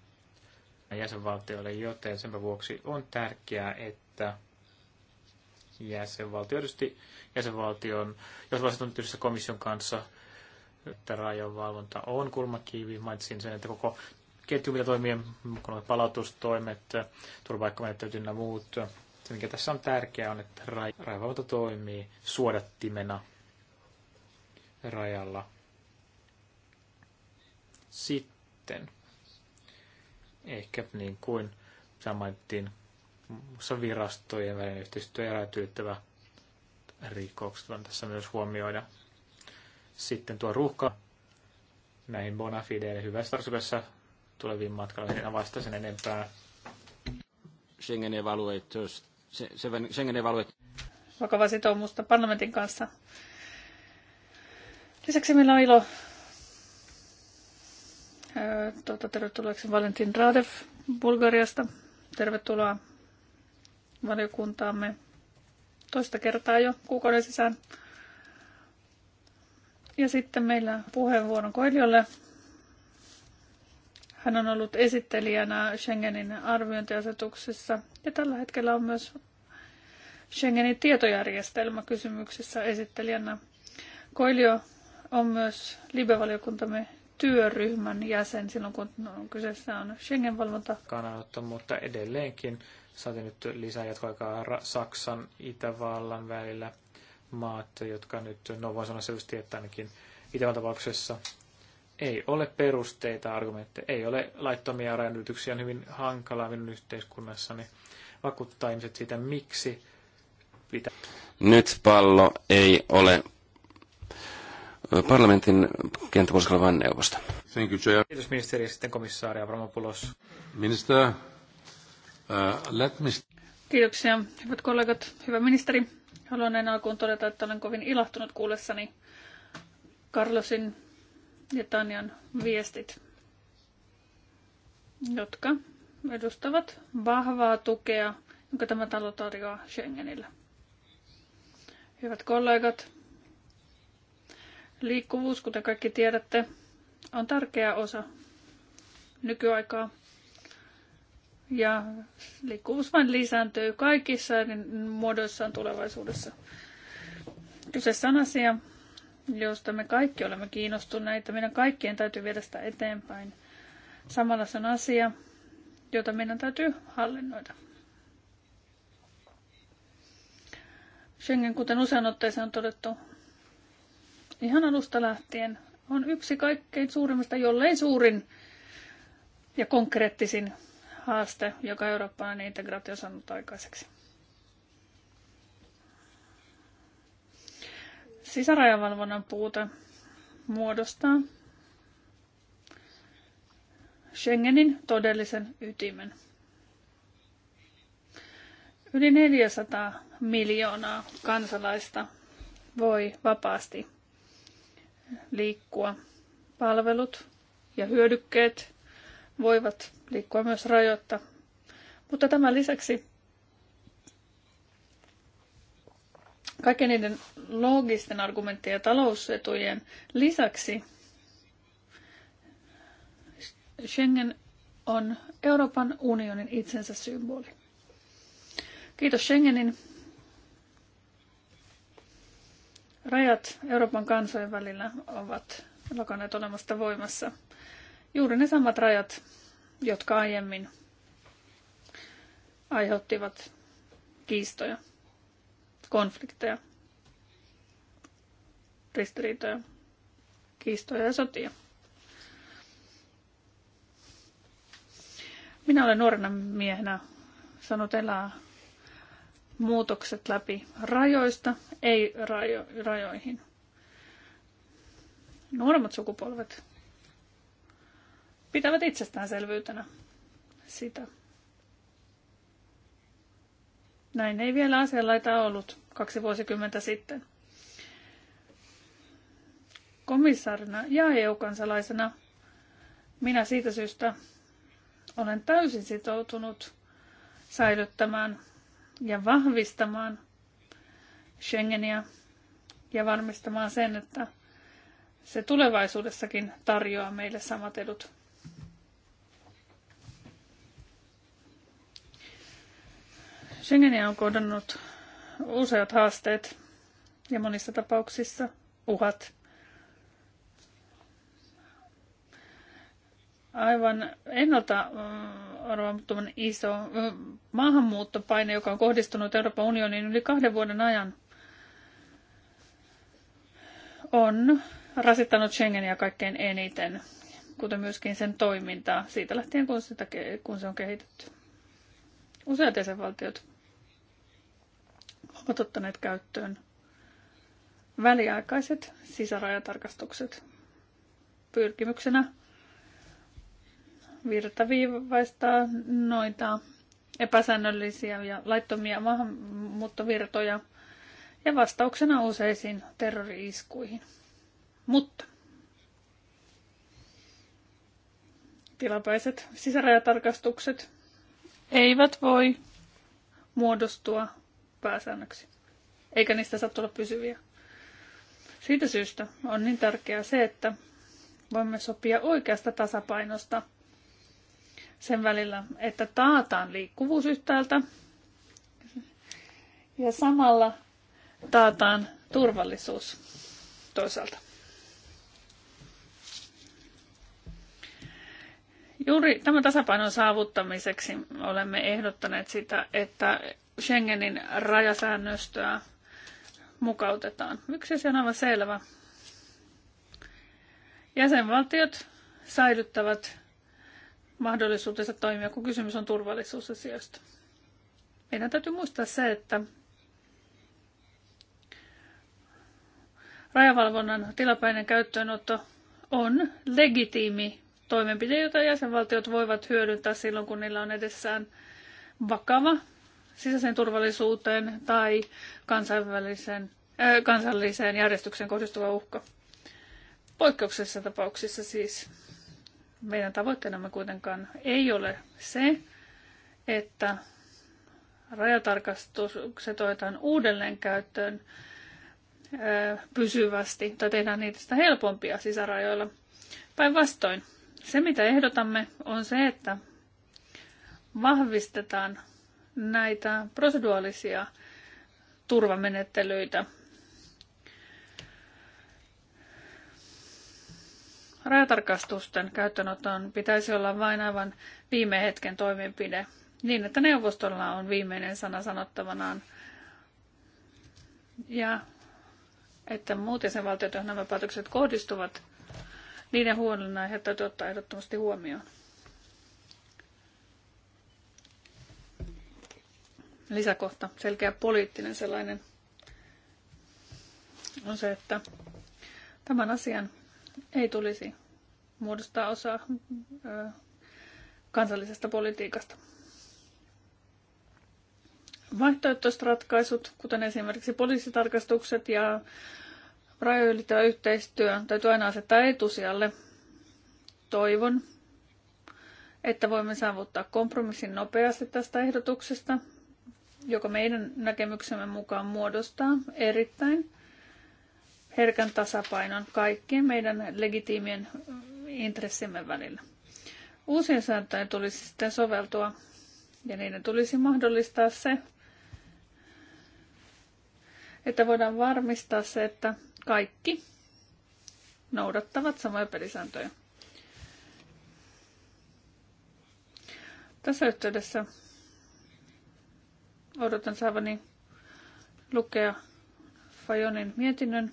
jäsenvaltioille, joten sen vuoksi on tärkeää, että jäsenvaltio, tietysti jäsenvaltion, jos vastaan yhdessä komission kanssa, että rajanvalvonta on kulmakivi. Mainitsin sen, että koko ketju, mitä toimii, palautustoimet, turvapaikkamenettelyt ja muut, se, mikä tässä on tärkeää, on, että raivauta toimii suodattimena rajalla. Sitten, ehkä niin kuin mainittiin, muussa virastojen välinen yhteistyö ja rajatyyttävä rikokset on tässä myös huomioida. Sitten tuo ruuhka näihin bona fideille hyvässä tarkoituksessa tuleviin matkalaihin avasta sen enempää. Schengen evaluators Schengenin alueet. Vakava sitoumusta parlamentin kanssa. Lisäksi meillä on ilo tuota, tervetulleeksi Valentin Radev Bulgariasta. Tervetuloa valiokuntaamme toista kertaa jo kuukauden sisään. Ja sitten meillä puheenvuoron Koiliolle, hän on ollut esittelijänä Schengenin arviointiasetuksessa ja tällä hetkellä on myös Schengenin tietojärjestelmä kysymyksessä esittelijänä. Koilio on myös libevaliokuntamme työryhmän jäsen silloin, kun kyseessä on Schengen-valvonta. Kannanotto, mutta edelleenkin saatiin nyt lisää jatkoaikaa Saksan, Itävallan välillä maat, jotka nyt, no voin sanoa selvästi, että ainakin Itävallan tapauksessa ei ole perusteita, argumentteja, ei ole laittomia rajanylityksiä, on hyvin hankalaa minun yhteiskunnassani vakuuttaa ihmiset siitä, miksi pitää. Nyt pallo ei ole parlamentin kentä koskevan neuvosta. Thank you, Chair. Kiitos ministeri ja sitten komissaari Avramopoulos. Minister, uh, let me... Kiitoksia, hyvät kollegat, hyvä ministeri. Haluan näin alkuun todeta, että olen kovin ilahtunut kuullessani Carlosin ja Tanjan viestit, jotka edustavat vahvaa tukea, jonka tämä talo tarjoaa Schengenille. Hyvät kollegat, liikkuvuus, kuten kaikki tiedätte, on tärkeä osa nykyaikaa. Ja liikkuvuus vain lisääntyy kaikissa eri muodoissaan tulevaisuudessa. Kyseessä on asia, josta me kaikki olemme kiinnostuneita. Meidän kaikkien täytyy viedä sitä eteenpäin. Samalla se on asia, jota meidän täytyy hallinnoida. Schengen, kuten usein otteeseen on todettu, ihan alusta lähtien on yksi kaikkein suurimmista, jollei suurin ja konkreettisin haaste, joka Eurooppaan integraatio on saanut aikaiseksi. sisärajavalvonnan puute muodostaa Schengenin todellisen ytimen. Yli 400 miljoonaa kansalaista voi vapaasti liikkua. Palvelut ja hyödykkeet voivat liikkua myös rajoitta. Mutta tämän lisäksi kaiken niiden loogisten argumenttien ja talousetujen lisäksi Schengen on Euroopan unionin itsensä symboli. Kiitos Schengenin. Rajat Euroopan kansojen välillä ovat lakanneet olemasta voimassa. Juuri ne samat rajat, jotka aiemmin aiheuttivat kiistoja konflikteja, ristiriitoja, kiistoja ja sotia. Minä olen nuorena miehenä sanonut elää muutokset läpi rajoista, ei rajo- rajoihin. Nuoremmat sukupolvet pitävät itsestäänselvyytenä sitä, näin ei vielä asianlaita ollut kaksi vuosikymmentä sitten. Komissaarina ja EU-kansalaisena minä siitä syystä olen täysin sitoutunut säilyttämään ja vahvistamaan Schengenia ja varmistamaan sen, että se tulevaisuudessakin tarjoaa meille samat edut. Schengeniä on kohdannut useat haasteet ja monissa tapauksissa uhat. Aivan ennalta mm, arvaamattoman iso mm, maahanmuuttopaine, joka on kohdistunut Euroopan unioniin yli kahden vuoden ajan, on rasittanut Schengeniä kaikkein eniten, kuten myöskin sen toimintaa siitä lähtien, kun, sitä, kun se on kehitetty. Useat jäsenvaltiot ovat ottaneet käyttöön väliaikaiset sisärajatarkastukset pyrkimyksenä virtaviivaistaa noita epäsäännöllisiä ja laittomia maahanmuuttovirtoja ja vastauksena useisiin terrori-iskuihin. Mutta tilapäiset sisärajatarkastukset eivät voi muodostua pääsäännöksi. Eikä niistä saa tulla pysyviä. Siitä syystä on niin tärkeää se, että voimme sopia oikeasta tasapainosta sen välillä, että taataan liikkuvuus yhtäältä ja samalla taataan turvallisuus toisaalta. Juuri tämän tasapainon saavuttamiseksi olemme ehdottaneet sitä, että Schengenin rajasäännöstöä mukautetaan. Yksi asia on aivan selvä. Jäsenvaltiot säilyttävät mahdollisuutensa toimia, kun kysymys on turvallisuusasioista. Meidän täytyy muistaa se, että rajavalvonnan tilapäinen käyttöönotto on legitiimi toimenpide, jota jäsenvaltiot voivat hyödyntää silloin, kun niillä on edessään vakava sisäiseen turvallisuuteen tai kansainväliseen, äh, kansalliseen järjestykseen kohdistuva uhka. Poikkeuksellisissa tapauksissa siis meidän tavoitteenamme kuitenkaan ei ole se, että rajatarkastukset otetaan uudelleen käyttöön äh, pysyvästi tai tehdään niistä helpompia sisärajoilla. Päinvastoin, se mitä ehdotamme on se, että vahvistetaan näitä proseduaalisia turvamenettelyitä. Rajatarkastusten käyttöönoton pitäisi olla vain aivan viime hetken toimenpide, niin että neuvostolla on viimeinen sana sanottavanaan. Ja että muut jäsenvaltiot, joihin nämä päätökset kohdistuvat, niiden huolenaiheet täytyy ottaa ehdottomasti huomioon. lisäkohta, selkeä poliittinen sellainen, on se, että tämän asian ei tulisi muodostaa osa ö, kansallisesta politiikasta. Vaihtoehtoiset ratkaisut, kuten esimerkiksi poliisitarkastukset ja rajojen yhteistyö, täytyy aina asettaa etusijalle. Toivon, että voimme saavuttaa kompromissin nopeasti tästä ehdotuksesta joka meidän näkemyksemme mukaan muodostaa erittäin herkän tasapainon kaikkien meidän legitiimien intressimme välillä. Uusien sääntöjen tulisi sitten soveltua ja niiden tulisi mahdollistaa se, että voidaan varmistaa se, että kaikki noudattavat samoja pelisääntöjä. Tässä yhteydessä Odotan saavani lukea Fajonin mietinnön,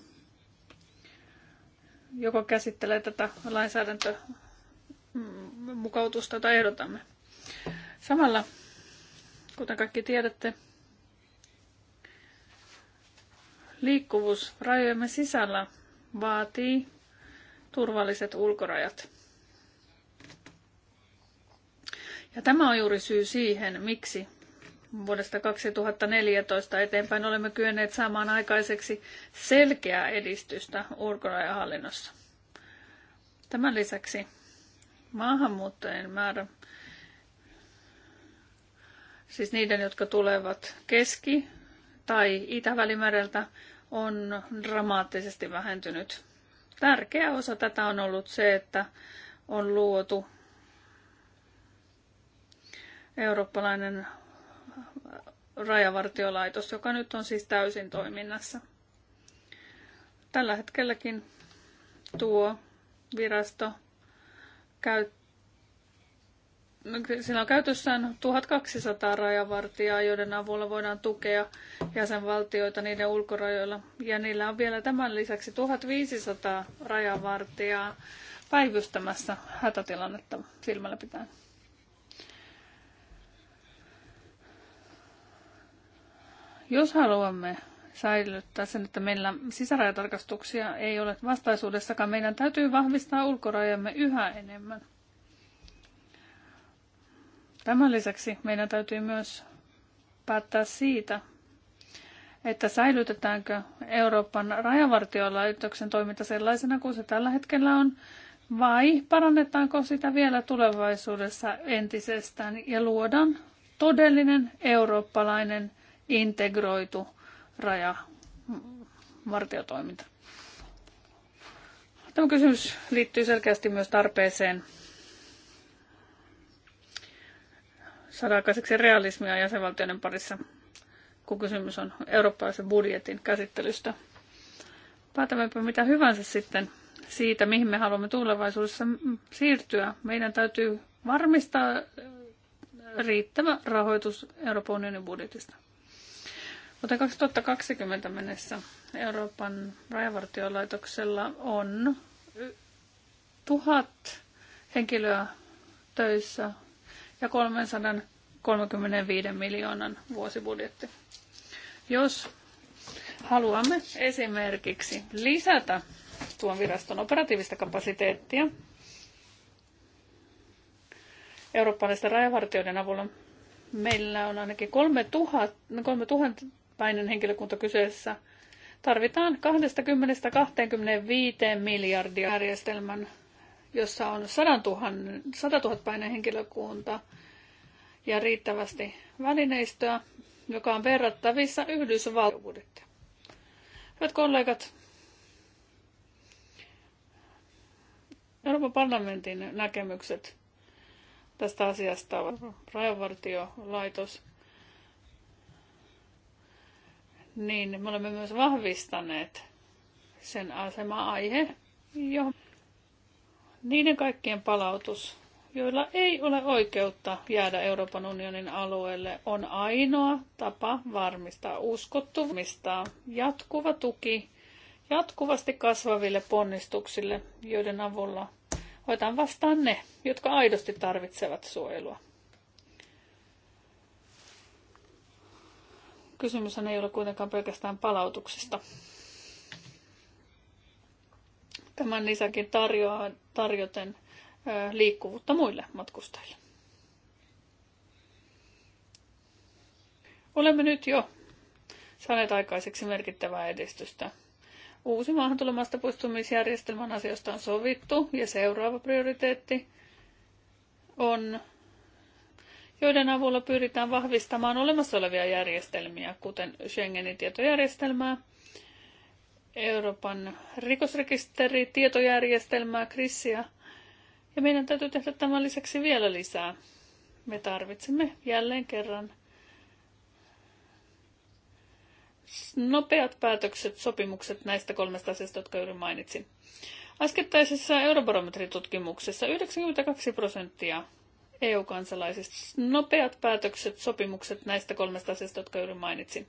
joka käsittelee tätä lainsäädäntömukautusta, jota ehdotamme. Samalla, kuten kaikki tiedätte, liikkuvuus rajojemme sisällä vaatii turvalliset ulkorajat. Ja tämä on juuri syy siihen, miksi vuodesta 2014 eteenpäin olemme kyenneet saamaan aikaiseksi selkeää edistystä ulkorajahallinnossa. Tämän lisäksi maahanmuuttajien määrä, siis niiden, jotka tulevat Keski- tai Itävälimereltä, on dramaattisesti vähentynyt. Tärkeä osa tätä on ollut se, että on luotu eurooppalainen rajavartiolaitos, joka nyt on siis täysin toiminnassa. Tällä hetkelläkin tuo virasto käy, Siinä on käytössään 1200 rajavartijaa, joiden avulla voidaan tukea jäsenvaltioita niiden ulkorajoilla. Ja niillä on vielä tämän lisäksi 1500 rajavartijaa päivystämässä hätätilannetta silmällä pitäen. Jos haluamme säilyttää sen, että meillä sisärajatarkastuksia ei ole vastaisuudessakaan, meidän täytyy vahvistaa ulkorajamme yhä enemmän. Tämän lisäksi meidän täytyy myös päättää siitä, että säilytetäänkö Euroopan rajavartiolaitoksen toiminta sellaisena kuin se tällä hetkellä on, vai parannetaanko sitä vielä tulevaisuudessa entisestään ja luodaan todellinen eurooppalainen integroitu rajavartiotoiminta. Tämä kysymys liittyy selkeästi myös tarpeeseen saada aikaiseksi realismia jäsenvaltioiden parissa, kun kysymys on eurooppalaisen budjetin käsittelystä. Päätämmepä mitä hyvänsä sitten siitä, mihin me haluamme tulevaisuudessa siirtyä. Meidän täytyy varmistaa riittävä rahoitus Euroopan unionin budjetista. Vuoteen 2020 mennessä Euroopan rajavartiolaitoksella on tuhat henkilöä töissä ja 335 miljoonan vuosibudjetti. Jos haluamme esimerkiksi lisätä tuon viraston operatiivista kapasiteettia eurooppalaisten rajavartijoiden avulla, meillä on ainakin 3000, 3000 päinen henkilökunta kyseessä. Tarvitaan 20-25 miljardia järjestelmän, jossa on 100 000, 100 000 päinen henkilökunta ja riittävästi välineistöä, joka on verrattavissa Yhdysvaltojen Hyvät kollegat, Euroopan parlamentin näkemykset tästä asiasta ovat rajavartiolaitos, niin me olemme myös vahvistaneet sen asema-aihe, johon niiden kaikkien palautus, joilla ei ole oikeutta jäädä Euroopan unionin alueelle, on ainoa tapa varmistaa uskottuvista jatkuva tuki jatkuvasti kasvaville ponnistuksille, joiden avulla otan vastaan ne, jotka aidosti tarvitsevat suojelua. Kysymys ei ole kuitenkaan pelkästään palautuksista. Tämän lisäkin tarjoaa, tarjoten liikkuvuutta muille matkustajille. Olemme nyt jo saaneet aikaiseksi merkittävää edistystä. Uusi maahantulomasta poistumisjärjestelmän asioista on sovittu ja seuraava prioriteetti on joiden avulla pyritään vahvistamaan olemassa olevia järjestelmiä, kuten Schengenin tietojärjestelmää, Euroopan rikosrekisteritietojärjestelmää, Krisia Ja meidän täytyy tehdä tämän lisäksi vielä lisää. Me tarvitsemme jälleen kerran nopeat päätökset, sopimukset näistä kolmesta asiasta, jotka juuri mainitsin. Äskettäisessä eurobarometritutkimuksessa 92 prosenttia EU-kansalaisista. Nopeat päätökset, sopimukset näistä kolmesta asiasta, jotka juuri mainitsin.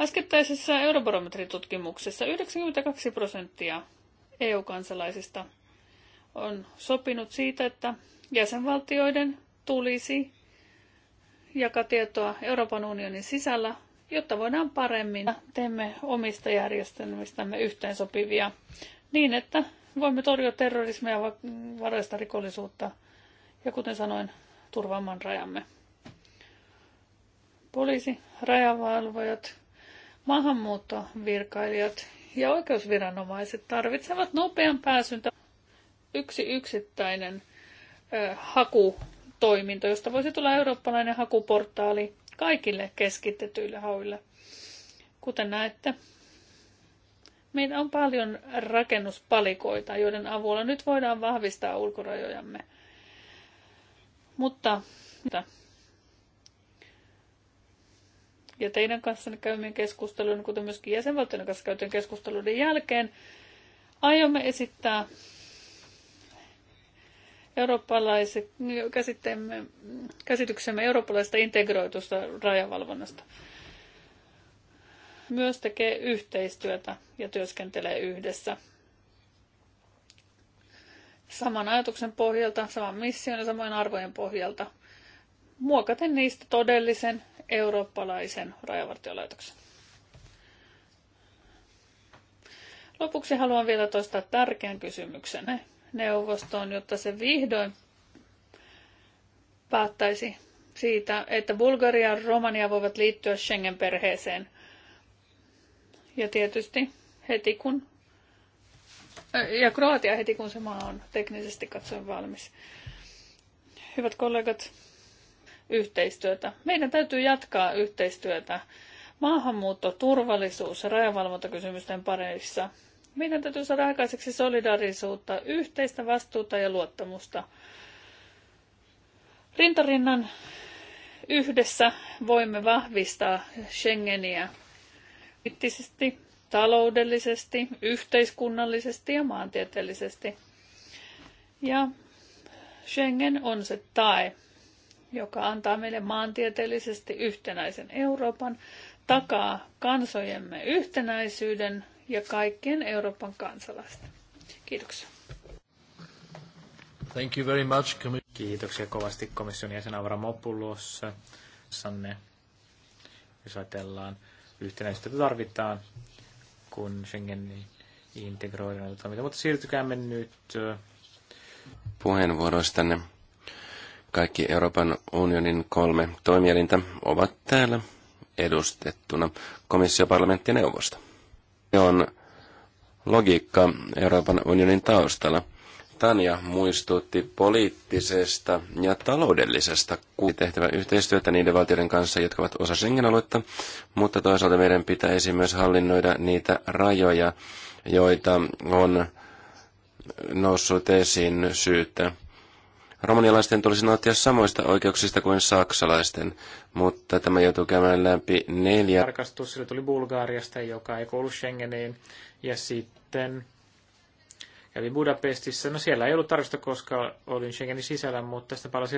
Äskettäisessä eurobarometritutkimuksessa 92 prosenttia EU-kansalaisista on sopinut siitä, että jäsenvaltioiden tulisi jakaa tietoa Euroopan unionin sisällä, jotta voidaan paremmin teemme omista järjestelmistämme yhteensopivia niin, että voimme torjua terrorismia ja varoista rikollisuutta – ja kuten sanoin, turvaamaan rajamme. Poliisi, rajavalvojat, maahanmuuttovirkailijat ja oikeusviranomaiset tarvitsevat nopean pääsyn. Yksi yksittäinen ö, hakutoiminto, josta voisi tulla eurooppalainen hakuportaali kaikille keskitetyille hauille. Kuten näette, meillä on paljon rakennuspalikoita, joiden avulla nyt voidaan vahvistaa ulkorajojamme. Mutta ja teidän kanssa käymien keskustelun, kuten myöskin jäsenvaltioiden kanssa käytyjen keskusteluiden jälkeen, aiomme esittää eurooppalaiset, käsitteemme, käsityksemme eurooppalaisesta integroitusta rajavalvonnasta. Myös tekee yhteistyötä ja työskentelee yhdessä saman ajatuksen pohjalta, saman mission ja samojen arvojen pohjalta, muokaten niistä todellisen eurooppalaisen rajavartiolaitoksen. Lopuksi haluan vielä toistaa tärkeän kysymyksen neuvostoon, jotta se vihdoin päättäisi siitä, että Bulgaria ja Romania voivat liittyä Schengen-perheeseen. Ja tietysti heti kun ja Kroatia heti kun se maa on teknisesti katsoen valmis. Hyvät kollegat, yhteistyötä. Meidän täytyy jatkaa yhteistyötä maahanmuutto, turvallisuus ja rajavalvontakysymysten pareissa. Meidän täytyy saada aikaiseksi solidaarisuutta, yhteistä vastuuta ja luottamusta. Rintarinnan yhdessä voimme vahvistaa Schengeniä kriittisesti taloudellisesti, yhteiskunnallisesti ja maantieteellisesti. Ja Schengen on se tae, joka antaa meille maantieteellisesti yhtenäisen Euroopan, takaa kansojemme yhtenäisyyden ja kaikkien Euroopan kansalaisten. Kiitoksia. Thank you very much. Kiitoksia kovasti komission jäsen Avramopoulos. Sanne, jos ajatellaan yhtenäisyyttä tarvitaan kun Schengenin integroidaan tai mitä. Mutta siirtykäämme nyt puheenvuoroistanne. Kaikki Euroopan unionin kolme toimielintä ovat täällä edustettuna komissio, parlamentti ja neuvosto. Se on logiikka Euroopan unionin taustalla. Britannia muistutti poliittisesta ja taloudellisesta tehtävä yhteistyötä niiden valtioiden kanssa, jotka ovat osa Schengen-aluetta, mutta toisaalta meidän pitäisi myös hallinnoida niitä rajoja, joita on noussut esiin syyttä. Romanialaisten tulisi nauttia samoista oikeuksista kuin saksalaisten, mutta tämä joutuu käymään läpi neljä... Tarkastus, sillä tuli Bulgaariasta, joka ei kuulu Schengeniin, ja sitten Kävin Budapestissa. No siellä ei ollut tarjosta, koska olin Schengenin sisällä, mutta tästä palasi